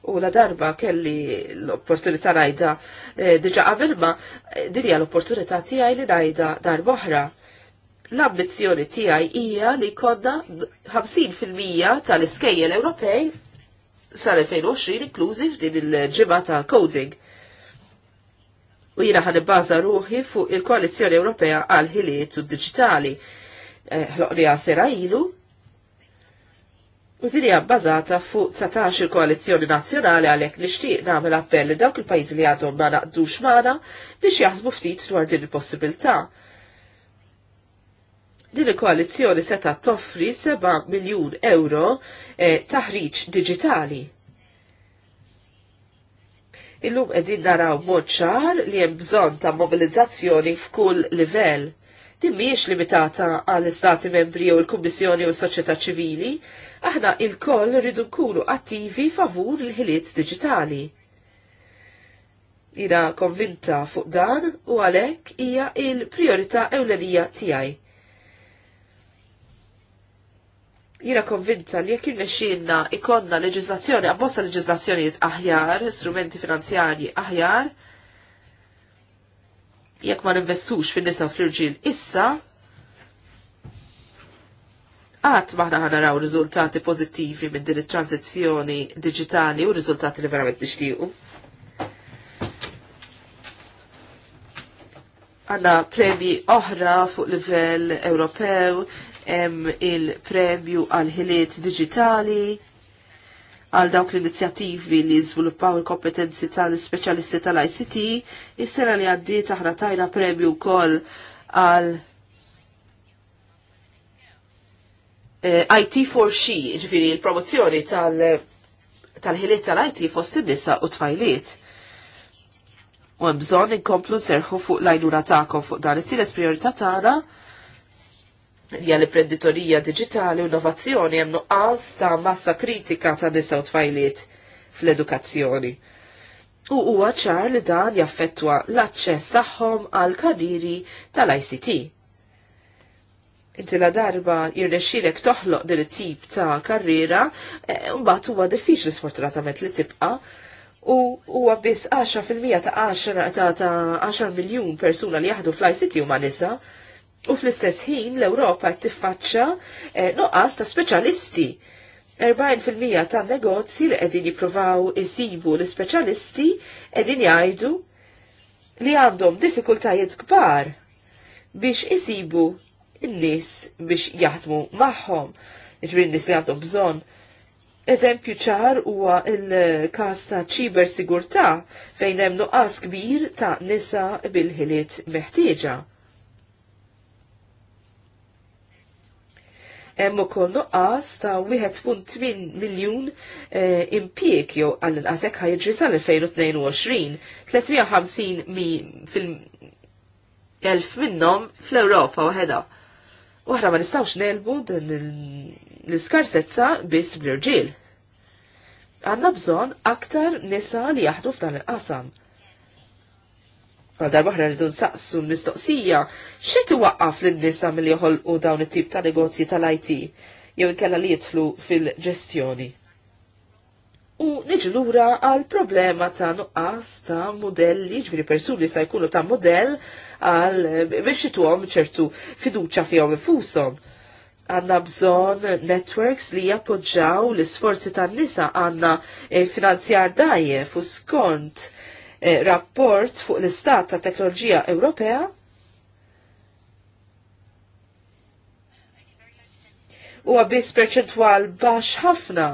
u la darba kelli l-opportunità najda eh, diġa qabel ma eh, dirja l-opportunità tiegħi li najda darba oħra. L-ambizzjoni tiegħi hija li kodna 50% tal-iskejjel Ewropej sal-2020 inklużi f'din il-ġimgħa ta' coding. U jiena ħan ibbaża ruħi fuq il-Koalizzjoni Ewropea għal ħiliet u d-diġitali eh, ħloqni għasera ilu U din hija bbażata fuq 19 il-Koalizzjoni Nazzjonali għalhekk nixtieq nagħmel appell li dawk il-pajjiżi li għadhom ma naqdux magħna biex jaħsbu ftit dwar din il-possibilità. Din il-koalizzjoni seta' toffri 7 miljun euro eh, taħriġ diġitali Illum edin naraw mod ċar li hemm bżonn ta' mobilizzazzjoni f'kull livell. Din mhijiex limitata għall istati membri u l-Kummissjoni u s-soċjetà ċivili, aħna il-koll rridu nkunu attivi favur il-ħiliet digitali. Ina konvinta fuq dan u għalek hija il-priorità ewlenija tiegħi. jina konvinta li jekk irnexxielna ikonna leġislazzjoni, abbossa leġislazzjonijiet aħjar, strumenti finanzjarji aħjar, jekk ma ninvestux fin-nisa u fl-irġiel issa, Għat maħna ħana raw riżultati pozittivi minn din it-tranzizzjoni digitali u riżultati li verament nixtiequ. Għanna premji oħra fuq livell Ewropew, hemm il-premju għal ħiliet digitali, għal dawk l-inizjattivi li żviluppaw il-kompetenzi tal-speċjalisti tal-ICT, is-sena li għaddiet aħna tajna premju wkoll għal Eh, IT for She, ġviri il-promozzjoni tal-ħiliet tal-IT fost in-nisa u tfajliet. U hemm bżonn inkomplu nserħu fuq l-għajnuna tagħkom fuq dan it-tielet priorità tagħna hija l-imprenditorija diġitali u innovazzjoni hemm nuqqas ta' massa kritika ta' nisa u tfajliet fl-edukazzjoni. U huwa ċar li dan jaffettwa l-aċċess tagħhom għal karriri tal-ICT inti la darba jirnexxilek toħloq din it-tip ta' karriera, e, mbagħad huwa diffiċli sfortunatament li tibqa' u huwa biss 10% ta' 10 ta' ta' 10 miljun persuna li jaħdu fl City huma nisa. U fl-istess ħin l-Ewropa qed tiffaċċa e, noqas ta' speċjalisti. 40% ta' negozji li qegħdin jippruvaw isibu l-speċjalisti qegħdin jgħidu li għandhom diffikultajiet kbar biex isibu il nies biex jaħdmu magħhom, jiġri n-nies li għandhom bżonn. Eżempju ċar huwa il-każ ta' ċiber sigurtà fejn hemm nuqqas kbir ta' nisa bil-ħiliet meħtieġa. Hemm ukoll nuqqas ta' 1.8 miljun eh, impjieg jew għal inqas hekk ħajġri sal-2022, 350 fil elf minnhom fl-Ewropa waħedha. U ma nistawx nelbu l-iskarsezza biss bl-irġiel. Għanna bżon aktar nisa li jaħdu f'dan il-qasam. Għadar li rridu nsaqsu l-mistoqsija, xe waqqaf l-nisa mill joħolqu dawn it-tip ta' negozji tal-IT, jew inkella li jitlu fil-ġestjoni. U niġi lura għal problema ta' nuqqas ta' modelli, ġviri persuni sa' jkunu ta' modell għal biex jituhom ċertu fiduċa fihom infushom għanna bżon networks li jappoġġaw l-sforzi tan nisa għanna eh, finanzjar daje fu skont eh, rapport fuq l-istat ta' teknoloġija Ewropea u għabis perċentwal baħx ħafna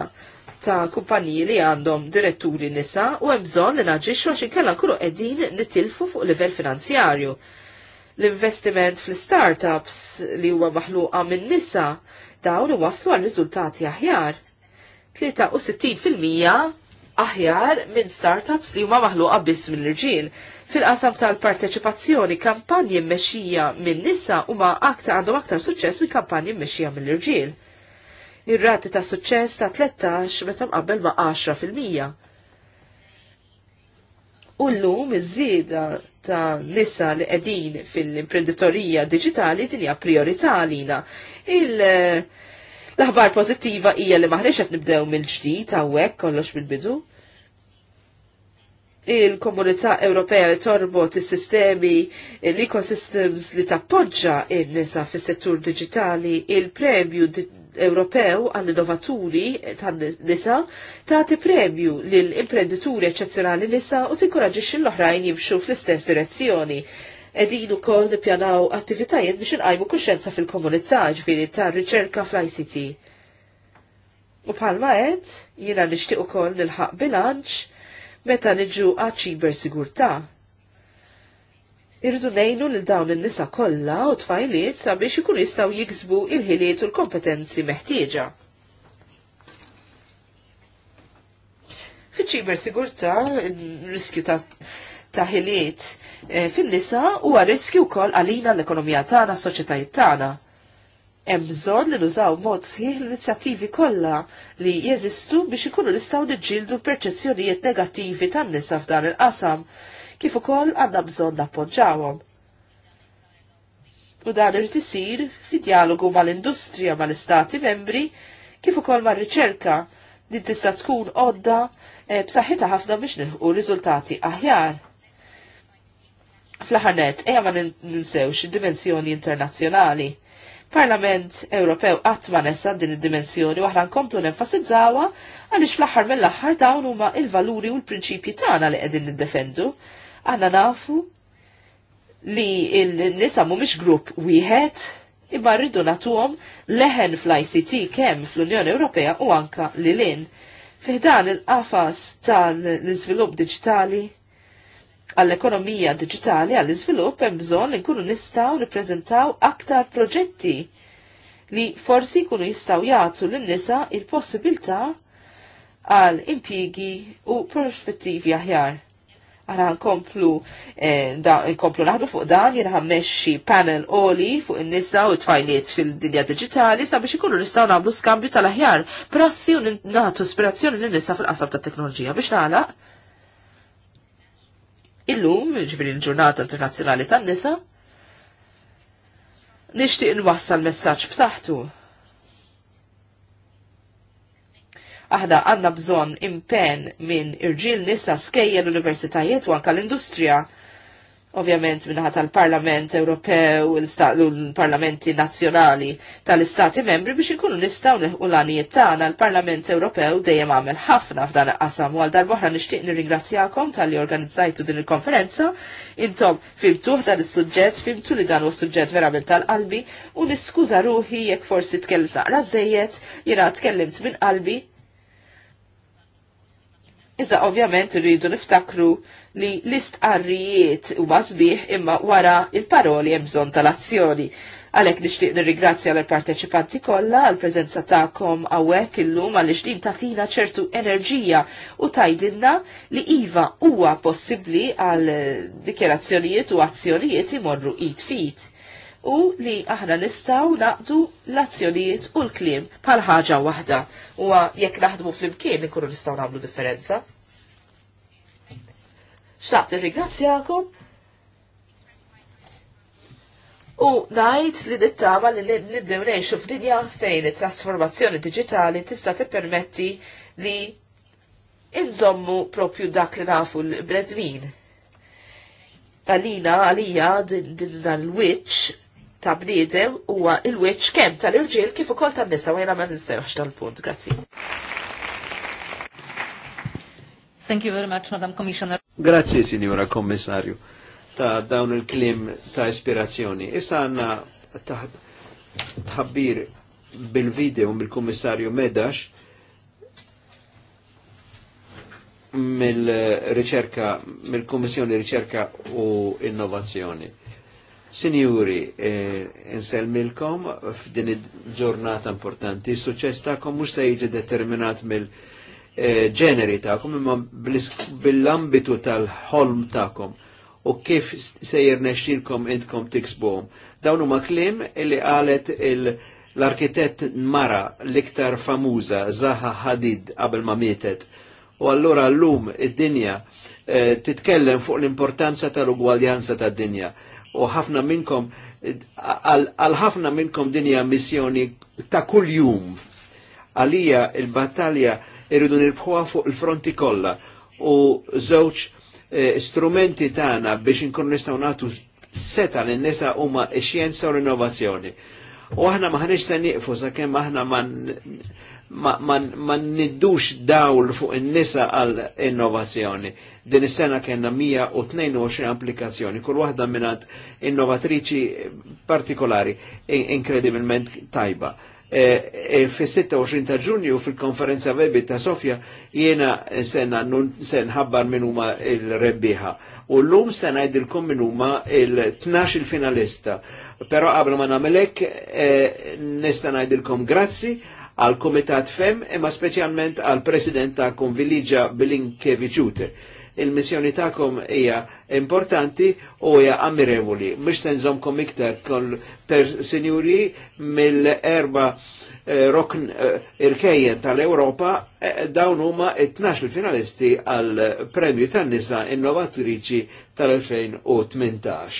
ta' kumpaniji li għandhom diretturi nisa u hemm bżonn li naġixxu għax inkella nkunu qegħdin nitilfu fuq livell finanzjarju. L-investiment fl-startups li huwa maħluqa minn nisa dawn iwaslu għal riżultati aħjar. 63% aħjar minn startups li huma maħluqa biss mill-irġiel. Fil-qasam tal-parteċipazzjoni, kampanji mmexxija minn nisa huma aktar għandhom aktar suċċess minn kampanji mmexxija mill-irġiel ir-rati ta' suċċess ta' 13 meta mqabbel ma' 10 fil-mija. U llum iż-żieda ta' nisa li qegħdin fil-imprenditorija diġitali tinja priorità għalina. Il- eh, L-aħbar pożittiva hija li maħriġ qed nibdew mill-ġdid hawnhekk kollox mill-bidu. Il-Komunità Ewropea li torbot is-sistemi l-ecosystems li tappoġġa in-nisa fis-settur diġitali, il-premju Ewropew għall-innovaturi tan-nisa tagħti premju lil imprendituri eċċezzjonali nisa u tinkoraġixxi l-oħrajn jimxu fl-istess direzzjoni edin u nippjanaw attivitajiet biex inqajmu kuxenza fil-komunità ġifieri ta' riċerka fl-ICT. U palma għed, jina nishtiq u kol nilħaq bilanċ meta niġu għad ċiber sigurta. Irridu nejnu lil dawn in-nisa kollha u tfajliet sabiex ikun jistgħu jiksbu il-ħiliet u l-kompetenzi meħtieġa. Fiċ-ċiber sigurtà riskju ta' ħiliet eh, fin-nisa huwa riskju wkoll għalina l-ekonomija tagħna, s-soċjetajiet tagħna bżonn li nużaw mod sħiħ l-inizjattivi kollha li jeżistu biex ikunu nistgħu niġġieldu perċezzjonijiet negattivi tan-nisa f'dan il-qasam kif ukoll għandna bżonn nappoġġawhom. U dan irid isir fi dialogu mal-industrija mal-istati membri kif ukoll mar-riċerka din tista' tkun għodda e, b'saħħitha ħafna biex nilħu riżultati aħjar. Fl-ħanet, eja ma ninsewx id dimensjoni internazzjonali. Parlament Ewropew qatt ma nessa din id-dimensjoni waħra nkomplu nenfasizzawha għaliex fl-aħħar mill-aħħar dawn huma il-valuri u l-prinċipji tagħna li qegħdin niddefendu. Għanna nafu li il nisa mumiex grupp wieħed imma rridu natuhom leħen fl-ICT kemm fl-Unjoni Ewropea u anka li lin. Fiħdan il-qafas tal-iżvilupp diġitali għall-ekonomija diġitali għall-iżvilupp hemm bżonn nkunu nistgħu nippreżentaw aktar proġetti li forsi jkunu jistgħu jagħtu lin-nisa il-possibilità għal impjigi u prospettivi aħjar. Għara nkomplu eh, nkomplu naħdu fuq dan jena ħammexxi panel oli fuq in-nisa u t tfajliet fil-dinja digitali sabiex ikunu nistgħu nagħmlu skambju tal-aħjar prassi u naħtu ispirazzjoni lin-nisa fil-qasam tat-teknoloġija biex nagħlaq. Illum, ġivir l-Ġurnata Internazzjonali tan-Nisa, nixtieq nwassal messaġġ b'saħħtu Aħna għanna bżon impen minn irġil nisa skejja l-universitajiet u anka l-industrija ovvjament minnaħat tal-Parlament Ewropew u l-Parlamenti Nazzjonali tal-Istati Membri biex ikunu nistaw u l-għanijiet tagħna l-Parlament Ewropew dejjem għamel ħafna f'dan qasam u għal darbohra nixtieq nirringrazzjakom tal-li organizzajtu din il-konferenza. Intom fimtuh dan is-suġġett, fimtu li dan huwa suġġett verament tal-qalbi u niskuża ruħi jekk forsi tkellimt naqra żejjed, jiena tkellimt minn qalbi Iza ovvjament rridu niftakru li l-istqarrijiet u mażbih imma wara il-paroli hemm bżonn tal-azzjoni. Għalhekk nixtieq nirringrazzja l parteċipanti kollha għal preżenza tagħkom hawnhekk illum għal din tagħtina ċertu enerġija u tajdilna li iva huwa possibbli għal dikjerazzjonijiet u azzjonijiet imorru it fit u li aħna nistaw naqdu l-azzjonijiet u l-klim pal ħaġa waħda u jekk naħdmu fl-imkien nkunu nistaw nagħmlu differenza. Xnaqt nirringrazzjakom u ngħid li nittama li nibdew ngħixu f'dinja fejn it-trasformazzjoni diġitali tista' tippermetti li inżommu propju dak li nafu l bredmin Għalina, għalija, din l-witch, ta' bnidem huwa il-wiċċ kemm tal-irġiel kif ukoll tan-nisa wejna ma ninsewx tal-punt. Grazzi. Thank you very much, Madam Commissioner. Grazzi, Signora Kommissarju, ta' dawn il-klim ta' ispirazzjoni. Issa għanna tħabbir bil-video mill kommissarju Medax mill-riċerka, mill-Kommissjoni Riċerka u Innovazzjoni Sinjuri, eh, inselmilkom f'din il-ġurnata importanti, suċess ta'kom mux se jiġi determinat mill-ġeneri eh, ta'kom, imma bil-ambitu tal-ħolm ta'kom u kif se nextilkom intkom tiksbuhom. Dawn huma klim li qalet l-arkitett Mara l-iktar famuża Zaha Hadid qabel ma mietet. U allura llum id-dinja eh, titkellem fuq l-importanza tal-ugwaljanza tad-dinja u ħafna minnkom għal ħafna minnkom dinja missjoni ta' kuljum. Għalija il-battalja irridu nirbħuha fuq il-fronti kollha u żewġ eh, strumenti tagħna biex inkun nistgħu nagħtu seta l nisa huma x-xjenza u l-innovazzjoni. U aħna maħniex se nieqfu sakemm aħna ma ma, niddux dawl fuq in-nisa għal innovazzjoni. Din is-sena kellna 122 applikazzjoni, kull waħda minnat innovatriċi partikolari, inkredibilment tajba. E, e, fil-26 ta' ġunju fil-konferenza webi ta' Sofja jiena sena sen minn huma il-rebbiħa. U l-lum sena jidilkom minuma il-12 il-finalista. Pero qabel ma namelek e, nista' ngħidilkom grazzi għal Komitat Fem imma speċjalment għal President ta' Konviliġa Bilinkeviċute. Il-missjoni ta'kom hija importanti u hija ammirevoli. Mhux senżomkom iktar kol per sinjuri mill-erba eh, rokn eh, irkejjen tal-Europa eh, dawn huma 12 finalisti għal premju tan-nisa innovatriċi tal-2018.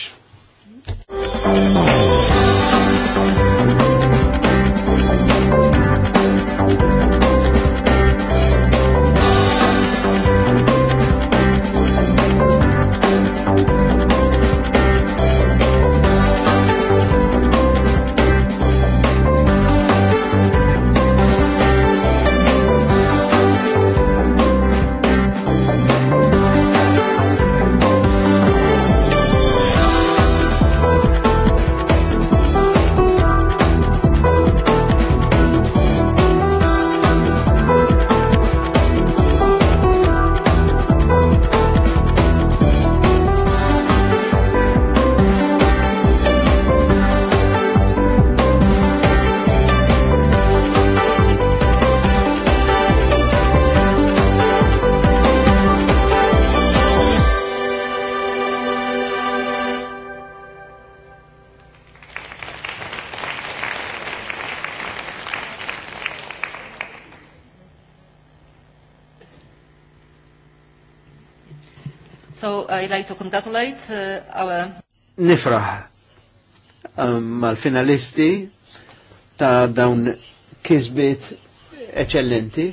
like to congratulate uh, our... Nifraħ um, mal-finalisti ta' dawn kisbit eccellenti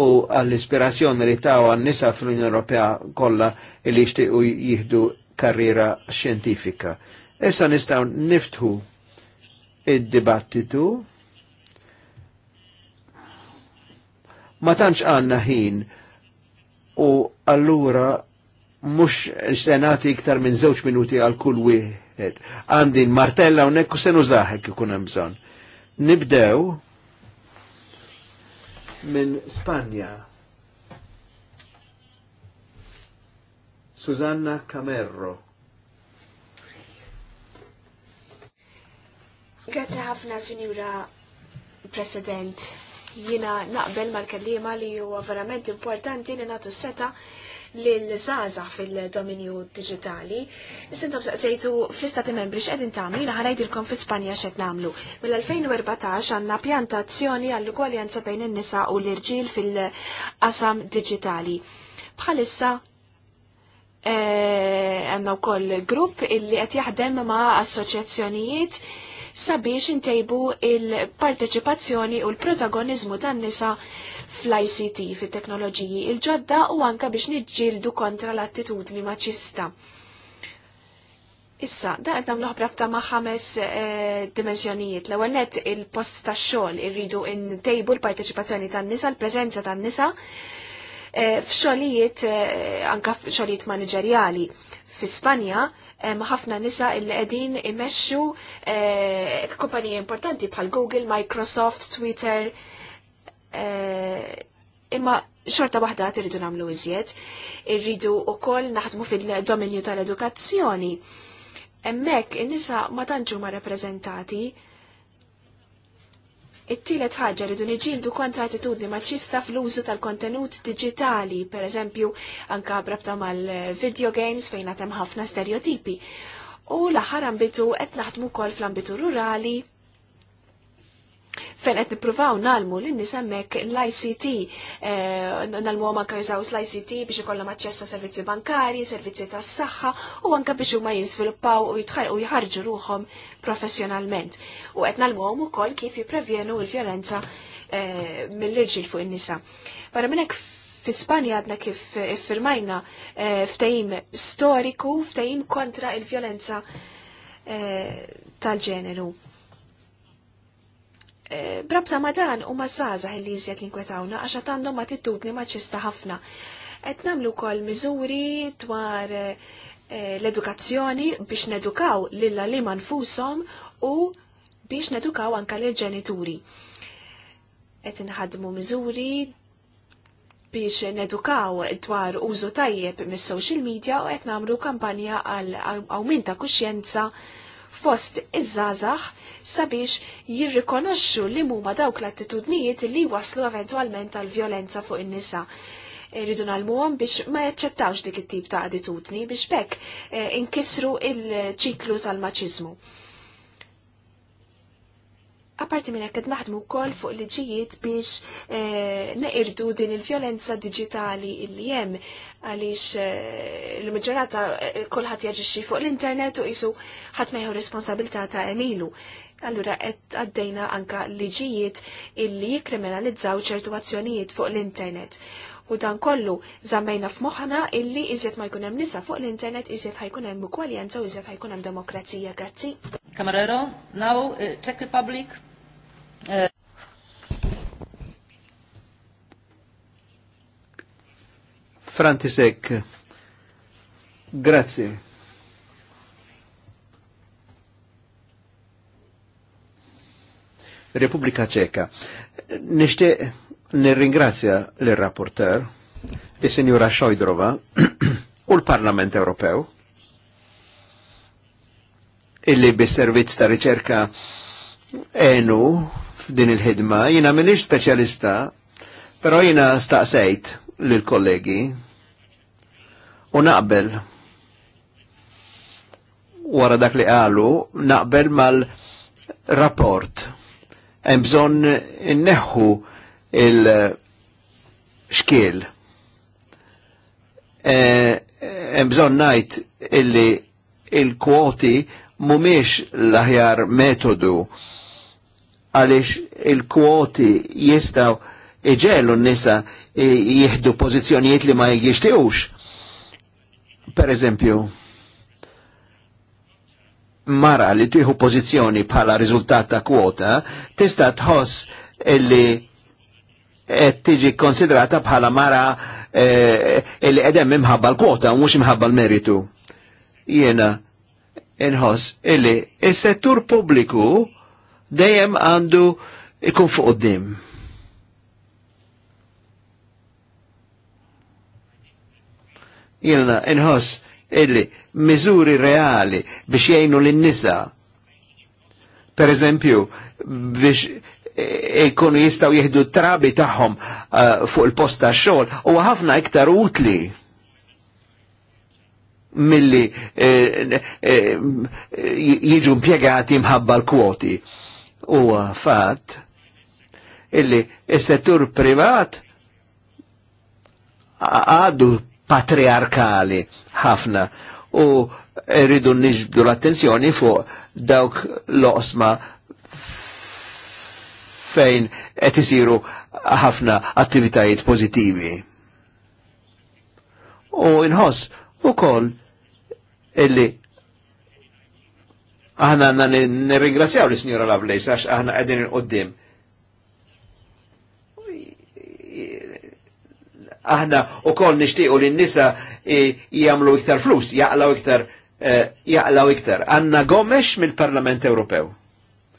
u għall-ispirazzjoni li ta' għan-nisa fl-Unjoni Ewropea kollha li jixtiequ jieħdu karriera xjentifika. Issa nistgħu niftħu id-dibattitu ma tantx għandna ħin u allura mux senati iktar minn zewċ minuti għal kull wieħed. Għandi martella unnek u senu zaħek ikun hemm bżonn. Nibdew minn Spanja. Susanna Camerro. Grazie ħafna, Sinjura President. Jina naqbel mal-kellima li huwa verament importanti li nagħtu seta' l-żaza fil-dominju digitali. Sintom saqsejtu fl-istati membri x'qegħdin tagħmlu jiena ħanajdilkom fi Spanja x'qed nagħmlu. Mill-2014 għandna pjantazzjoni għall-ugwaljanza bejn in-nisa u l-irġiel fil-qasam digitali. Bħalissa eh, għanna u koll grupp illi għet jaħdem ma' assoċjazzjonijiet sabiex intejbu il-parteċipazzjoni u l-protagonizmu tan nisa fl-ICT, fit-teknoloġiji il-ġodda u anka biex niġġieldu kontra l-attitudni maċista. Issa, da qed nagħmlu ħbrabta ma' ħames eh, dimensjonijiet. L-ewwel net il-post tax-xogħol irridu ntejbu l-parteċipazzjoni tan-nisa, l prezenza tan-nisa eh, f'xogħlijiet eh, anka f'xogħlijiet maniġerjali. F'Ispanja Spanja ħafna nisa li qegħdin imexxu kumpaniji importanti bħal Google, Microsoft, Twitter, Eh, imma xorta waħda għat irridu namlu iżjed, irridu u koll naħdmu fil-dominju tal-edukazzjoni. Emmek, in-nisa ma tanġu ma rappresentati, it-tielet ħaġa rridu niġildu kontra attitudni maċista fl-użu tal-kontenut digitali, per eżempju, anka brabta mal-video games fejn hemm ħafna stereotipi. U l-aħħar ambitu qed naħdmu kol fl-ambitu rurali fejn qed nippruvaw nalmu lin nies hemmhekk l-ICT, eh, nalmu huma anke jużaw l-ICT biex ikollhom aċċess servizzi bankarji, servizzi tas-saħħa u anke biex huma jiżviluppaw u jħarġu ruhom professjonalment. U qed nalmuhom ukoll kif jipprevjenu l-vjolenza eh, mill-irġiel fuq in-nisa. Barra minn hekk fi Spanja għadna kif firmajna eh, ftajim storiku, ftajim kontra il-vjolenza tal-ġeneru. Brabta ma dan u ma zazah kinkwetawna jizjek inkwetawna ma għandhom attitudni maċista ħafna. Qed nagħmlu wkoll miżuri dwar eh, l-edukazzjoni biex nedukaw lilla li nfushom u biex nedukaw anka l ġenituri. Qed inħadmu miżuri biex nedukaw dwar użu tajjeb mis-social media u qed nagħmlu kampanja għal awmin ta' kuxjenza fost iż-żazax sabiex jirrikonoxxu li huma dawk l-attitudnijiet li waslu eventwalment għal violenza fuq in-nisa. Rridu nalmuhom biex ma jaċċettawx dik it-tip ta' attitudni biex bekk eh, inkisru il-ċiklu tal-maċiżmu. Aparti minn qed naħdmu wkoll fuq liġijiet biex eh, neqirdu din il-vjolenza digitali illi hemm għaliex eh, l-maġġorata eh, kulħadd jaġixxi fuq l-internet u qisu ħadd ma responsabilta responsabilità ta' emilu. Allura għed għaddejna anka liġijiet illi jikriminalizzaw ċertu azzjonijiet fuq l-internet. U dan kollu zammejna f'moħħna illi iżjed ma jkun hemm nisa fuq l-internet iżjed ħajkunem hemm ukwaljanza u iżjed ħajkunem hemm demokrazija. Grazzi. Camarero, now Czech Republic, Frantisek, grazie. Repubblica Ceca, Ċeka. ne ringrazia le rapporteur, le signora Xojdrova u l-Parlament Ewropew illi bis-servizz ta' riċerka enu din il-ħidma. Jina minix specialista, pero jina staqsejt lil-kollegi u naqbel wara dak li qalu naqbel mal-rapport. Hemm bżonn inneħħu il-xkiel. E, hemm bżonn ngħid illi il-kwoti mumiex l-aħjar metodu għaliex il-kwoti jistaw iġellu n-nisa jihdu pozizjonijiet li ma jishtiqux. Per eżempju, mara li tieħu pozizjoni bħala riżultat ta' kwota tista' tħoss illi qed tiġi konsidrata bħala mara e, illi qegħdem imħabba l-kwota u mhux imħabba l-meritu. Jiena inħoss illi is-settur pubbliku dejjem għandu ikun fuq dim. Jilna, inħoss illi miżuri reali biex jgħinu lin-nisa. Per eżempju, biex ikunu e jistaw jihdu trabi tagħhom uh, fuq il-post ta' xogħol huwa ħafna iktar utli milli eh, eh, jiġu mpiegati mħabba l-kwoti huwa fatt illi is-settur privat għadu patriarkali ħafna u rridu nġibdu l-attenzjoni fuq dawk l-osma fejn qed isiru ħafna attivitajiet pożittivi. U inħoss ukoll illi Aħna għanna nirringrazzjaw l-Signora Lovelace għax aħna għedin il-qoddim. Aħna u koll nishtiqu li n-nisa e, jgħamlu iktar flus, jaqlaw iktar, e, jaqlaw iktar. Anna għomex mill-Parlament Ewropew.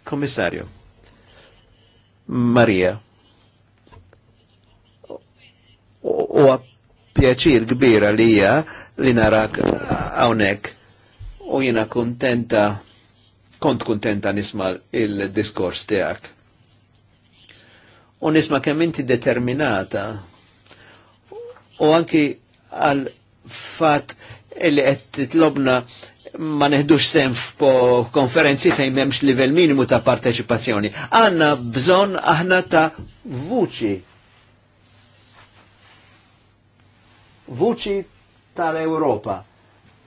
Kommissarju. Marija. U pjaċir kbira li hija li narak hawnhekk u jiena kuntenta kont kuntenta nisma il-diskors tiegħek. U nisma kemm inti determinata u anki għal fat li qed titlobna ma neħdux sem po konferenzi fejn memx livell minimu ta' parteċipazzjoni. Għanna bżon aħna ta' vuċi. Vuċi tal-Europa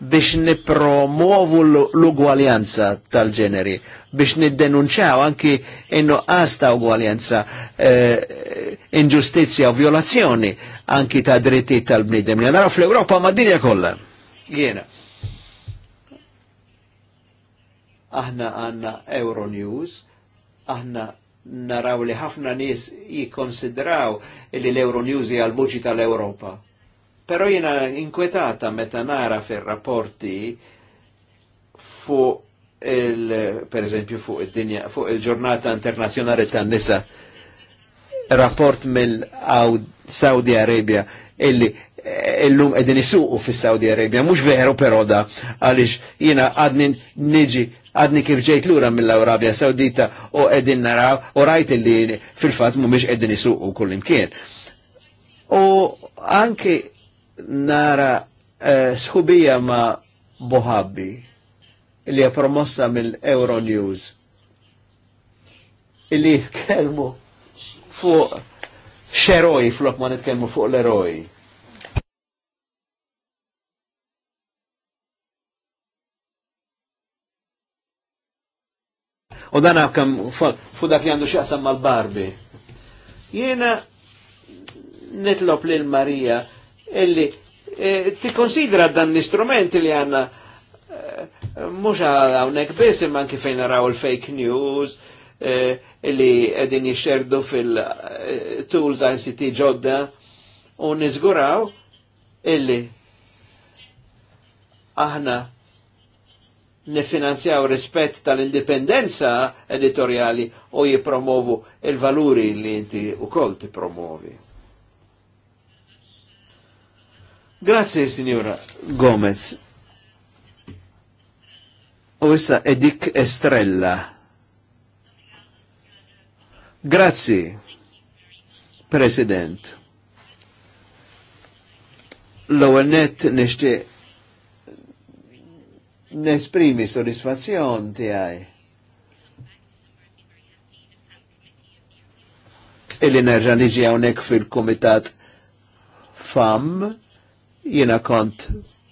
biex nipromuovu l-ugwaljanza tal-ġeneri, biex niddenunċaw anki innu għasta ugwaljanza eh, inġustizja u violazzjoni anki ta' dritti tal-bnidem. naraw fl-Europa ma' dinja kollha. Jena. Aħna għanna Euronews, aħna naraw li ħafna nies jikonsidraw li l-Euronews hija l-vuċi tal-Europa Pero jina inkwetata meta nara fil-rapporti fuq il, per esempio fu il-dinja, fu il giornata internazjonali tan nisa rapport mill Saudi Arabia illi eh, illum edin isuqu fi saudi Arabia, mux veru pero da, għalix jina għadni niġi għadni kif ġejt lura mill-Arabia Saudita u edin naraw u rajt illi fil-fat mumiex edin isuqu kullimkien. U anki nara eh, sħubija ma' Bohabbi li hija promossa mill-Euronews li jitkelmu fuq xeroj flok ma nitkellmu fuq l-eroj. U dan kam fu dak li għandu xaqsam mal-barbi. Jena nitlob lil Marija illi eh, konsidra dan l-istrument li għanna eh, mux għawnek besim imman kifejn naraw il-fake news eh, illi edin jixxerdu fil-tools ICT ġodda u nizguraw illi aħna nifinanzjaw rispett tal-indipendenza editoriali u jipromovu il-valuri li inti u kol ti promovi. Grazie, signora Gomez. U issa Edik Estrella. Grazie, President. L-ewwel net nixtieq nesprimi soddisfazzjon tiegħi. Illi nerġa' niġi hawnhekk fil comitat FAM jina kont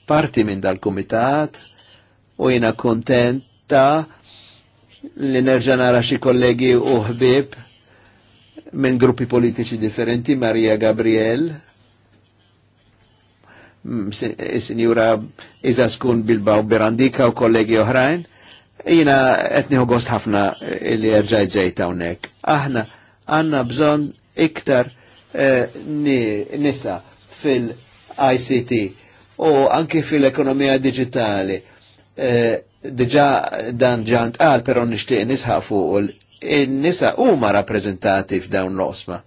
parti minn dal-komitat u jina kontenta li nerġa nara xi kollegi u ħbib minn gruppi politiċi differenti, Maria Gabriel, mm, sinjura eh, Izaskun Bilbao Berandika u kollegi oħrajn, jina etniħu gost ħafna eh, li erġaj ġejta unnek. Aħna għanna bżon iktar eh, nisa fil- ICT u anki fil-ekonomija digitali. Eh, Diġa dan ġant għal, pero nishtiq nisħa fuq u nisa u ma rappresentati f'dawn l-osma.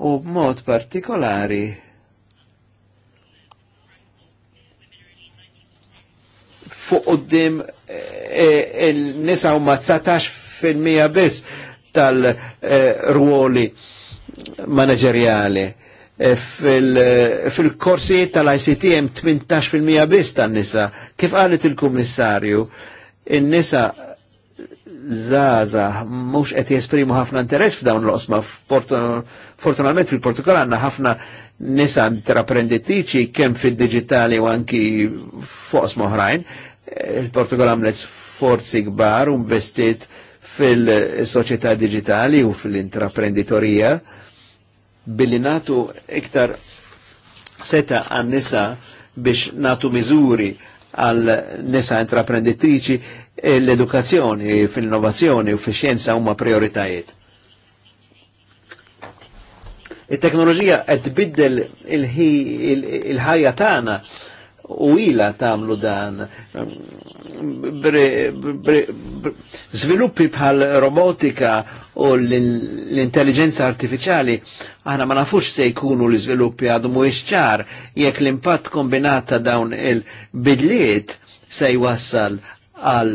U b'mod partikolari fuq qoddim eh, eh, il-nisa u ma 19% biss tal-ruoli eh, manageriali. E fil tal-ICT hemm 18% biss tan-nisa. Kif qalet il-Kummissarju, in-nisa zazah mhux qed jesprimu ħafna interess f'dawn l-osma. Fortunatament fil-Portugal għandna ħafna nisa intraprenditriċi kemm fid-diġitali u anki fuq oħrajn. Il-Portugal għamlet forzi kbar u investit fil-soċjetà digitali u fil-intraprenditorija billi natu iktar seta għan nisa biex natu mizuri għal nisa intraprenditriċi e l-edukazzjoni, fil-innovazzjoni u fil xienza huma prioritajiet. Il-teknoloġija għed biddel il-ħajja il il tagħna u ila tamlu dan sviluppi bħal robotika u l-intelligenza artificiali aħna ma nafux se jkunu l-sviluppi għadu mu ċar jekk l-impatt kombinata dawn il-bidliet se jwassal għal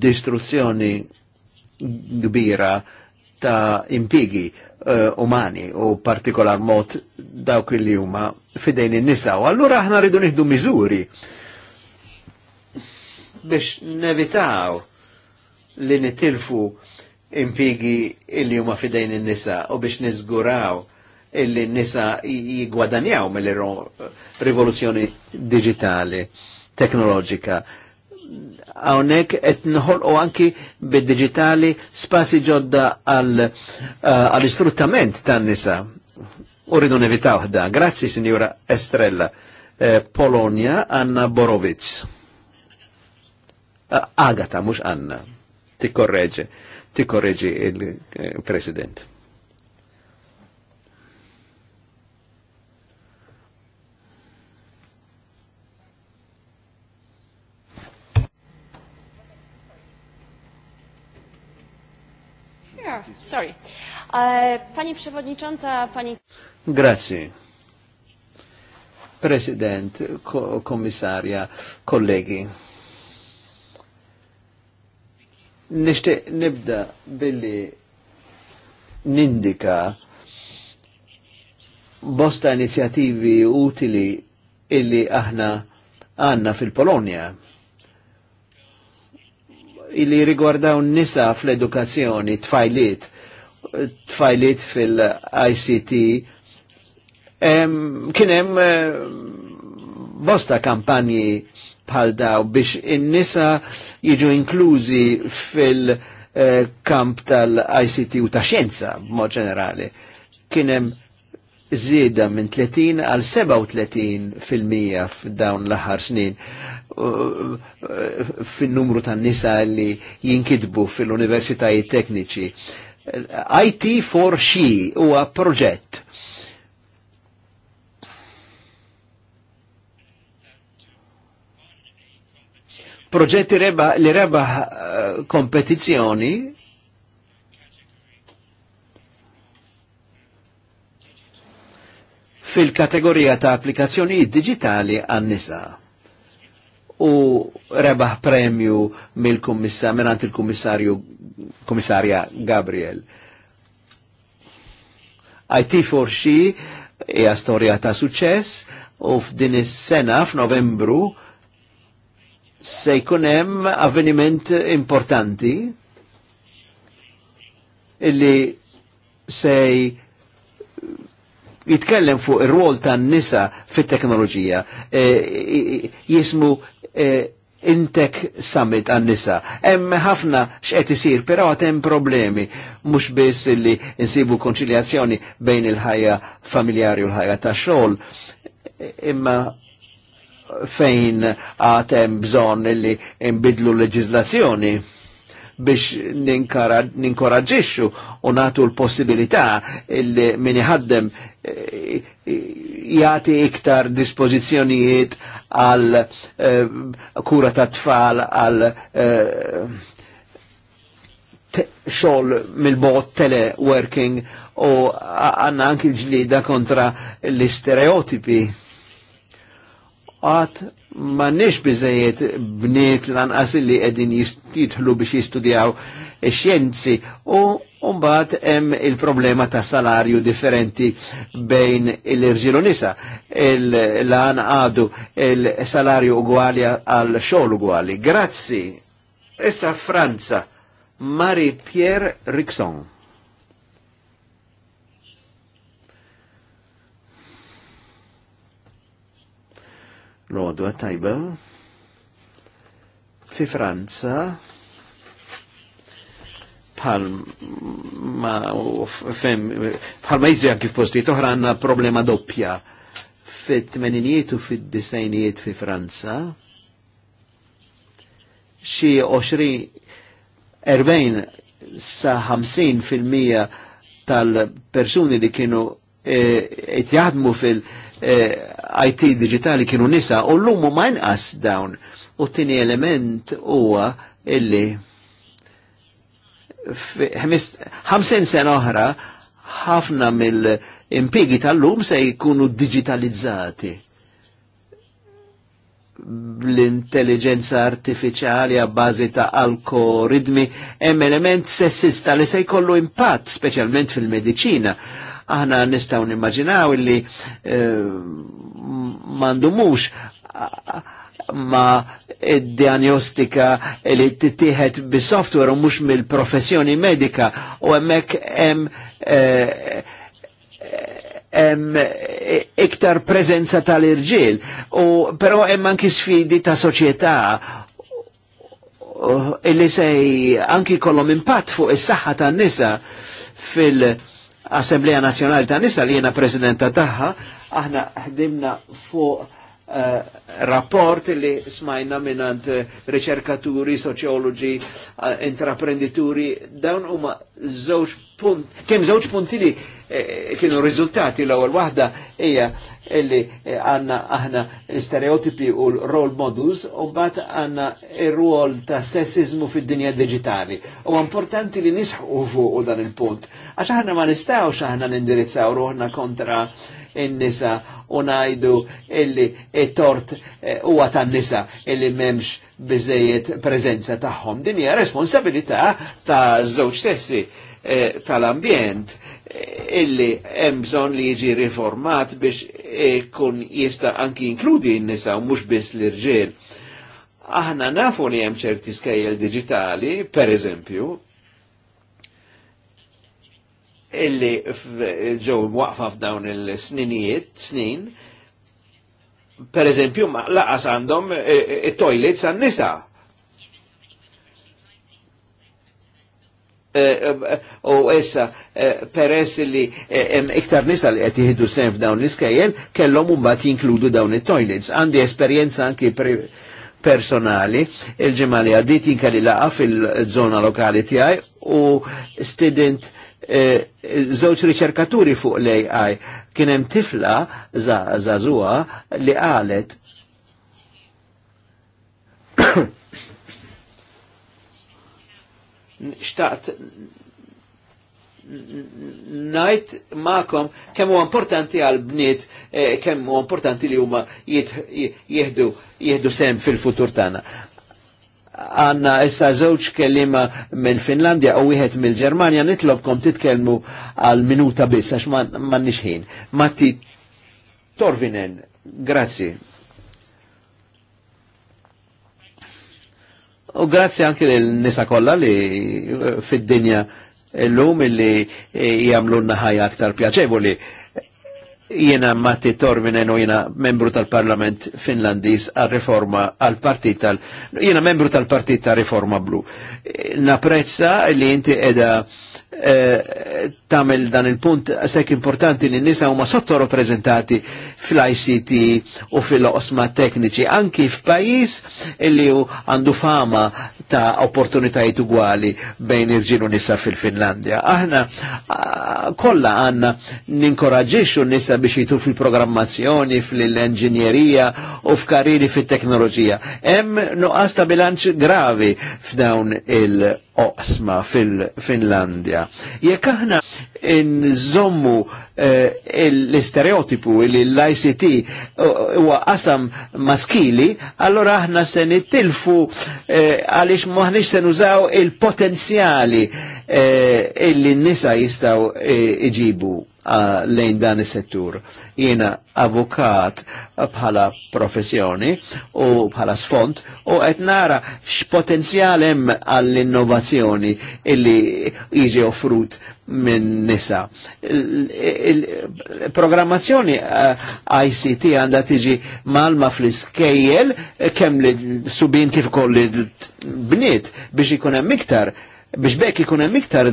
distruzzjoni kbira ta' impigi uh, umani u partikolar mod dawk li huma fidejn in-nisa. U allura aħna rridu nieħdu miżuri biex nevitaw li nitilfu impigi illi huma fidejn in-nisa u biex niżguraw illi n-nisa jigwadanjaw mill-rivoluzzjoni digitali, teknoloġika. Hawnhekk qed nħolqu anki bid-digitali spasi ġodda eh, għall-istruttament tan-nisa Uridu nevitaw da. Grazzi, Signora Estrella. Eh, Polonia, Anna Borovic. Eh, Agata, mux Anna. Ti korreġi, ti korreġi il-President. Eh, sorry. Eh, pani Przewodnicząca, Pani... Grazie. Prezydent, ko komisaria, kolegi. Nishtiq nibda billi nindika bosta inizjativi utili illi aħna għanna fil-Polonia illi rigwardaw nisa fl-edukazzjoni tfajliet tfajlit fil-ICT kienem eh, bosta kampanji bħal daw biex in-nisa jiġu inklużi fil-kamp eh, tal-ICT u ta' xjenza b'mod ġenerali. Kienem zieda minn 30 għal 37 fil-mija f'dawn l-aħħar snin eh, fin numru tan nisa li jinkidbu fil-universitajiet tekniċi. IT for She huwa proġett. Proġetti reba, li reba eh, kompetizjoni fil-kategorija ta' applikazzjoni digitali għan-nisa u rebaħ premju mill kummissarju komissarja Gabriel. IT for She hija storja ta' suċess u f'din is-sena f'Novembru se jkun hemm avveniment importanti illi se jitkellem fuq ir rwol tan-nisa fit-teknoloġija e, jismu e, Intek Summit għan-nisa. Hemm ħafna x'qed isir, però għad hemm problemi mhux biss li nsibu konċiljazzjoni bejn il-ħajja familjari u l-ħajja tax-xogħol, imma fejn għad bżon bżonn li nbidlu leġizlazzjoni biex ninkoraġiċu u natu l-possibilità li min iħaddem eh, jati iktar dispozizjonijiet għal eh, kura ta' tfal għal eh, xol mil bot teleworking u għanna anki l-ġlida kontra l-istereotipi. Għat ma nix bizzejiet bniet lanqas li edin jistitħlu biex jistudjaw xienzi u mbagħad hemm il-problema ta' salarju differenti bejn l-irġilu nisa. Il-lan għadu il-salarju ugwali għal xogħol ugwali. Grazzi. Issa Franza, Marie Pierre Rixon. Rodwa tajba. Fi Franza, bħal ma fem, bħal ma jizja kif postiet oħra għanna problema doppja fit-tmeninijiet u fit-disajnijiet fi Franza. Xi 20, 40 sa 50 fil-mija tal-persuni li kienu eh, qed jaħdmu fil-, -mija, Eh, IT digitali kienu nisa u l lumu ma inqas dawn. U t tini element huwa illi 50 sena oħra ħafna mill-impigi tal-lum se jkunu digitalizzati l-intelligenza artificiali a bazi ta' algoritmi hemm element sessista li se jkollu impatt speċjalment fil-medicina aħna nistaw nimmaġinaw illi eh, mandumux ma diagnostika li t-tiħet bis-software u mhux mill-professjoni medika u hemmhekk hemm eh, em eh, iktar prezenza tal-irġiel u però hemm anki sfidi ta' soċjetà illi se anki kollom impatt fuq is-saħħa tan-nisa fil- Assemblea Nazjonali ta' Nisa li jena prezidenta taħħa, aħna ħdimna fuq uh, rapport li smajna minnant eh, riċerkaturi, soċjoloġi, uh, eh, intraprendituri, dawn huma żewġ punt, kem żewġ punti li Eh, kienu rizultati l-ewwel waħda hija illi eh, għanna aħna stereotipi u role models u bat għanna il-rol ta' sessizmu fid-dinja digitali. U importanti li nisħu u dan il-punt. Għax aħna ma nistawx aħna nindirizzaw ruħna kontra il nisa u najdu illi il tort eh, u għata' nisa illi memx bizzejiet prezenza taħħom. Dinja responsabilita ta' żewġ sessi. Eh, tal-ambjent eh, illi hemm bżonn li jiġi riformat biex ikun jista' anki inkludi n-nisa u mhux biss l-irġiel. Aħna nafu li hemm ċerti skejjel digitali, per eżempju, illi ġew waqfa f'dawn il-sninijiet, snin, per eżempju, laqas għandhom it-toilets eh, għan-nisa u essa peress li iktar nisa li għet jihdu sen f'dawn l-iskajjel, kellom umbat jinkludu dawn it-toilets. Għandi esperienza anki personali, il-ġemali għaddit jinkali laqa fil-zona lokali tijaj u student zoċ riċerkaturi fuq lej għaj kienem tifla zazua li għalet xtaqt najt ma'kom kemm huwa importanti għal bniet eh, kemm huwa importanti li huma jihdu jihdu sem fil-futur tagħna. Għanna issa żewġ kellima minn Finlandja u wieħed mill-Ġermanja nitlobkom titkellmu għal minuta biss għax m'għandniex ħin. Matti Torvinen, grazzi. U grazzi anki l-nisa kollha li eh, fid-dinja l-lum illi eh, jamlu naħajja aktar pjaċevoli. Jena Matti Torminen u jena membru tal-Parlament Finlandis għal-reforma għal-partit tal- jena membru tal-partit tal-reforma blu. Eh, naprezza li inti edha Eh, tamel dan il-punt sekk importanti li nisa huma sottorappreżentati fl-ICT u fil-osma tekniċi, anki f'pajis illi għandu fama ta' opportunitajiet ugwali bejn irġinu u nisa fil-Finlandja. Aħna kollha għandna ninkoraġġixxu nisa biex jitu fil-programmazzjoni, fil-enġinjerija u f'karriri fit-teknoloġija. Hemm nuqqas ta' bilanċ gravi f'dawn il qosma fil-Finlandja Jekk aħna nżommu eh, l-istereotipu li l-ICT eh, huwa qasam maskili, allora aħna se nittilfu eh, għaliex maħniex se nużaw il-potenzjali illi n-nisa jistgħu iġibu lejn dan is-settur. Jiena avukat bħala professjoni u bħala sfond u qed nara x'potenzjal hemm għall-innovazzjoni illi jiġi offrut minn nisa. Il-programmazzjoni eh, ICT għandha tiġi malma fl-iskejjel kemm li subin kif kolli l-bniet biex ikun hemm iktar biex bekk ikun hemm iktar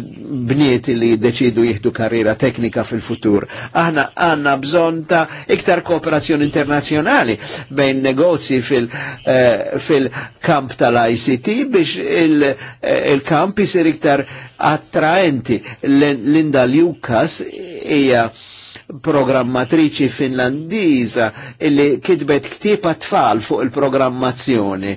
bniet li jiddeċidu jieħdu karriera teknika fil-futur. Aħna għandna bżonn ta' iktar kooperazzjoni internazzjonali bejn negozji eh, fil-kamp tal-ICT biex eh, il-kamp isir iktar attraenti. Linda Lucas hija e, programmatriċi finlandiża illi kitbet ktib tfal fuq il-programmazzjoni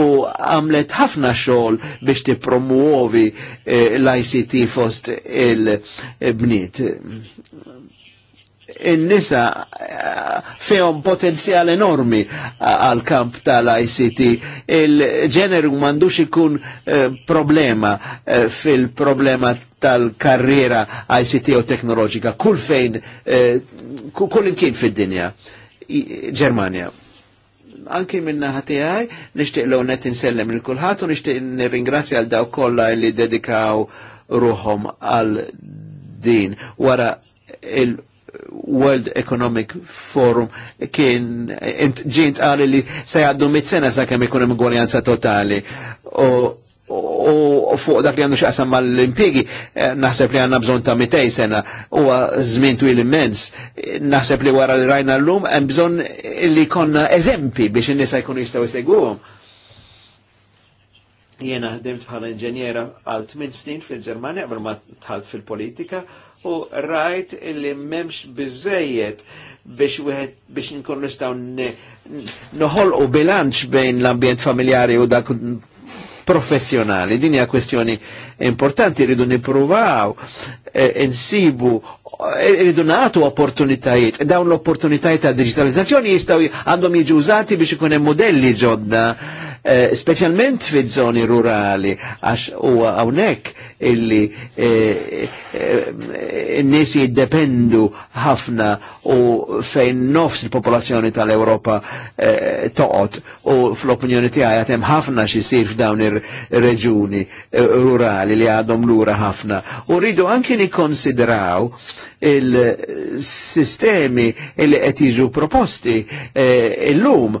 u għamlet ħafna xogħol biex tippromuovi eh, l-ICT fost il-bniet in-nisa eh, fehom potenzjal enormi eh, għal kamp tal-ICT. Il-ġeneru mandux ikun eh, problema fil-problema tal-karriera ICT u teknoloġika, kull fejn, kull imkien fid-dinja. Germania. anki minna ħati għaj, nishtiq l net insellem il-kulħat u nishtiq nirringrazzja għal daw kolla li dedikaw ruħom għal din. Wara il- World Economic Forum kien ġint għali li se jgħaddu mit-sena sa' ikun hemm gwaljanza totali. U fuq dak li għandu xaqsam l impjegi eh, naħseb li għanna bżon ta' mitej sena, u żmien twil immens, naħseb li wara li rajna l-lum, għan bżon li konna eżempi biex n-nisa jkunu jistaw jseguhom. Jena ħdimt bħala inġenjera għal 8 snin fil-Ġermanja, għabel ma tħalt fil-politika, u rajt illi memx bizzejiet biex wieħed biex nkun nistgħu noħolqu bilanċ bejn l-ambjent familjari u dak professjonali. Din hija kwestjoni importanti rridu nippruvaw eh, insibu eh, rridu nagħtu opportunitajiet. Dawn l-opportunitajiet ta' digitalizzazzjoni jistgħu għandhom jiġu użati biex ikun hemm modelli ġodda Eh, specialment fi zoni rurali, għax u għawnek illi eh, eh, n-nis jiddependu ħafna u fejn nofs il-popolazzjoni tal-Europa toqot u fl-opinjoni tiegħi għatem ħafna xisir f'dawn ir-reġuni rurali li għadhom lura ħafna. U rridu anki konsideraw il-sistemi il qed jiġu proposti eh, illum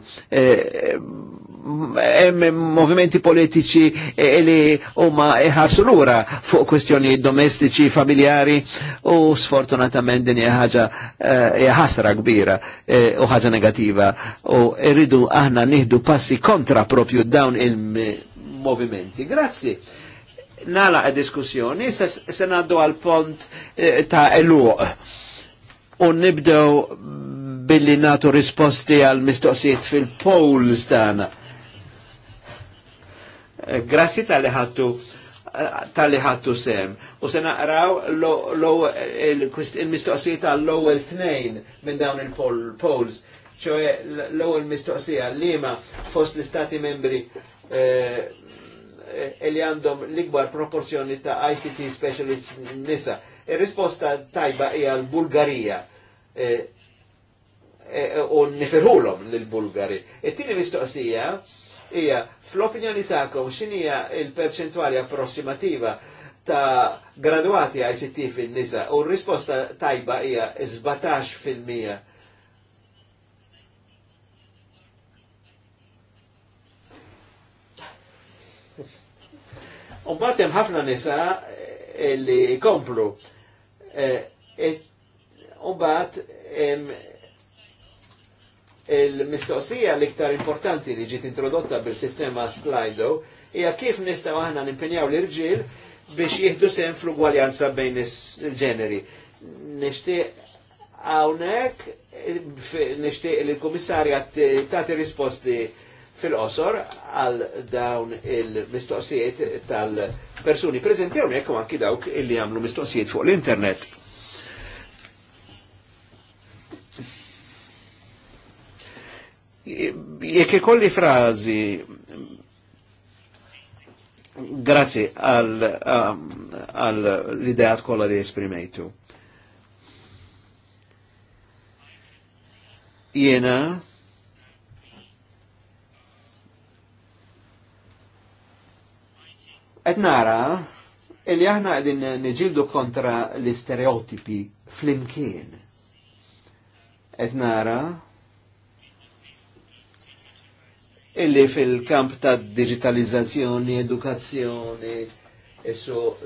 movimenti politiċi eh, li huma iħarsu lura fuq kwestjoni domestiċi, familjari u sfortunatament din hija ħaġa eh, ħasra kbira eh, u ħaġa negativa u rridu aħna nieħdu passi kontra propju dawn il-movimenti. Grazzi nala diskussjoni, se naddu għal pont ta' eluq. U nibdew billi natu risposti għal mistoqsijiet fil-polls tana. Eh, Grazzi tal ħattu eh, tal ħattu sem. U se naqraw il-mistoqsija tal-lowel tnejn minn dawn il-polls, ċoħe l owel mistoqsija l-lima fost l-istati membri eh, li għandhom l-ikbar proporzjoni ta' ICT specialists nisa. Il-risposta e tajba hija l-Bulgarija u nifirħulhom lill-Bulgari. it e tini mistoqsija hija fl-opinjoni tagħkom x'inhija il-perċentwali approssimativa ta' graduati ICT fin-nisa u r-risposta tajba hija 17 fil-mija. U batem ħafna nisa eh, li komplu. Eh, u bat Il-mistoqsija l-iktar importanti li ġiet introdotta bil-sistema Slido hija kif nistgħu aħna nimpenjaw l-irġiel biex jieħdu sehem fl-ugwaljanza bejn il-ġeneri. Nixtieq hawnhekk nixtieq li l-Kummissarja tagħti risposti fil-qosor għal dawn il-mistoqsijiet tal-persuni prezenti hawnhekk u anki dawk illi għamlu mistoqsijiet fuq l-internet. jekk ikolli frażi grazzi għal l-ideat kollha li esprimejtu. Jena qed nara illi aħna qegħdin niġildu kontra l-istereotipi flimkien. Qed nara illi fil-kamp ta' digitalizzazzjoni, edukazzjoni, esso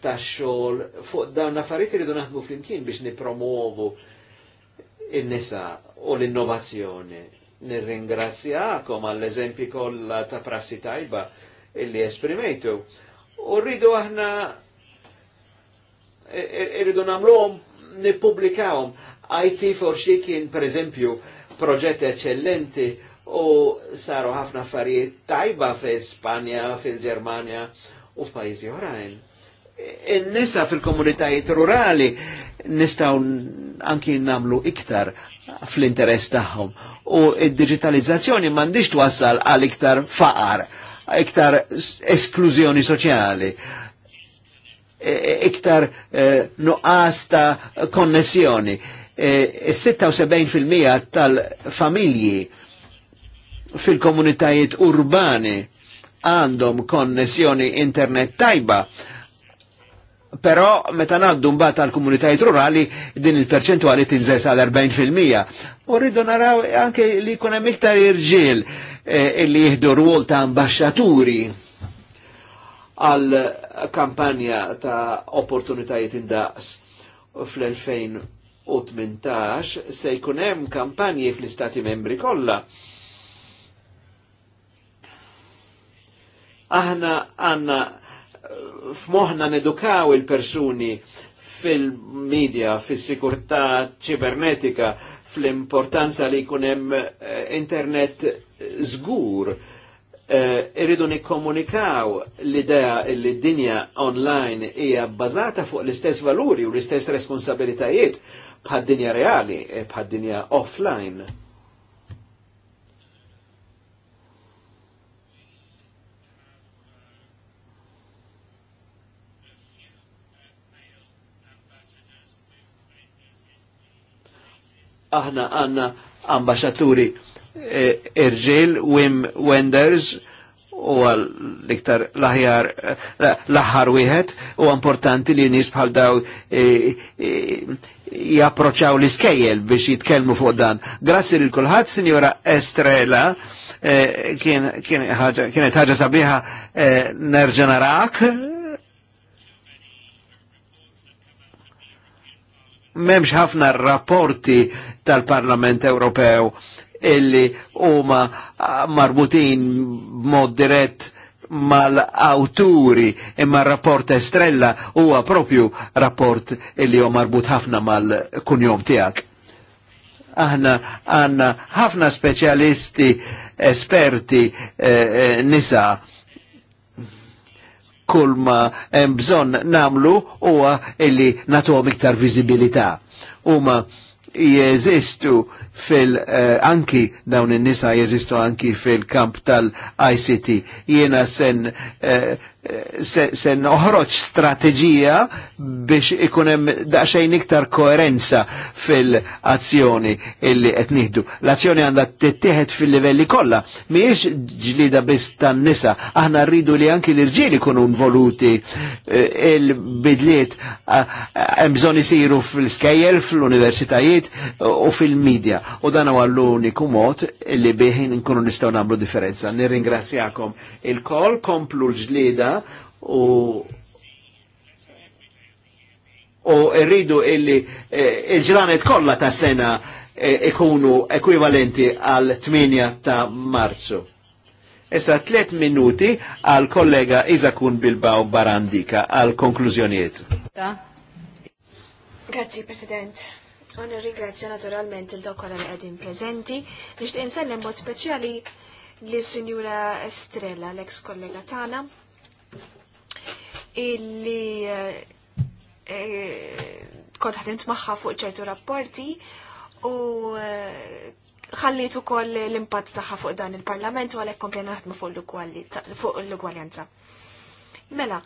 ta' xol, fuq dawn affarijiet irridu naħdmu flimkien biex nipromuovu in-nisa u l-innovazzjoni. Nirringrazzjakom għall-eżempi kollha ta' prassi tajba illi esprimejtu. U rridu aħna irridu namluhom nippubblikawhom. IT for She kien per eżempju proġett eccellenti u saru ħafna affarijiet tajba fi Spanja, fil-Germania u f'pajjiżi oħrajn. In-nisa fil-komunitajiet rurali nistaw anki namlu iktar fl-interess tagħhom. U id-digitalizzazzjoni m'għandix twassal għal iktar faqar, iktar esklużjoni soċjali, e, e, iktar e, nuqqas ta' konnessjoni. Eh, 76% tal-familji fil-komunitajiet urbani għandhom konnessjoni internet tajba, però meta ngħaddu mbagħad għal komunitajiet rurali din il-perċentwali tinżel sal-40%. U rridu naraw anke li jkun hemm iktar irġiel jihdu eh, jieħdu rwol ta' ambasċaturi għal kampanja ta' opportunitajiet indaqs fl-2018 se jkun hemm kampanji fl-istati membri kollha aħna għanna f'moħna nedukaw il-persuni fil-medja, fil-sikurtà ċibernetika, fl-importanza li kunem eh, internet zgur. Eh, irridu nikkomunikaw l-idea li d-dinja online hija bbażata fuq l-istess valuri u l-istess responsabilitajiet bħad-dinja reali, eh, bħad-dinja offline. aħna għanna ambasġaturi eh, irġil Wim Wenders u għal-liktar laħjar eh, laħar wieħed u importanti li nis bħal daw eh, japproċaw l-iskejjel biex jitkellmu fuq dan. Grazzi lil kulħadd, Signora Estrela, kienet ħaġa sabiħa nerġenarak. memx ħafna rapporti tal-Parlament Ewropew illi huma marbutin mod dirett mal-awturi imma rapport Estrella huwa propju rapport illi huwa marbut ħafna mal-kunjom tiegħek. Aħna għanna ħafna speċjalisti esperti eh, eh nisa' kull ma hemm bżonn namlu huwa illi nagħtuhom iktar viżibilità. Huma jeżistu fil uh, anki dawn in-nisa jeżistu anki fil-kamp tal-ICT. Jiena sen uh, se, se noħroġ strategija biex ikunem daċxajn iktar koerenza fil-azzjoni illi qed nieħdu. L-azzjoni għandha tieħed fil-livelli kollha, miex ġlida biss tan-nisa, aħna rridu li anki l irġili kunu involuti eh, il-bidliet hemm bżonn isiru fil-skejjel, fl-universitajiet u fil-medja. U dan huwa l-uniku mod nkunu nistgħu nagħmlu differenza. Nirringrazzjakom il-kol, komplu l-ġlida u u rridu illi eh, il-ġranet kollha ta' sena eh, ikunu ekwivalenti għal 8 ta' marzu. Issa tliet minuti għal kollega Izakun Bilbao Barandika għal konklużjonijiet. Grazzi, President. Un ringrazzja naturalment il-dokola għal għedin prezenti. Nishtiq insellem mod speċjali li Sinjura Estrella, l-ex kollega tana, illi eh, eh, kont ħadimt magħha fuq ċertu rapporti u eh, ħallitu kol l-impatt taħħa fuq dan il-parlament u għalek kompjena naħdmu fuq l-ugwaljanza. Mela,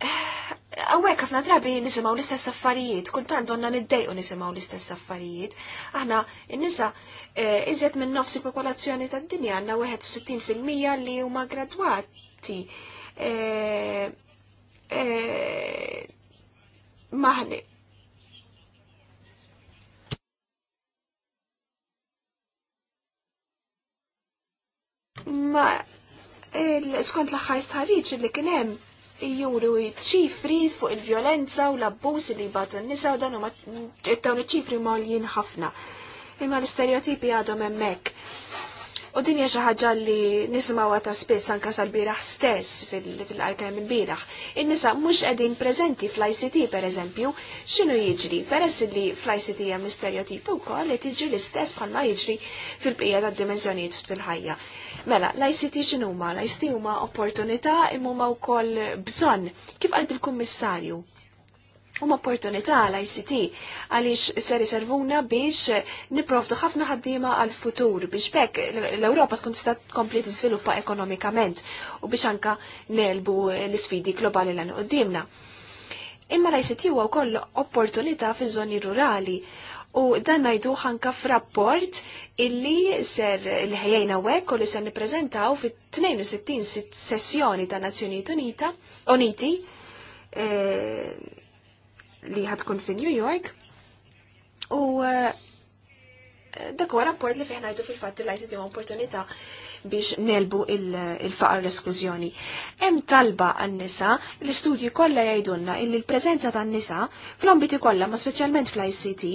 għawek għafna drabi nisimaw l-istess affarijiet, kultant donna niddejqu nisimaw l-istess affarijiet. Aħna, n-nisa, iżjed minn nofsi popolazzjoni tad dinja għanna 61% li huma gradwati E, e, maħni. Ma skont l-aħħar stħarriġ li kien hemm juru ċifri fuq il-vjolenza u l-abbuż li jbatu n-nisa u dan huma iċ-ċifri moljin ħafna. Imma l-istereotipi għadhom hemmhekk. U din xi ħaġa li nisimgħuha ta' spiss anke sal-bieraħ stess fil-arkem il-bieraħ. In-nisa mhux qegħdin preżenti fl-ICT pereżempju, x'inhu jiġri? Peress li fl-ICT hemm stereotipu wkoll li tiġi l-istess bħalma jiġri fil-bqija tad-dimensjonijiet fil-ħajja. Mela, l-ICT x'inhuma? L-ICT huma opportunità imma wkoll bżonn. Kif qalt il-Kummissarju? huma opportunità għal ICT għaliex ser iservuna biex niprovdu ħafna ħaddiema għal futur biex bekk l-Ewropa tkun tista' tkompli tiżviluppa ekonomikament u biex anka nelbu l-isfidi globali l qudiemna. Imma l-ICT huwa wkoll opportunità fiż-żoni rurali u dan najdu ħanka f'rapport illi ser l-ħejjajna wek u li ser niprezentaw fit-62 sessjoni ta' Nazzjonijiet Unita, Uniti, eh, li ħatkun fi New York u eh, dak huwa rapport li fiħna ngħidu fil-fatt li jsidu opportunità biex nelbu il-faqar l-esklużjoni. Hemm talba għan-nisa, l-istudji kollha jgħidulna illi l-preżenza tan-nisa fl-ambiti kollha, ma speċjalment fl-ICT,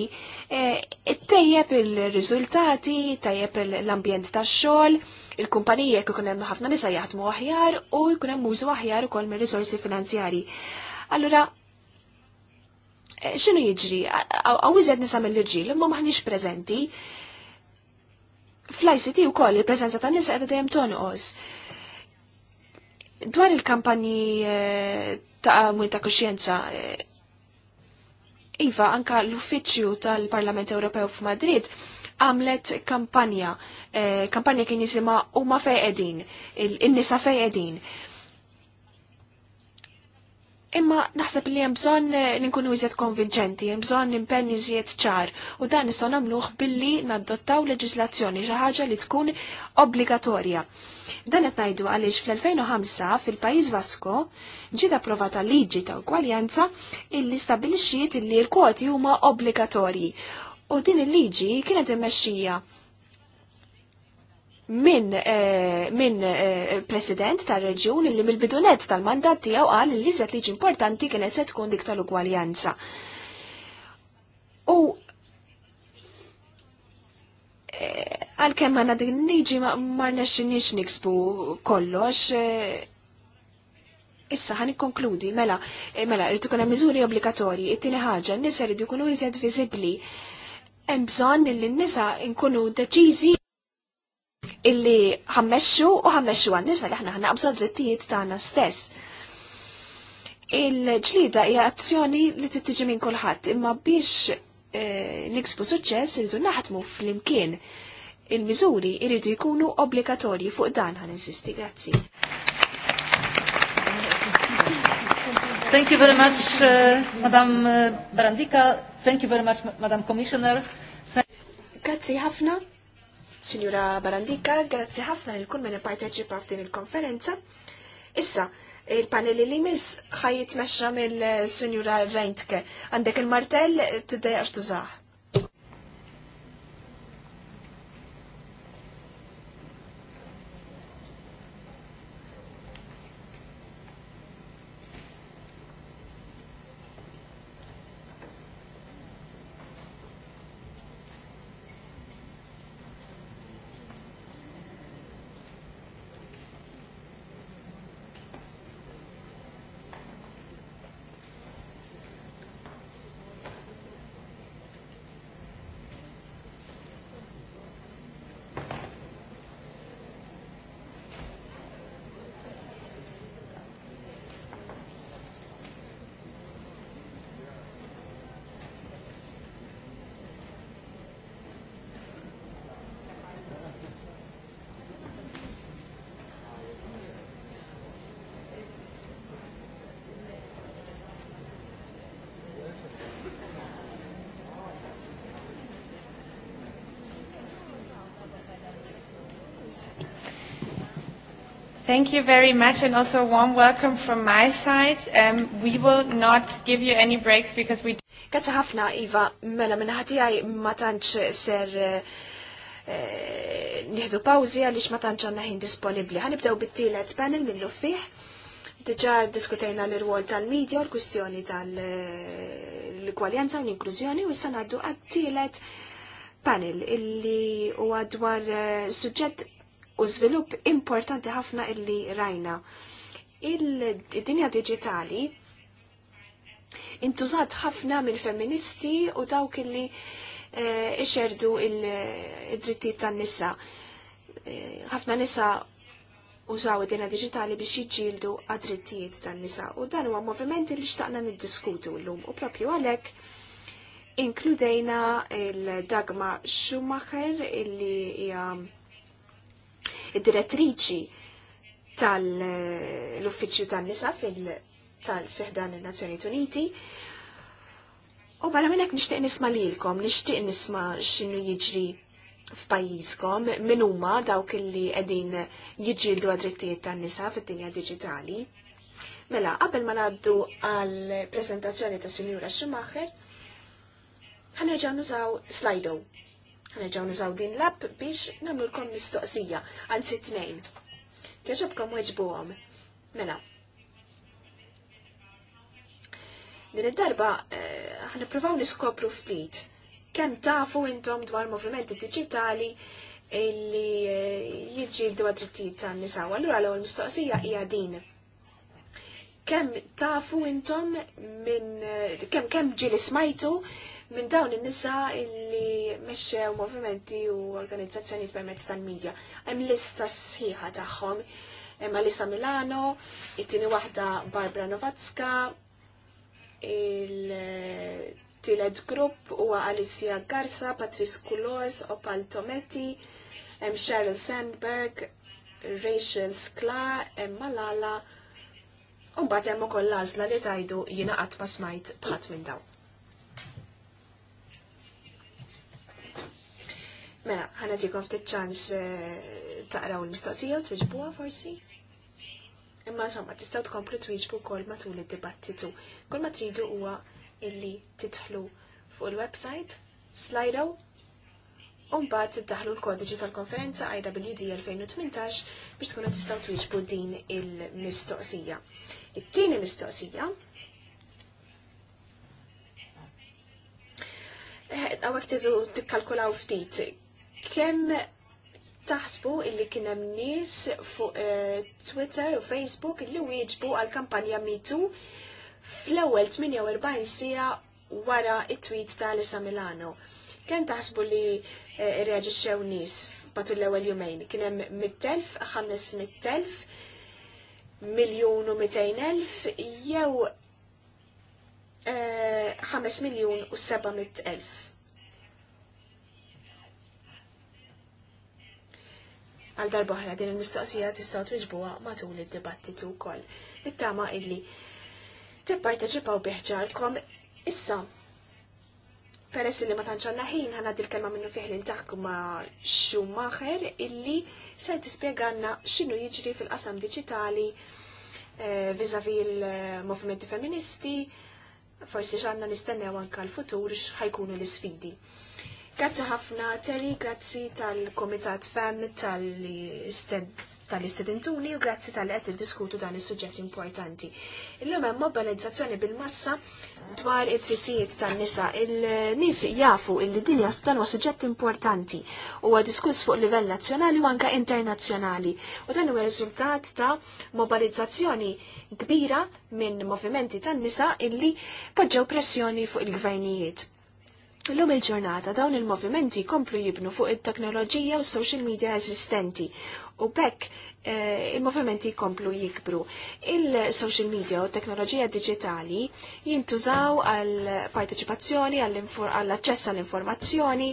eh, tejjeb il-riżultati, tejjeb l-ambjent tax-xogħol, il-kumpanija jekk ikun hemm ħafna nisa jaħdmu aħjar u jkun hemm użu aħjar ukoll mir-risorsi finanzjari. Allura, Eh, xinu jiġri, għawizet nisa mill-irġil, imma maħniġ prezenti. Fl-ICT u koll il-prezenza ta' nisa għedha dejjem tonqos. Dwar il-kampanji eh, ta' mwin ta' kuxjenza, eh, Iva, anka l-uffiċju tal-Parlament Ewropew f'Madrid għamlet kampanja, kampanja kien jisima u ma fejqedin, il-nisa fejqedin. Il Imma naħseb li hemm bżonn ninkunu eh, iżjed konvinċenti, hemm bżonn impenn iżjed ċar u dan nistgħu nagħmluh billi naddottaw leġislazzjoni xi ħaġa li tkun obbligatorja. Dan qed ngħidu għaliex fl-2005 fil-Pajjiż Vasko ġiet approvata liġi ta' ugwaljanza illi stabbilixxiet illi l-kwoti huma obbligatorji. U din il-liġi kienet immexxija minn eh, min, eh, president tal-reġjun li mill-bidunet tal-mandat tiegħu qal li iżjed liġi importanti kienet se tkun dik tal-ugwaljanza. U eh, għalkemm għandna din liġi ma rnexxinix niksbu kollox, Issa ħan ikkonkludi, mela, mela, rritu kuna miżuri obbligatorji, it-tieni ħaġa, n-nisa rritu jkunu iżjed viżibbli. Hemm bżonn li n-nisa nkunu deċiżi illi ħammexxu u ħammexxu għan nisa li ħna ħna qabżu drittijiet tagħna stess. Il-ġlida hija azzjoni li tittiġi minn kulħadd, imma biex eh, niksbu suċċess irridu naħdmu fl-imkien. Il-miżuri irridu jkunu obbligatorji fuq dan ħan insisti. Grazzi. Thank you very much, uh, Madam eh, Barandika. Thank you very much, Madam Commissioner. Grazzi ħafna. Signora Barandika, grazie ħafna li kull minn parteċipa f'din il-konferenza. Issa, il panel li mis ħajit meċċa mill signora Reintke. Għandek il-martell t dajax tużaħ. Thank you very much and also a warm welcome from my side. Um, we will not give you any breaks because we... Grazie ħafna, Iva. Mela minna ħati għaj matanċ ser eh, nieħdu pawzi għalix matanċ għanna ħin disponibli. Għanibdew bit-tielet panel minnu fih. Diġa diskutejna l-rwol tal-medja, l-kustjoni tal-gwaljanza eh, u l-inklużjoni u s-sanaddu għad-tielet panel illi u għadwar eh, suġġett u żvilupp importanti ħafna illi rajna. Il-dinja digitali intużat ħafna mill-feministi u dawk illi eh, ixerdu il-drittijiet tan-nisa. Eh, ħafna nisa użaw id dinja digitali biex jiġġieldu għad-drittijiet tan-nisa u dan huwa movimenti li xtaqna niddiskutu llum u propju għalhekk inkludejna il-Dagma Schumacher illi hija id-direttriċi tal-uffiċċju tan-nisa fil-fiħdan il-Nazzjonijiet Uniti. U bħala minnek nishtiq nisma lilkom, nishtiq nisma xinu jiġri f'pajjiżkom min huma dawk li qegħdin jiġġieldu għad-drittijiet tan-nisa fid-dinja diġitali. Mela, qabel ma ngħaddu għall preżentazzjoni ta' Sinjura Schumacher, ħanerġa' nużaw Slido Għanġaw nużaw din l-app biex namlulkom mistoqsija, għansi t-nejn. Kieġobkom għom. Mela. Din id-darba eh, ħanipruvaw niskopru ftit kemm tafu intom dwar movimenti digitali illi eh, jiġġieldu għad-drittijiet tan-nisa. Allura l għol mistoqsija hija din kem tafu intom minn eh, kem kem ġili smajtu minn dawn in-nisa illi mexxew movimenti u organizzazzjoni permezz tal-medja. Hemm lista sħiħa tagħhom. Hemm Alisa Milano, it-tieni waħda Barbara Novatska, il tiled grupp huwa Alicia Garza, Patrice Kulos, Opal Tometti, hemm Sheryl Sandberg, Rachel Skla, hemm Malala, u mbagħad hemm ukoll l-għażla li tajdu jiena qatt ma smajt bħadd minn dawn. Mela, ħanatikom ftit ċans eh, taqraw il-mistoqsija u twiġbuha forsi? Imma t tistgħu tkomplu twieġbu wkoll matul id-dibattitu. Kol ma tridu huwa illi titħlu fuq il-website, slajdaw, u mbagħad tiddaħlu l-kodiġi tal-konferenza IWD 2018 biex tkunu tistgħu twieġbu din il-mistoqsija. It-tieni mistoqsija Għawek eh, tidu tikkalkulaw ftit Kemm taħsbu illi kien hemm nies fuq eh, Twitter u Facebook illi wieġbu għal kampanja mitu fl-ewwel 48 sija wara it-tweet ta' Alisa Milano. Kemm taħsbu li eh, reaġixxew nies patu l-ewwel jumejn? Kien hemm 100,000, 500,000, miljun u 200,000 jew 5 eh, miljun u 700,000. Għal darbohra din il-mistoqsija tistgħu twiġbuha matul id-dibattitu wkoll. Nittama illi tipparteċipaw biħġarkom issa. Peress li ma tanċanna ħin ħana dil-kelma minnu fih li ntaħku ma Schumacher illi se tispjegalna x'inhu jiġri fil-qasam diġitali eh, vizavi l-movimenti feministi, forsi ġanna nistennew anka l-futur x'ħajkunu l-sfidi. Grazzi ħafna Terry, grazzi tal-Komitat Fem tal-istedentuni u grazzi tal-qed diskutu dan is sujġet importanti. Illum hemm mobilizzazzjoni bil-massa dwar it-trittijiet tan-nisa. Il-nies jafu li din dan huwa suġġett importanti huwa diskuss fuq livell nazzjonali u anke internazzjonali. U dan huwa riżultat ta' mobilizzazzjoni kbira minn movimenti tan-nisa illi poġġew pressjoni fuq il-gvernijiet Lum il-ġurnata dawn il-movimenti komplu jibnu fuq il-teknoloġija u social media eżistenti u bekk eh, il-movimenti komplu jikbru. Il-social media u teknoloġija digitali jintużaw għal parteċipazzjoni, għall-aċċess għall-informazzjoni,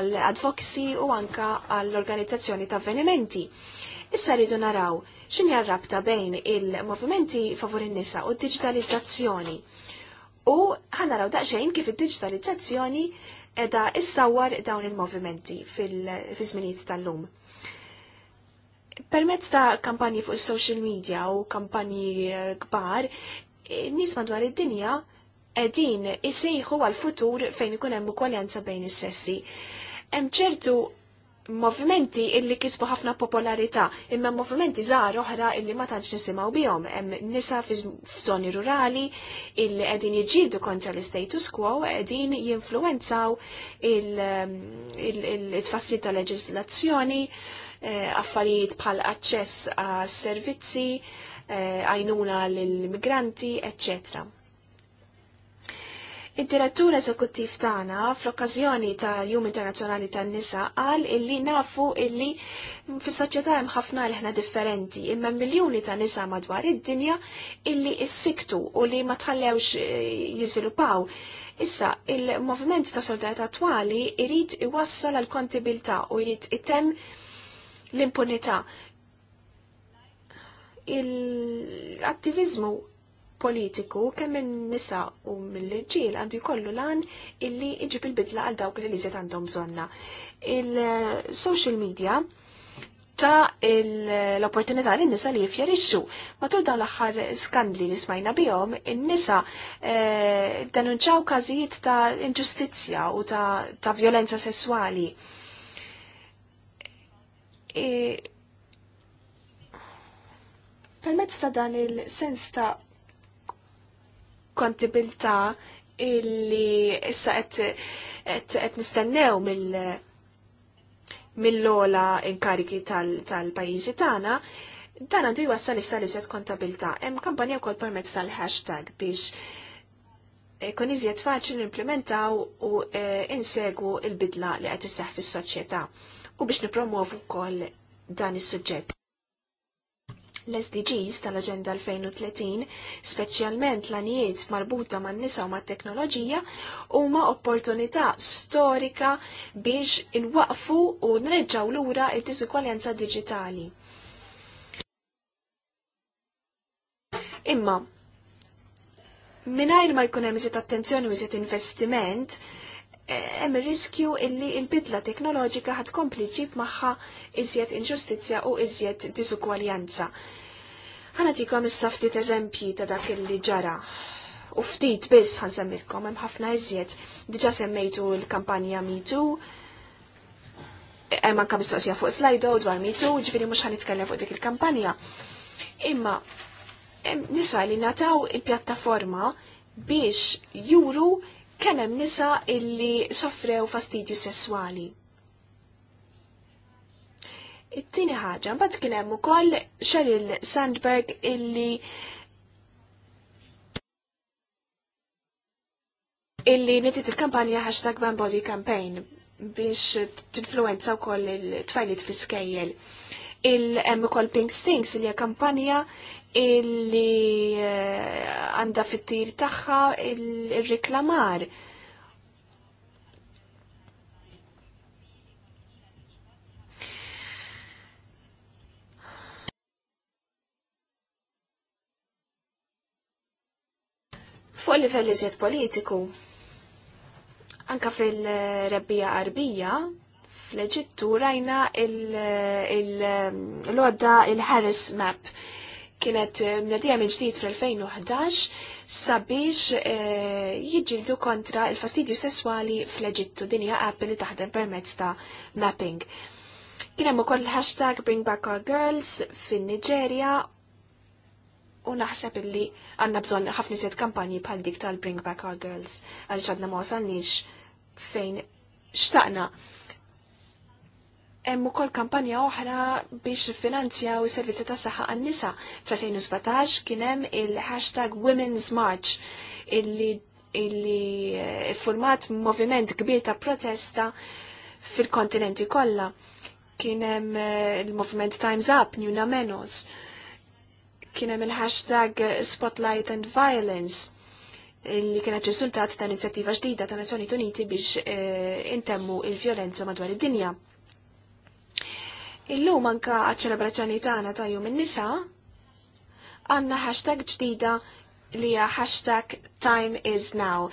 għall-advoksi u anka għall-organizzazzjoni ta' avvenimenti. Issa rridu naraw x'inja rabta bejn il-movimenti favur in-nisa u d-digitalizzazzjoni u raw daqsxejn kif id-digitalizzazzjoni edha issawwar dawn il-movimenti fil-żminijiet tal-lum. Permezz ta' kampanji fuq social media u kampanji eh, kbar, eh, nies madwar id-dinja qegħdin isejħu għal futur fejn ikun hemm ukwaljanza bejn is-sessi. Hemm ċertu movimenti illi kisbu ħafna popolarità, imma movimenti żgħar oħra illi ma tantx nisimgħu bihom, hemm nisa f'żoni rurali illi qegħdin jiġġieldu kontra l-status quo qegħdin jinfluwenzaw il-tfassil um, ta' leġislazzjoni, eh, affarijiet bħal aċċess għas servizzi, eh, għajnuna lill migranti eccetera. Id-direttur eżekuttiv tagħna fl-okkażjoni tal-Jum Internazzjonali tan-Nisa qal illi nafu illi fis-soċjetà hemm ħafna li ħna differenti, imma miljuni ta' nisa madwar id-dinja illi issiktu u li ma tħallewx eh, jiżviluppaw. Issa, il-moviment ta' solidarietà attwali irid iwassal għal kontibilità u jrid item l-impunità. Il-attivizmu politiku kemm minn nisa u mill-ġil għandu jkollu lan illi iġib il-bidla għal dawk li liżiet għandhom bżonna. Il-social media ta' l-opportunità li nisa li jifjarixxu. Matul dawn l-aħħar skandli li smajna bihom, in-nisa eh, denunċaw każijiet ta' inġustizzja u ta', ta violenza sessuali. E, permezz ta' dan il-sens ta' kontibilità illi issa qed nistennew mill mill-ola inkariki tal-pajjiżi tagħna, dan għandu jwassal issa li set kontabilta. Hemm kampanja wkoll permezz tal-hashtag biex ikun eh, iżjed faċli implementaw u eh, insegu il-bidla li qed isseħħ fis-soċjetà u biex nipromovu wkoll dan is-suġġett l-SDGs tal-Aġenda 2030, speċjalment l-anijiet marbuta man nisa u mat-teknoloġija, huma opportunità storika biex inwaqfu u nreġġaw lura il-disukwaljanza digitali. Imma, minajr ma jkun hemm attenzjoni u investiment, hemm riskju illi l-bidla teknoloġika ħad kompli ġib magħha iżjed inġustizzja u iżjed disugwaljanza. Ħanatikom issa ftit eżempji ta' dak illi ġara. U ftit biss ħansemmilkom hemm ħafna iżjed. Diġà semmejtu l-kampanja Mitu, hemm anke mistoqsija fuq slajdo dwar Mitu, ġifieri mhux ħanitkellem fuq dik il-kampanja. Imma nisa li nataw il-pjattaforma biex juru kemm hemm nisa illi soffrew fastidju sesswali. It-tieni ħaġa, mbagħad kien hemm ukoll Sheryl Sandberg illi illi nitit il-kampanja hashtag Ban Body Campaign biex tinfluenza wkoll il-tfajlit fl-iskejjel il-hemm ukoll Pink Stings li hija kampanja illi eh, għanda fit-tir tagħha il-riklamar. Fuq livell iżjed politiku, anka fil-rebbija qarbija, fl-Eġittu rajna il għodda il-Harris Map kienet eh, mnedija minn ġdid fl-2011 sabiex eh, jiġġieldu kontra il-fastidju sesswali fl-Eġittu dinja app li taħdem permezz ta' mapping. Kien hemm ukoll hashtag Bring Back Our Girls fin-Niġerja u naħseb illi għandna bżonn ħafna iżjed kampanji bħal dik tal-Bring Back Our Girls għaliex għadna ma wasalniex fejn xtaqna. Hemm ukoll kampanja oħra biex finanzjaw servizzi ta' saħħa għan-nisa. Fl-2017 kien hemm il-hashtag Women's March illi illi eh, format moviment kbir ta' protesta fil-kontinenti kollha. Kien hemm eh, il-moviment Times Up, New Namenos. Kien hemm il-hashtag Spotlight and Violence li kienet riżultat ta' inizjattiva ġdida ta' Nazzjonijiet Uniti biex eh, intemmu il-vjolenza madwar id-dinja. Illum manka għaċ-ċelebrazzjoni tagħna ta' jum in-nisa għandna hashtag ġdida li hija hashtag time is now.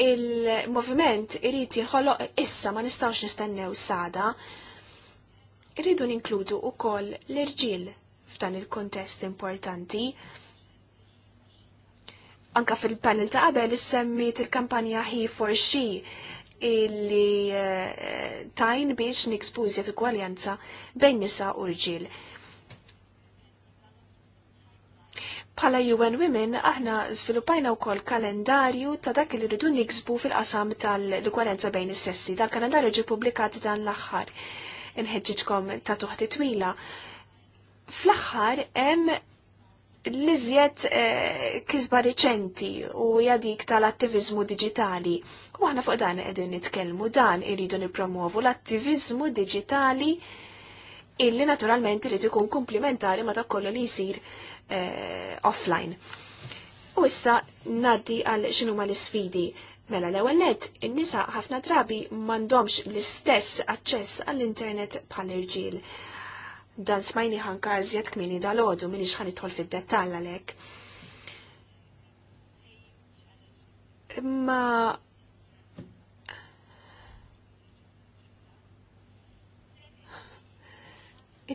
Il-moviment irid jinħoloq issa ma nistgħux nistennew sada. Irridu ninkludu wkoll l-irġiel f'dan il-kontest importanti. Anka fil-panel ta' qabel issemmit il-kampanja He for She illi eh, tajn biex nikspużjet ugwaljanza bejn nisa u rġil. Bħala UN Women, aħna u wkoll kalendarju ta' dak li rridu niksbu fil-qasam tal-ugwalenza bejn is-sessi. Dal-kalendarju ġi publikat dan l-aħħar. Inħeġġitkom ta' tuħti twila. Fl-aħħar hemm l-iżjed eh, kisba riċenti u jadik tal-attivizmu digitali. U għana fuq dan edin nitkelmu dan irridu nipromovu l-attivizmu digitali illi naturalment irrid ikun komplementari ma ta' kollu li jsir eh, offline. U issa naddi għal xinu ma l-sfidi. Mela l-ewwel net, in-nisa ħafna drabi m'għandhomx l-istess aċċess għall-internet bħal-irġiel dan smajni ħanka iżjed kmini dal-ħodu minni xħan itħol fil-dettall għalek. Ma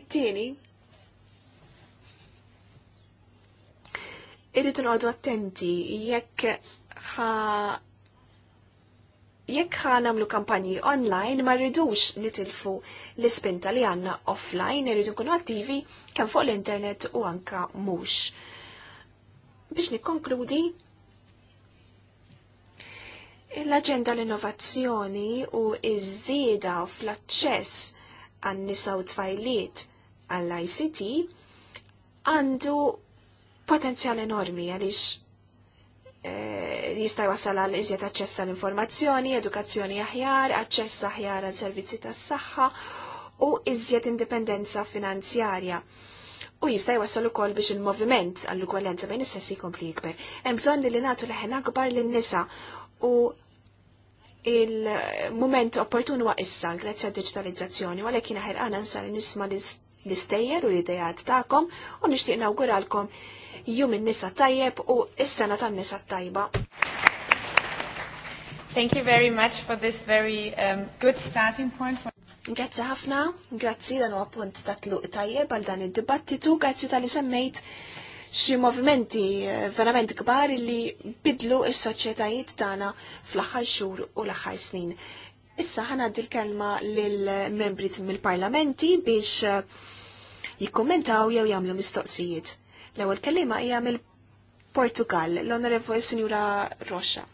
it-tieni irrid nqogħdu attenti jekk ħa jekk ħanamlu kampanji online ma rridux nitilfu l-ispinta li għanna offline, rridu kunu attivi kemm fuq l-internet u anka mhux. Biex nikkonkludi, l-aġenda l-innovazzjoni u iż-żieda fl-aċċess għan nisa u tfajliet għall-ICT għandu potenzjal enormi għaliex Eh, jista' jwassal għal iżjed aċċess għall informazzjoni, edukazzjoni aħjar, aċċess aħjar għal servizzi tas-saħħa u iżjed indipendenza finanzjarja. U jista' jwassal ukoll biex il-moviment għall-ugwalenza bejn is-sessi jkompli jikber. Hemm bżonn li nagħtu leħen akbar lin-nisa u il-moment opportun wa issa grazzi għad-diġitalizzazzjoni, għalhekk jiena ħerqana nsa nisma' l-istejjer u l-idejat tagħkom u nixtieq nawguralkom jum in-nisa tajjeb u is-sena tan-nisa tajba. Thank you very much for this very um, good starting point. For... Grazzi ħafna, grazzi dan huwa punt ta' tluq tajjeb għal dan id-dibattitu, grazzi tal-li semmejt xi movimenti eh, verament kbar li bidlu s-soċjetajiet tagħna fl-aħħar xhur u l-aħħar snin. Issa ħana l-kelma lill-membri mill-parlamenti biex eh, jikkommentaw jew jagħmlu mistoqsijiet. L-ewwel kellima hija mill-Portugal, l-Onorevoli Sinjura Roxa.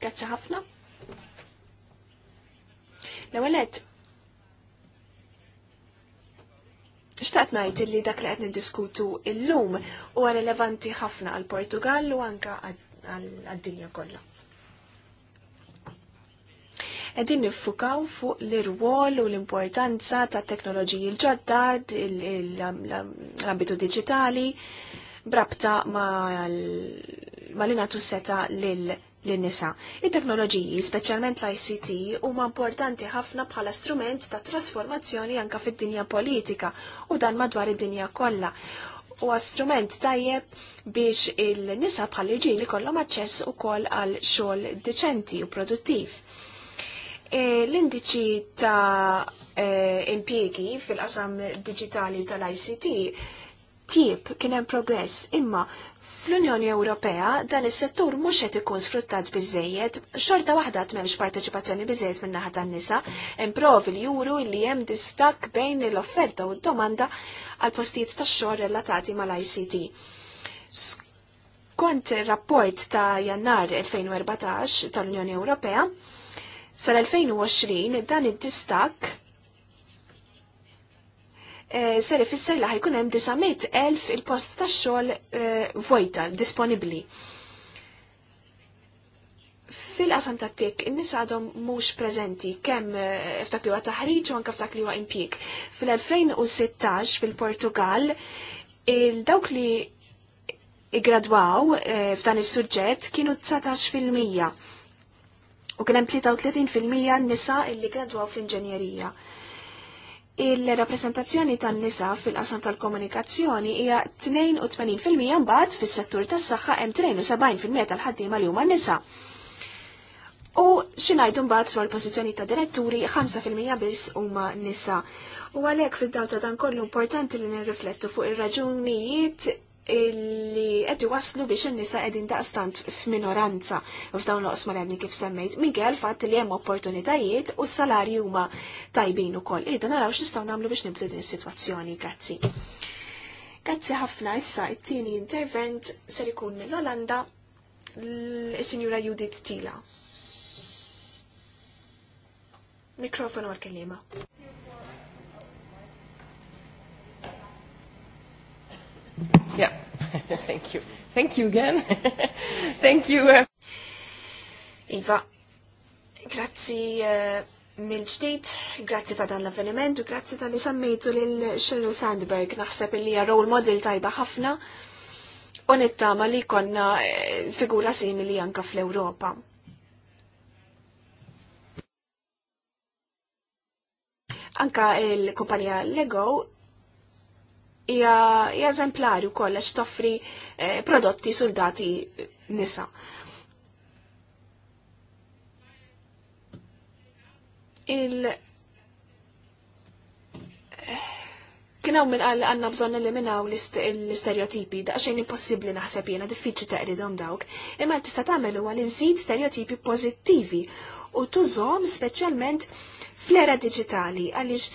Grazzi ħafna. L-ewwel qed Xtaqt ngħid li dak li qed niddiskutu llum huwa relevanti ħafna għal Portugal u anke għad-dinja kollha. Qegħdin niffukaw fuq l-irwol u l-importanza ta' teknoloġiji l-ġodda, l-ambitu digitali, brabta ma' l-inatu seta l lin-nisa. Il-teknoloġiji, speċjalment l-ICT, huma importanti ħafna bħala strument ta' trasformazzjoni anka fid-dinja politika u dan madwar id-dinja kollha. U strument tajjeb biex il-nisa bħal irġiel ikollhom aċċess ukoll għal xogħol deċenti u produttiv. Eh, l-indiċi ta' eh, impiegi fil-qasam digitali u tal-ICT tip kien hemm progress imma fl-Unjoni Ewropea dan is-settur mhux qed ikun sfruttat biżejjed, xorta waħda m'hemmx parteċipazzjoni biżejjed min naħa tan-nisa, hemm li juru li hemm distak bejn l-offerta u d-domanda għal postijiet tax-xogħol relatati mal-ICT. Kont ir-rapport ta' Jannar 2014 tal-Unjoni Ewropea, sal-2020 dan id-distak eh, ser ifisser li ħajkun hemm 900,000 il-post tax-xogħol eh, vojta disponibbli. Fil-qasam ta' tik, in-nies għadhom mhux preżenti kemm eh, f'dak li huwa taħriġ u anke f'dak li huwa impjieg. Fil-2016 fil-Portugal il-dawk li igradwaw f'dan is-suġġett kienu 19 fil-mija u kien hemm 33% nisa illi gradwaw fl-inġenjerija. Il-rappresentazzjoni tan-nisa fil-qasam tal-komunikazzjoni hija 82% mbagħad fis-settur tas-saħħa hemm fil-mija tal-ħaddiema li huma nisa. U xinajdu mbagħad dwar pożizzjoni ta' diretturi 5% biss huma nisa. U għalhekk fid dawta dan kollu importanti li nirriflettu fuq ir-raġunijiet illi qed waslu biex in-nisa qegħdin daqstant f'minoranza u f'dawn l-oqsma kif semmejt, minkejja l-fatt li hemm opportunitajiet u s salari huma tajbin ukoll. Irridu naraw x-nistaw nagħmlu biex nibdu din is-sitwazzjoni. Grazzi. Grazzi ħafna issa it-tieni intervent ser ikun mill-Olanda l-Sinjura Judith Tila. Mikrofonu għal-kellima. Yeah, (laughs) thank you. Thank you again. (laughs) thank you. Uh, iva, grazzi uh, mill-ġdid, grazzi ta' dan l-avveniment u grazzi ta' li sammejtu lil Sheryl Sandberg. Naħseb li hija role model tajba ħafna u nittama li konna eh, figura simili anka fl-Ewropa. Anka il-kumpanija Lego hija eżemplari wkoll għax eh, prodotti soldati nisa. Il Kien hawn minqal għandna bżonn eliminaw l-istereotipi, daqsxejn impossibbli naħseb jiena diffiċli taqridhom dawk, imma tista' tagħmel huwa li żid stereotipi pożittivi u tużhom speċjalment fl-era diġitali għaliex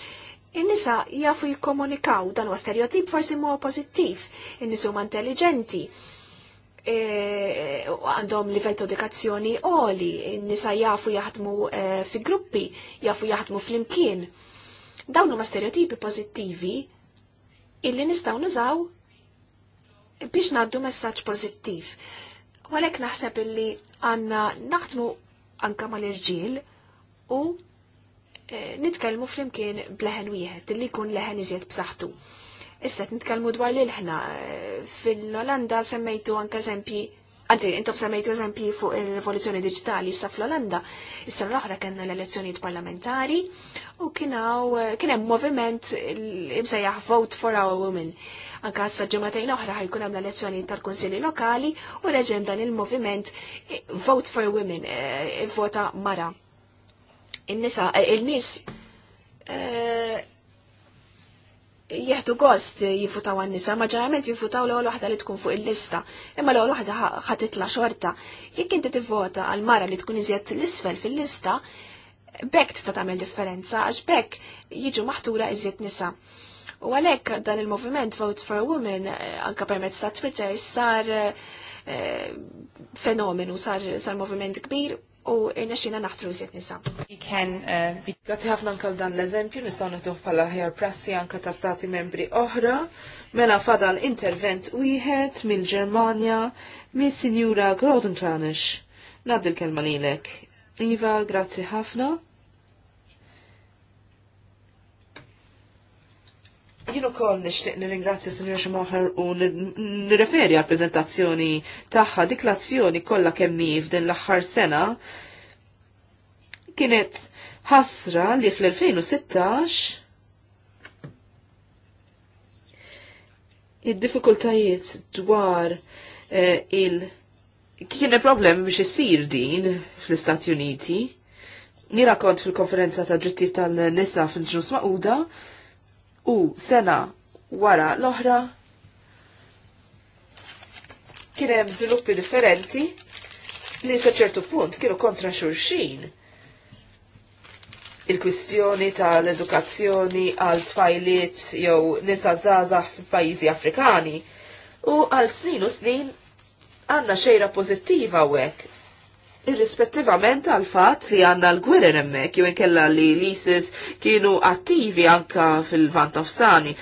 In-nisa jafu jikkomunikaw dan huwa stereotip forsi mu pożittiv. il nisa huma intelligenti. E, għandhom e, livell ta' edukazzjoni għoli, il nisa jafu jaħdmu e, fi gruppi, jafu jaħdmu fl-imkien. Dawn huma stereotipi pożittivi illi nistgħu nużaw biex ngħaddu messaġġ pożittiv. Għalhekk naħseb illi għandna naħdmu anka mal-irġiel u Eh, nitkellmu flimkien bleħen wieħed li jkun leħen iżjed b'saħħtu. Issa nitkellmu dwar li ħna eh, fil-Olanda semmejtu anke eżempji Anzi, intom semmejtu eżempji fuq il-rivoluzzjoni digitali issa fl-Olanda, issa l-oħra kellna l-elezzjonijiet parlamentari u kien eh, hemm moviment imsejjaħ Vote for Our Women. Anka issa ġematejn oħra ħajkun hemm l-elezzjoni tal-Kunsilli Lokali u reġem dan il-moviment Vote for Women, vota mara in-nisa eh, il-nies eh, jieħdu gost jifutaw għan-nisa, ma jifutaw l-ewwel waħda li tkun fuq il-lista, imma l għol waħda ħatitla xorta. Jekk inti tivvota għal mara li tkun iżjed l-isfel fil-lista, bekk tista' tagħmel differenza għax bekk jiġu maħtura iżjed nisa. U għalhekk dan il-moviment Vote for Women eh, anke permezz ta' Twitter sar fenomenu, sar, sar moviment kbir u irnexxina naħtru jżid nisa. Uh, grazzi ħafna nkal dan l-eżempju nistgħu nieħduh bħala ħjar prassi anke ta' stati membri oħra. Mela fadal intervent wieħed mill ġermania mis-Sinjura Grodenkranish. Nadil kelma lilek. Iva, grazie ħafna. Jien ukoll nixtieq nirringrazzja Sinjor Schumacher u nirreferi għal preżentazzjoni tagħha dik l-azzjoni kollha kemm f'din l-aħħar sena kienet ħasra li fl-2016 id-diffikultajiet dwar eh, il- kien problem biex issir din fl-Istati Uniti. Nirakont fil-konferenza ta' drittijiet tal-nisa fil-ġnus maquda u sena wara l-oħra kien hemm żviluppi differenti li sa ċertu punt kienu kontra xurxin. Il-kwistjoni tal-edukazzjoni għal tfajliet jew nisa żgħażagħ f'pajjiżi Afrikani u għal snin u snin għandna xejra pożittiva hekk irrispettivament għal fat li għanna l-gwerer emmek, jew inkella li l-ISIS kienu attivi anka fil-vant nofsani.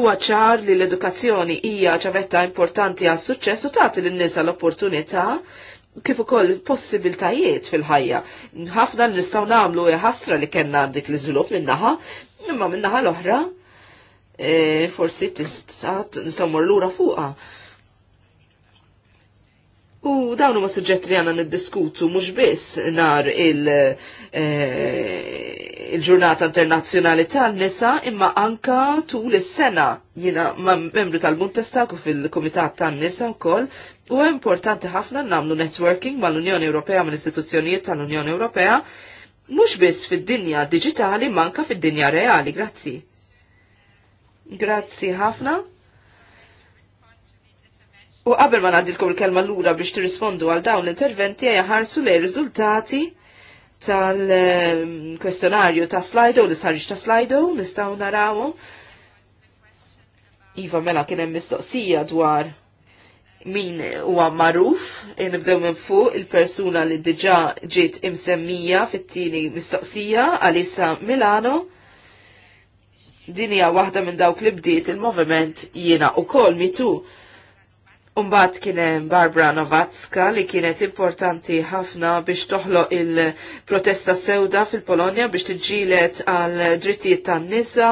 U ċar li l-edukazzjoni hija ċavetta importanti għas suċċessu tagħti lin-nisa l-opportunità kif ukoll possibiltajiet fil-ħajja. Ħafna nistgħu nagħmlu ħasra li kellna dik l-iżvilupp minnaħa, imma minnaħa l-oħra e, forsi tista' nistgħu lura fuqha U dawn huma suġġetti li għandna niddiskutu mhux biss nar eh, il-ġurnata internazzjonali tan-nisa imma anka tul is-sena jiena membru tal-Buntestaku fil-Kumitat tan-nisa wkoll u importanti ħafna nagħmlu networking mal-Unjoni Ewropea mal-istituzzjonijiet tal-Unjoni Ewropea mhux biss fid-dinja diġitali manka fid-dinja reali. Grazzi. Grazzi ħafna. U qabel ma nadilkom il-kelma l-ura biex tirrispondu għal dawn l-interventi ħarsu lej riżultati tal-kwestjonarju ta' Slido, l-istarriġ ta' Slido, nistaw narawhom. Iva mela kien hemm mistoqsija dwar min huwa magħruf, e nibdew minn fuq il-persuna li diġà ġiet imsemmija fit-tieni mistoqsija għalissa Milano. Din hija waħda minn dawk li bdiet il-moviment jiena ukoll mitu. Umbat kienem Barbara Nowacka li kienet importanti ħafna biex toħloq il-protesta sewda fil-Polonja biex tġilet għal drittijiet tan nisa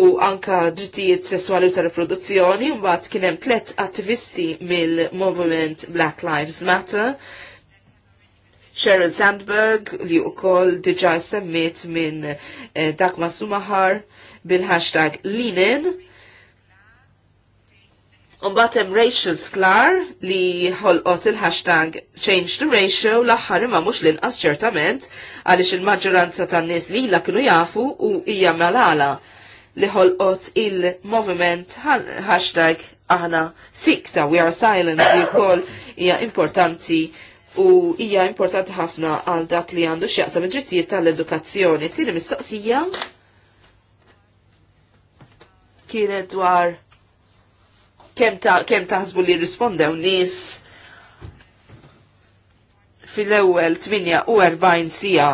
u anka drittijiet sessuali ta' riproduzzjoni. Umbat kienem tlet attivisti mill-movement Black Lives Matter. Sheryl Sandberg li u koll diġa semmit minn eh, Dakma Sumahar bil-hashtag Linen. Unbat hemm Rachel Sklar li ħolqot il-hashtag Change the Ratio l-aħħar ma mhux l-inqas ċertament għaliex il-maġġoranza tan-nies li la kienu jafu u hija malala li ħolqot il-moviment hashtag aħna sikta we are silent li wkoll hija importanti u hija importanti ħafna għal dak li għandu x'jaqsam id-drittijiet tal-edukazzjoni. Tieni mistoqsija kienet dwar kem taħsbu li rispondew nis fil-ewel 48 sija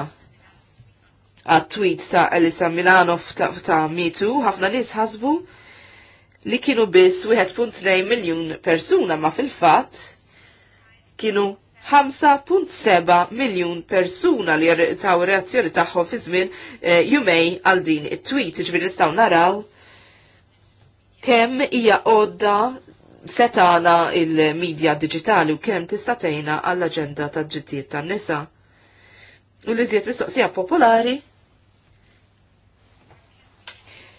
għat-tweet ta' Elisa Milano ta', Mitu, ħafna nis ħasbu li kienu biss 1.2 miljon persuna ma fil-fat kienu 5.7 miljon persuna li taw reazzjoni tagħhom fi żmien eh, jumej għal din it-tweet ġbir nistgħu naraw kemm hija għodda setana il-medja digitali u kemm tista' għall-aġenda tad-ġittijiet tan-nisa. U li żied mistoqsija popolari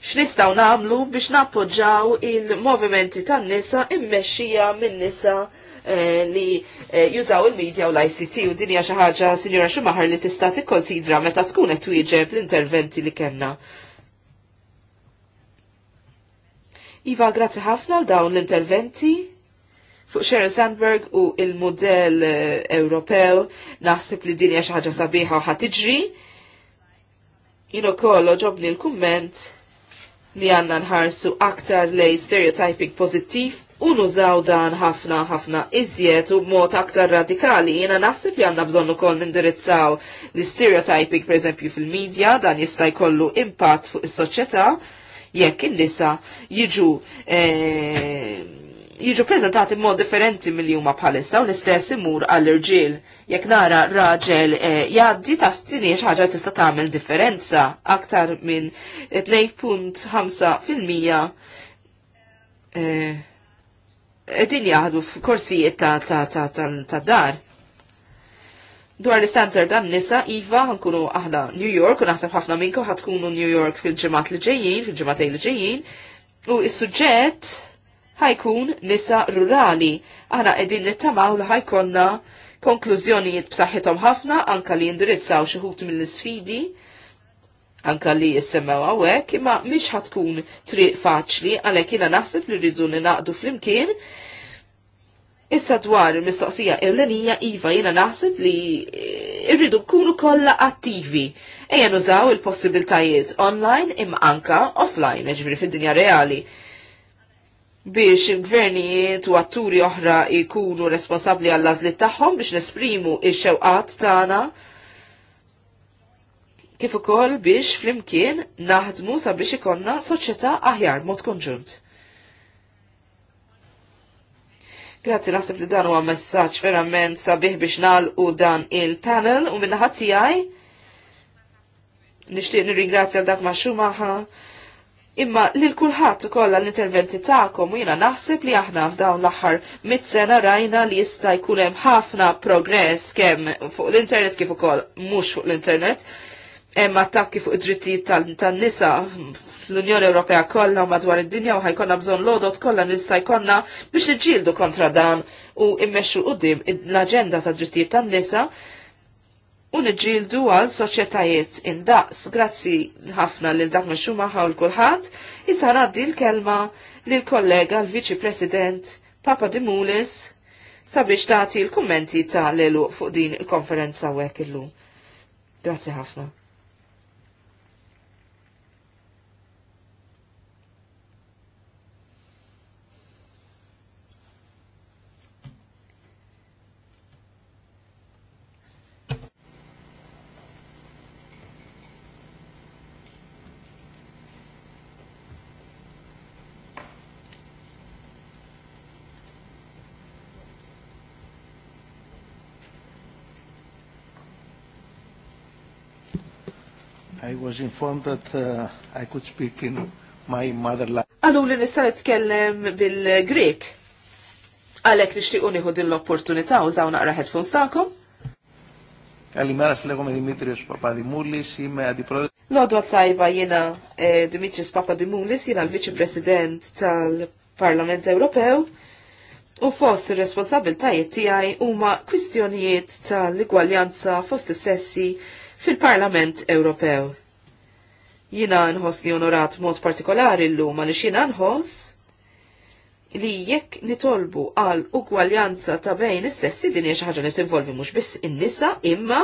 x'nistgħu nagħmlu biex nappoġġaw il-movimenti tan-nisa immexxija min-nisa eh, li eh, jużaw il-medja u l-ICT u dinja xi ħaġa sinjora Schumacher li tista' tikkonsidra meta tkun qed twieġeb l-interventi li kellna. Iva, grazzi ħafna l dawn l-interventi fuq Sharon Sandberg u il-modell eh, Ewropew naħseb li dinja xi ħaġa sabiħa u ħatiġri. Jien ukoll ġobni l-kumment li għanna nħarsu aktar lej stereotyping pozittiv u nużaw dan ħafna ħafna iżjed u b'mod aktar radikali. Jena naħseb li għanna bżonn ukoll nindirizzaw li stereotyping per fil-medja dan jista' jkollu impatt fuq is-soċjetà jekk in-nisa jiġu e, jiġu prezentati mod differenti mill-juma bħalissa u l-istess imur għall-irġiel. Jekk nara raġel e, jgħaddi ta' stini ħaġa tista' tagħmel differenza aktar minn 2.5 Edin jaħdu f'korsijiet ta' ta' dar. Dwar l-istanzer dan nisa, Iva, nkunu aħna New York, u naħseb ħafna minku ħatkunu New York fil-ġemat li ġejjin, fil ġemat li ġejjin, u il-sujġet ħajkun nisa rurali. Aħna edin nittamaw li ħajkonna konklużjonijiet b'saħħithom ħafna, anka li jindirizzaw xi mill-isfidi, anka li jissemmaw hawnhekk, imma mhix ħatkun triq faċli għalhekk jina naħseb li rridu ninaqdu flimkien Issa dwar il-mistoqsija ewlenija Iva jena naħseb li eh, irridu kunu kolla attivi. Ejja nużaw il-possibiltajiet online imma anka offline, ġifri fil-dinja reali. Biex il-gvernijiet u atturi oħra ikunu responsabli għall-azlit tagħhom biex nesprimu ix-xewqat tagħna kif ukoll biex flimkien naħdmu sabiex ikonna soċjetà aħjar mod konġunt. Grazzi naħseb li dan huwa messaġġ verament sabiħ biex nagħlqu dan il-panel u minna ħadd tiegħi. Nixtieq nirringrazzja dak ma' Xumaħa. Imma li l-kulħadd ukoll l-interventi tagħkom u jiena naħseb li aħna f'dawn l-aħħar mit sena rajna li jista' jkun hemm ħafna progress kemm fuq l-internet kif ukoll mhux fuq l-internet. Emma attakki fuq id-drittijiet tan-nisa fl-Unjoni Ewropea kollha madwar id-dinja u ħajkonna bżonn lodot kollha nista' jkollna biex niġġieldu kontra dan u immexxu qudiem l-aġenda ta' drittijiet tan-nisa u niġġieldu għal soċjetajiet indaqs. Grazzi ħafna lil dak mexxu magħha u kulħadd. Issa ngħaddi l-kelma lil kollega l-Viċi President Papa Dimulis sabiex tagħti l-kummenti ta' lelu fuq din il-konferenza hekk illum. Grazzi ħafna. I was informed that uh, I could speak in my mother language. Għallu li nistar nitkellem bil-Grek. Għalek nixtiequ nieħu din l-opportunità u zawna għra headphones tagħkom. Καλημέρα σας, λέγομαι Δημήτριος Παπαδημούλης, είμαι αντιπρόεδρος. Λόδο Ατσάιβα, jena Δημήτριος Παπαδημούλης, jena l-Vice President tal-Parlament Ewropew u fost ir-responsabiltajiet tiegħi huma kwistjonijiet tal-igwaljanza fost is-sessi fil-Parlament Ewropew. Jina li onorat mod partikolari llum għaliex jina nħoss li jekk nitolbu għal ugwaljanza ta' bejn is-sessi din hija xi ħaġa li tinvolvi mhux biss in-nisa imma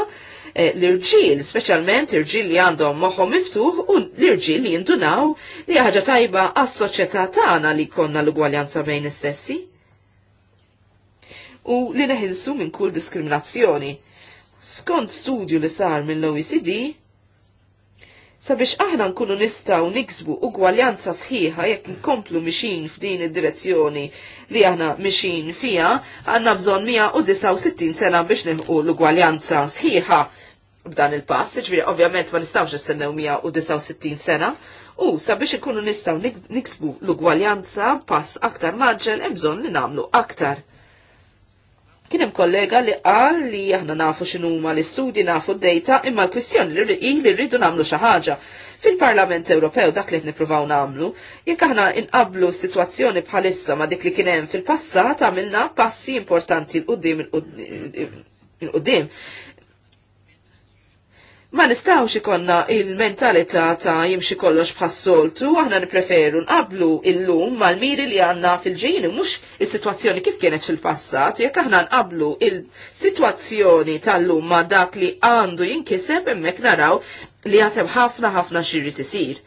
eh, l-irġiel, speċjalment irġiel li għandhom moħħom miftuħ u l-irġiel li jindunaw li ħaġa tajba għas-soċjetà tagħna li konna l-ugwaljanza bejn is-sessi u li neħilsu minn kull diskriminazzjoni. Skont studju li sar mill-OECD, sabiex aħna nkunu nistaw niksbu ugwaljanza sħiħa jekk nkomplu mixin f'din id-direzzjoni li aħna mixin fija, għanna bżon 169 sena biex neħu l-ugwaljanza sħiħa b'dan il-pass, ġviri ovvjament ma nistawx nistennew 169 sena, u sabiex ikunu nistaw niksbu l-ugwaljanza pass aktar maġġel, hemm bżonn li nagħmlu aktar. Kien hemm kollega li qal li aħna nafu x'inhuma l-istudji nafu d-dejta imma l-kwistjoni li rridu nagħmlu xi ħaġa. Fil-Parlament Ewropew dak li qed nippruvaw nagħmlu, jekk aħna inqablu s-sitwazzjoni bħalissa ma dik li kien hemm fil-passat għamilna passi importanti l qudiem il-qudiem. Ma nistawx ikonna il-mentalità ta' jimxi kollox bħas aħna nipreferu nqablu illum mal-miri li għanna fil-ġejjin mhux is-sitwazzjoni kif kienet fil-passat, jekk aħna nqablu il-sitwazzjoni tal-lum ma' dak li għandu jinkiseb hemmhekk naraw li għatem ħafna ħafna xirri tisir.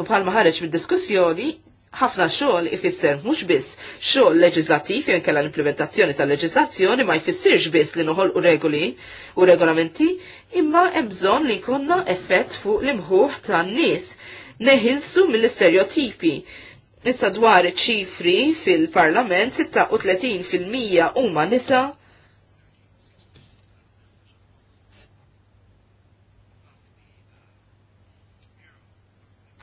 U bħalma ħareġ mid-diskussjoni, ħafna xogħol ifisser mhux biss xogħol leġislattiv jew inkella l-implementazzjoni tal-leġislazzjoni ma jfissirx biss li noħolqu regoli u regolamenti, imma hemm bżonn li jkollna effett fuq l-imħuħ tan-nies neħilsu mill-istereotipi. Issa dwar ċifri fil-Parlament 36% huma nisa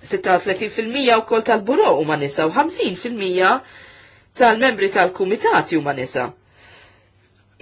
36% wkoll tal-buro huma nisa u 50% tal-membri tal-kumitati huma nisa.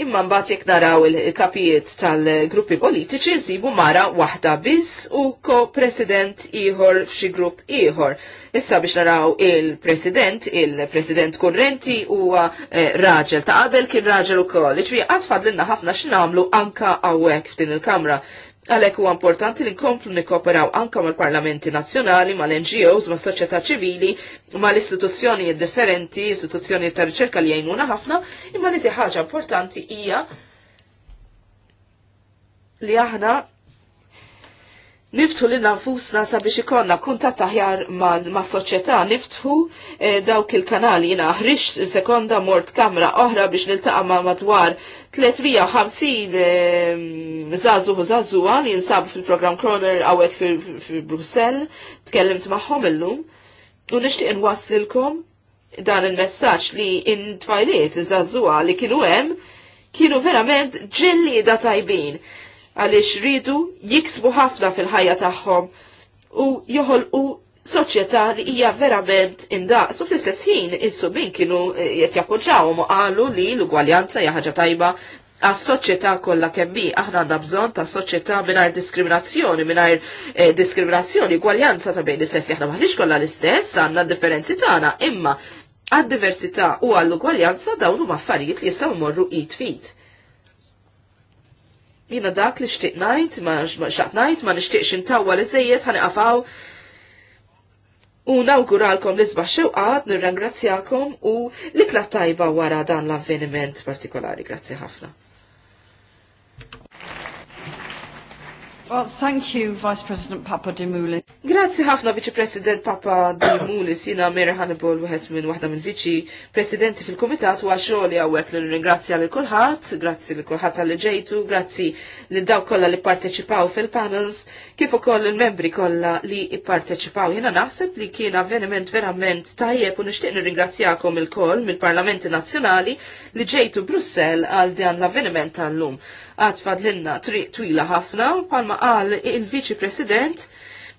Imma mbagħad jekk naraw il-kapijiet tal-gruppi politiċi nsibu mara waħda biss u ko-president ieħor f'xi grupp ieħor. Issa biex naraw il-president, il-president kurrenti huwa eh, raġel ta' qabel kien raġel ukoll. Iġri għad fadlinna ħafna x'namlu anka hawnhekk f'din il-Kamra Għalek huwa importanti li nkomplu nikkooperaw anka mal-parlamenti nazzjonali, mal-NGOs, mal soċjetà ċivili, mal-istituzzjonijiet differenti, istituzzjoni ta' riċerka li jgħinuna ħafna, imma li ħaġa importanti hija li aħna niftħu li nafusna sabiex ikonna kuntat taħjar ma', soċjetà niftħu eh, dawk il-kanali jina ħrix sekonda mort kamra oħra biex niltaqa ma' madwar 350 eh, zazu u li jinsab fil-program Kroner għawek fil-Brussel, tkellimt maħħom illum, u nishtiq nwaslilkom dan il messaġġ li intwajliet zazuwa li kienu hemm kienu verament ġilli da tajbin għaliex ridu jiksbu ħafna fil-ħajja tagħhom u joħolqu soċjetà li hija verament indaqs u fl-istess ħin issu subin kienu eh, qed jappoġġawhom u qalu li l-ugwaljanza hija ħaġa tajba għas-soċjetà kollha kemm hi aħna għandna bżonn ta' soċjetà mingħajr diskriminazzjoni, mingħajr eh, diskriminazzjoni, gwaljanza ta' bejn l istess aħna maħniex kollha l-istess, għandna differenzi tagħna, imma għad-diversità u għall-ugwaljanza dawn huma affarijiet li jistgħu jmorru id fit Jina dak li xtiq najt, ma xtaq najt, ma nixtiqx intawa li zejiet ħani għafaw. U nawguralkom li zbaħ xewqat, nirrangrazzjakom u li klat tajba wara dan l-avveniment partikolari. Grazzi ħafna. Well, thank you, Vice President Papa Papadimoulis. Grazzi ħafna Vice President Papa Papadimoulis, jina Mira Hannibal, wieħed minn waħda minn Vice Presidenti fil-Komitat, u għaxoli għawek li ringrazzja li kulħadd, grazzi li kulħadd għalli ġejtu, grazzi li daw kollha li parteċipaw fil-panels, kif ukoll il-membri kollha li parteċipaw. Jina naħseb li kien avveniment verament tajjeb u nixtieq nirringrazzjakom il-koll mill-Parlamenti Nazzjonali li ġejtu Brussell għal dan l-avveniment tal-lum għad fadlinna triq twila ħafna, palma qal il-Viċi President,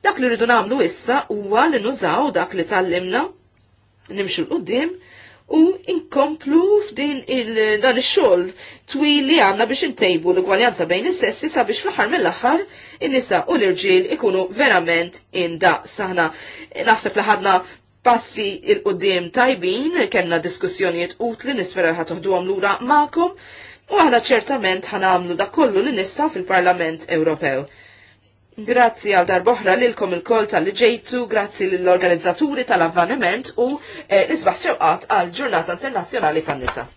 dak li rridu namlu issa huwa li nużaw dak li tallimna, nimxu l-qoddim, u inkomplu f'din dan ix-xogħol twil li għandna biex intejbu l-ugwaljanza bejn is-sessi sabiex fl-aħħar mill-aħħar in-nisa u l-irġiel ikunu verament indaqs aħna naħseb li ħadna passi il-qoddim tajbin, kena diskussjoniet utli nispera ħatuħdu għom lura ma'kom, U aħna ċertament ħanamlu da kollu li nista' fil-Parlament Ewropew. Grazzi għal darboħra lilkom il-kol tal ġejtu, grazzi l-organizzaturi tal avvaniment u eh, l isbassjoqat għal ġurnata internazjonali tan-nisa.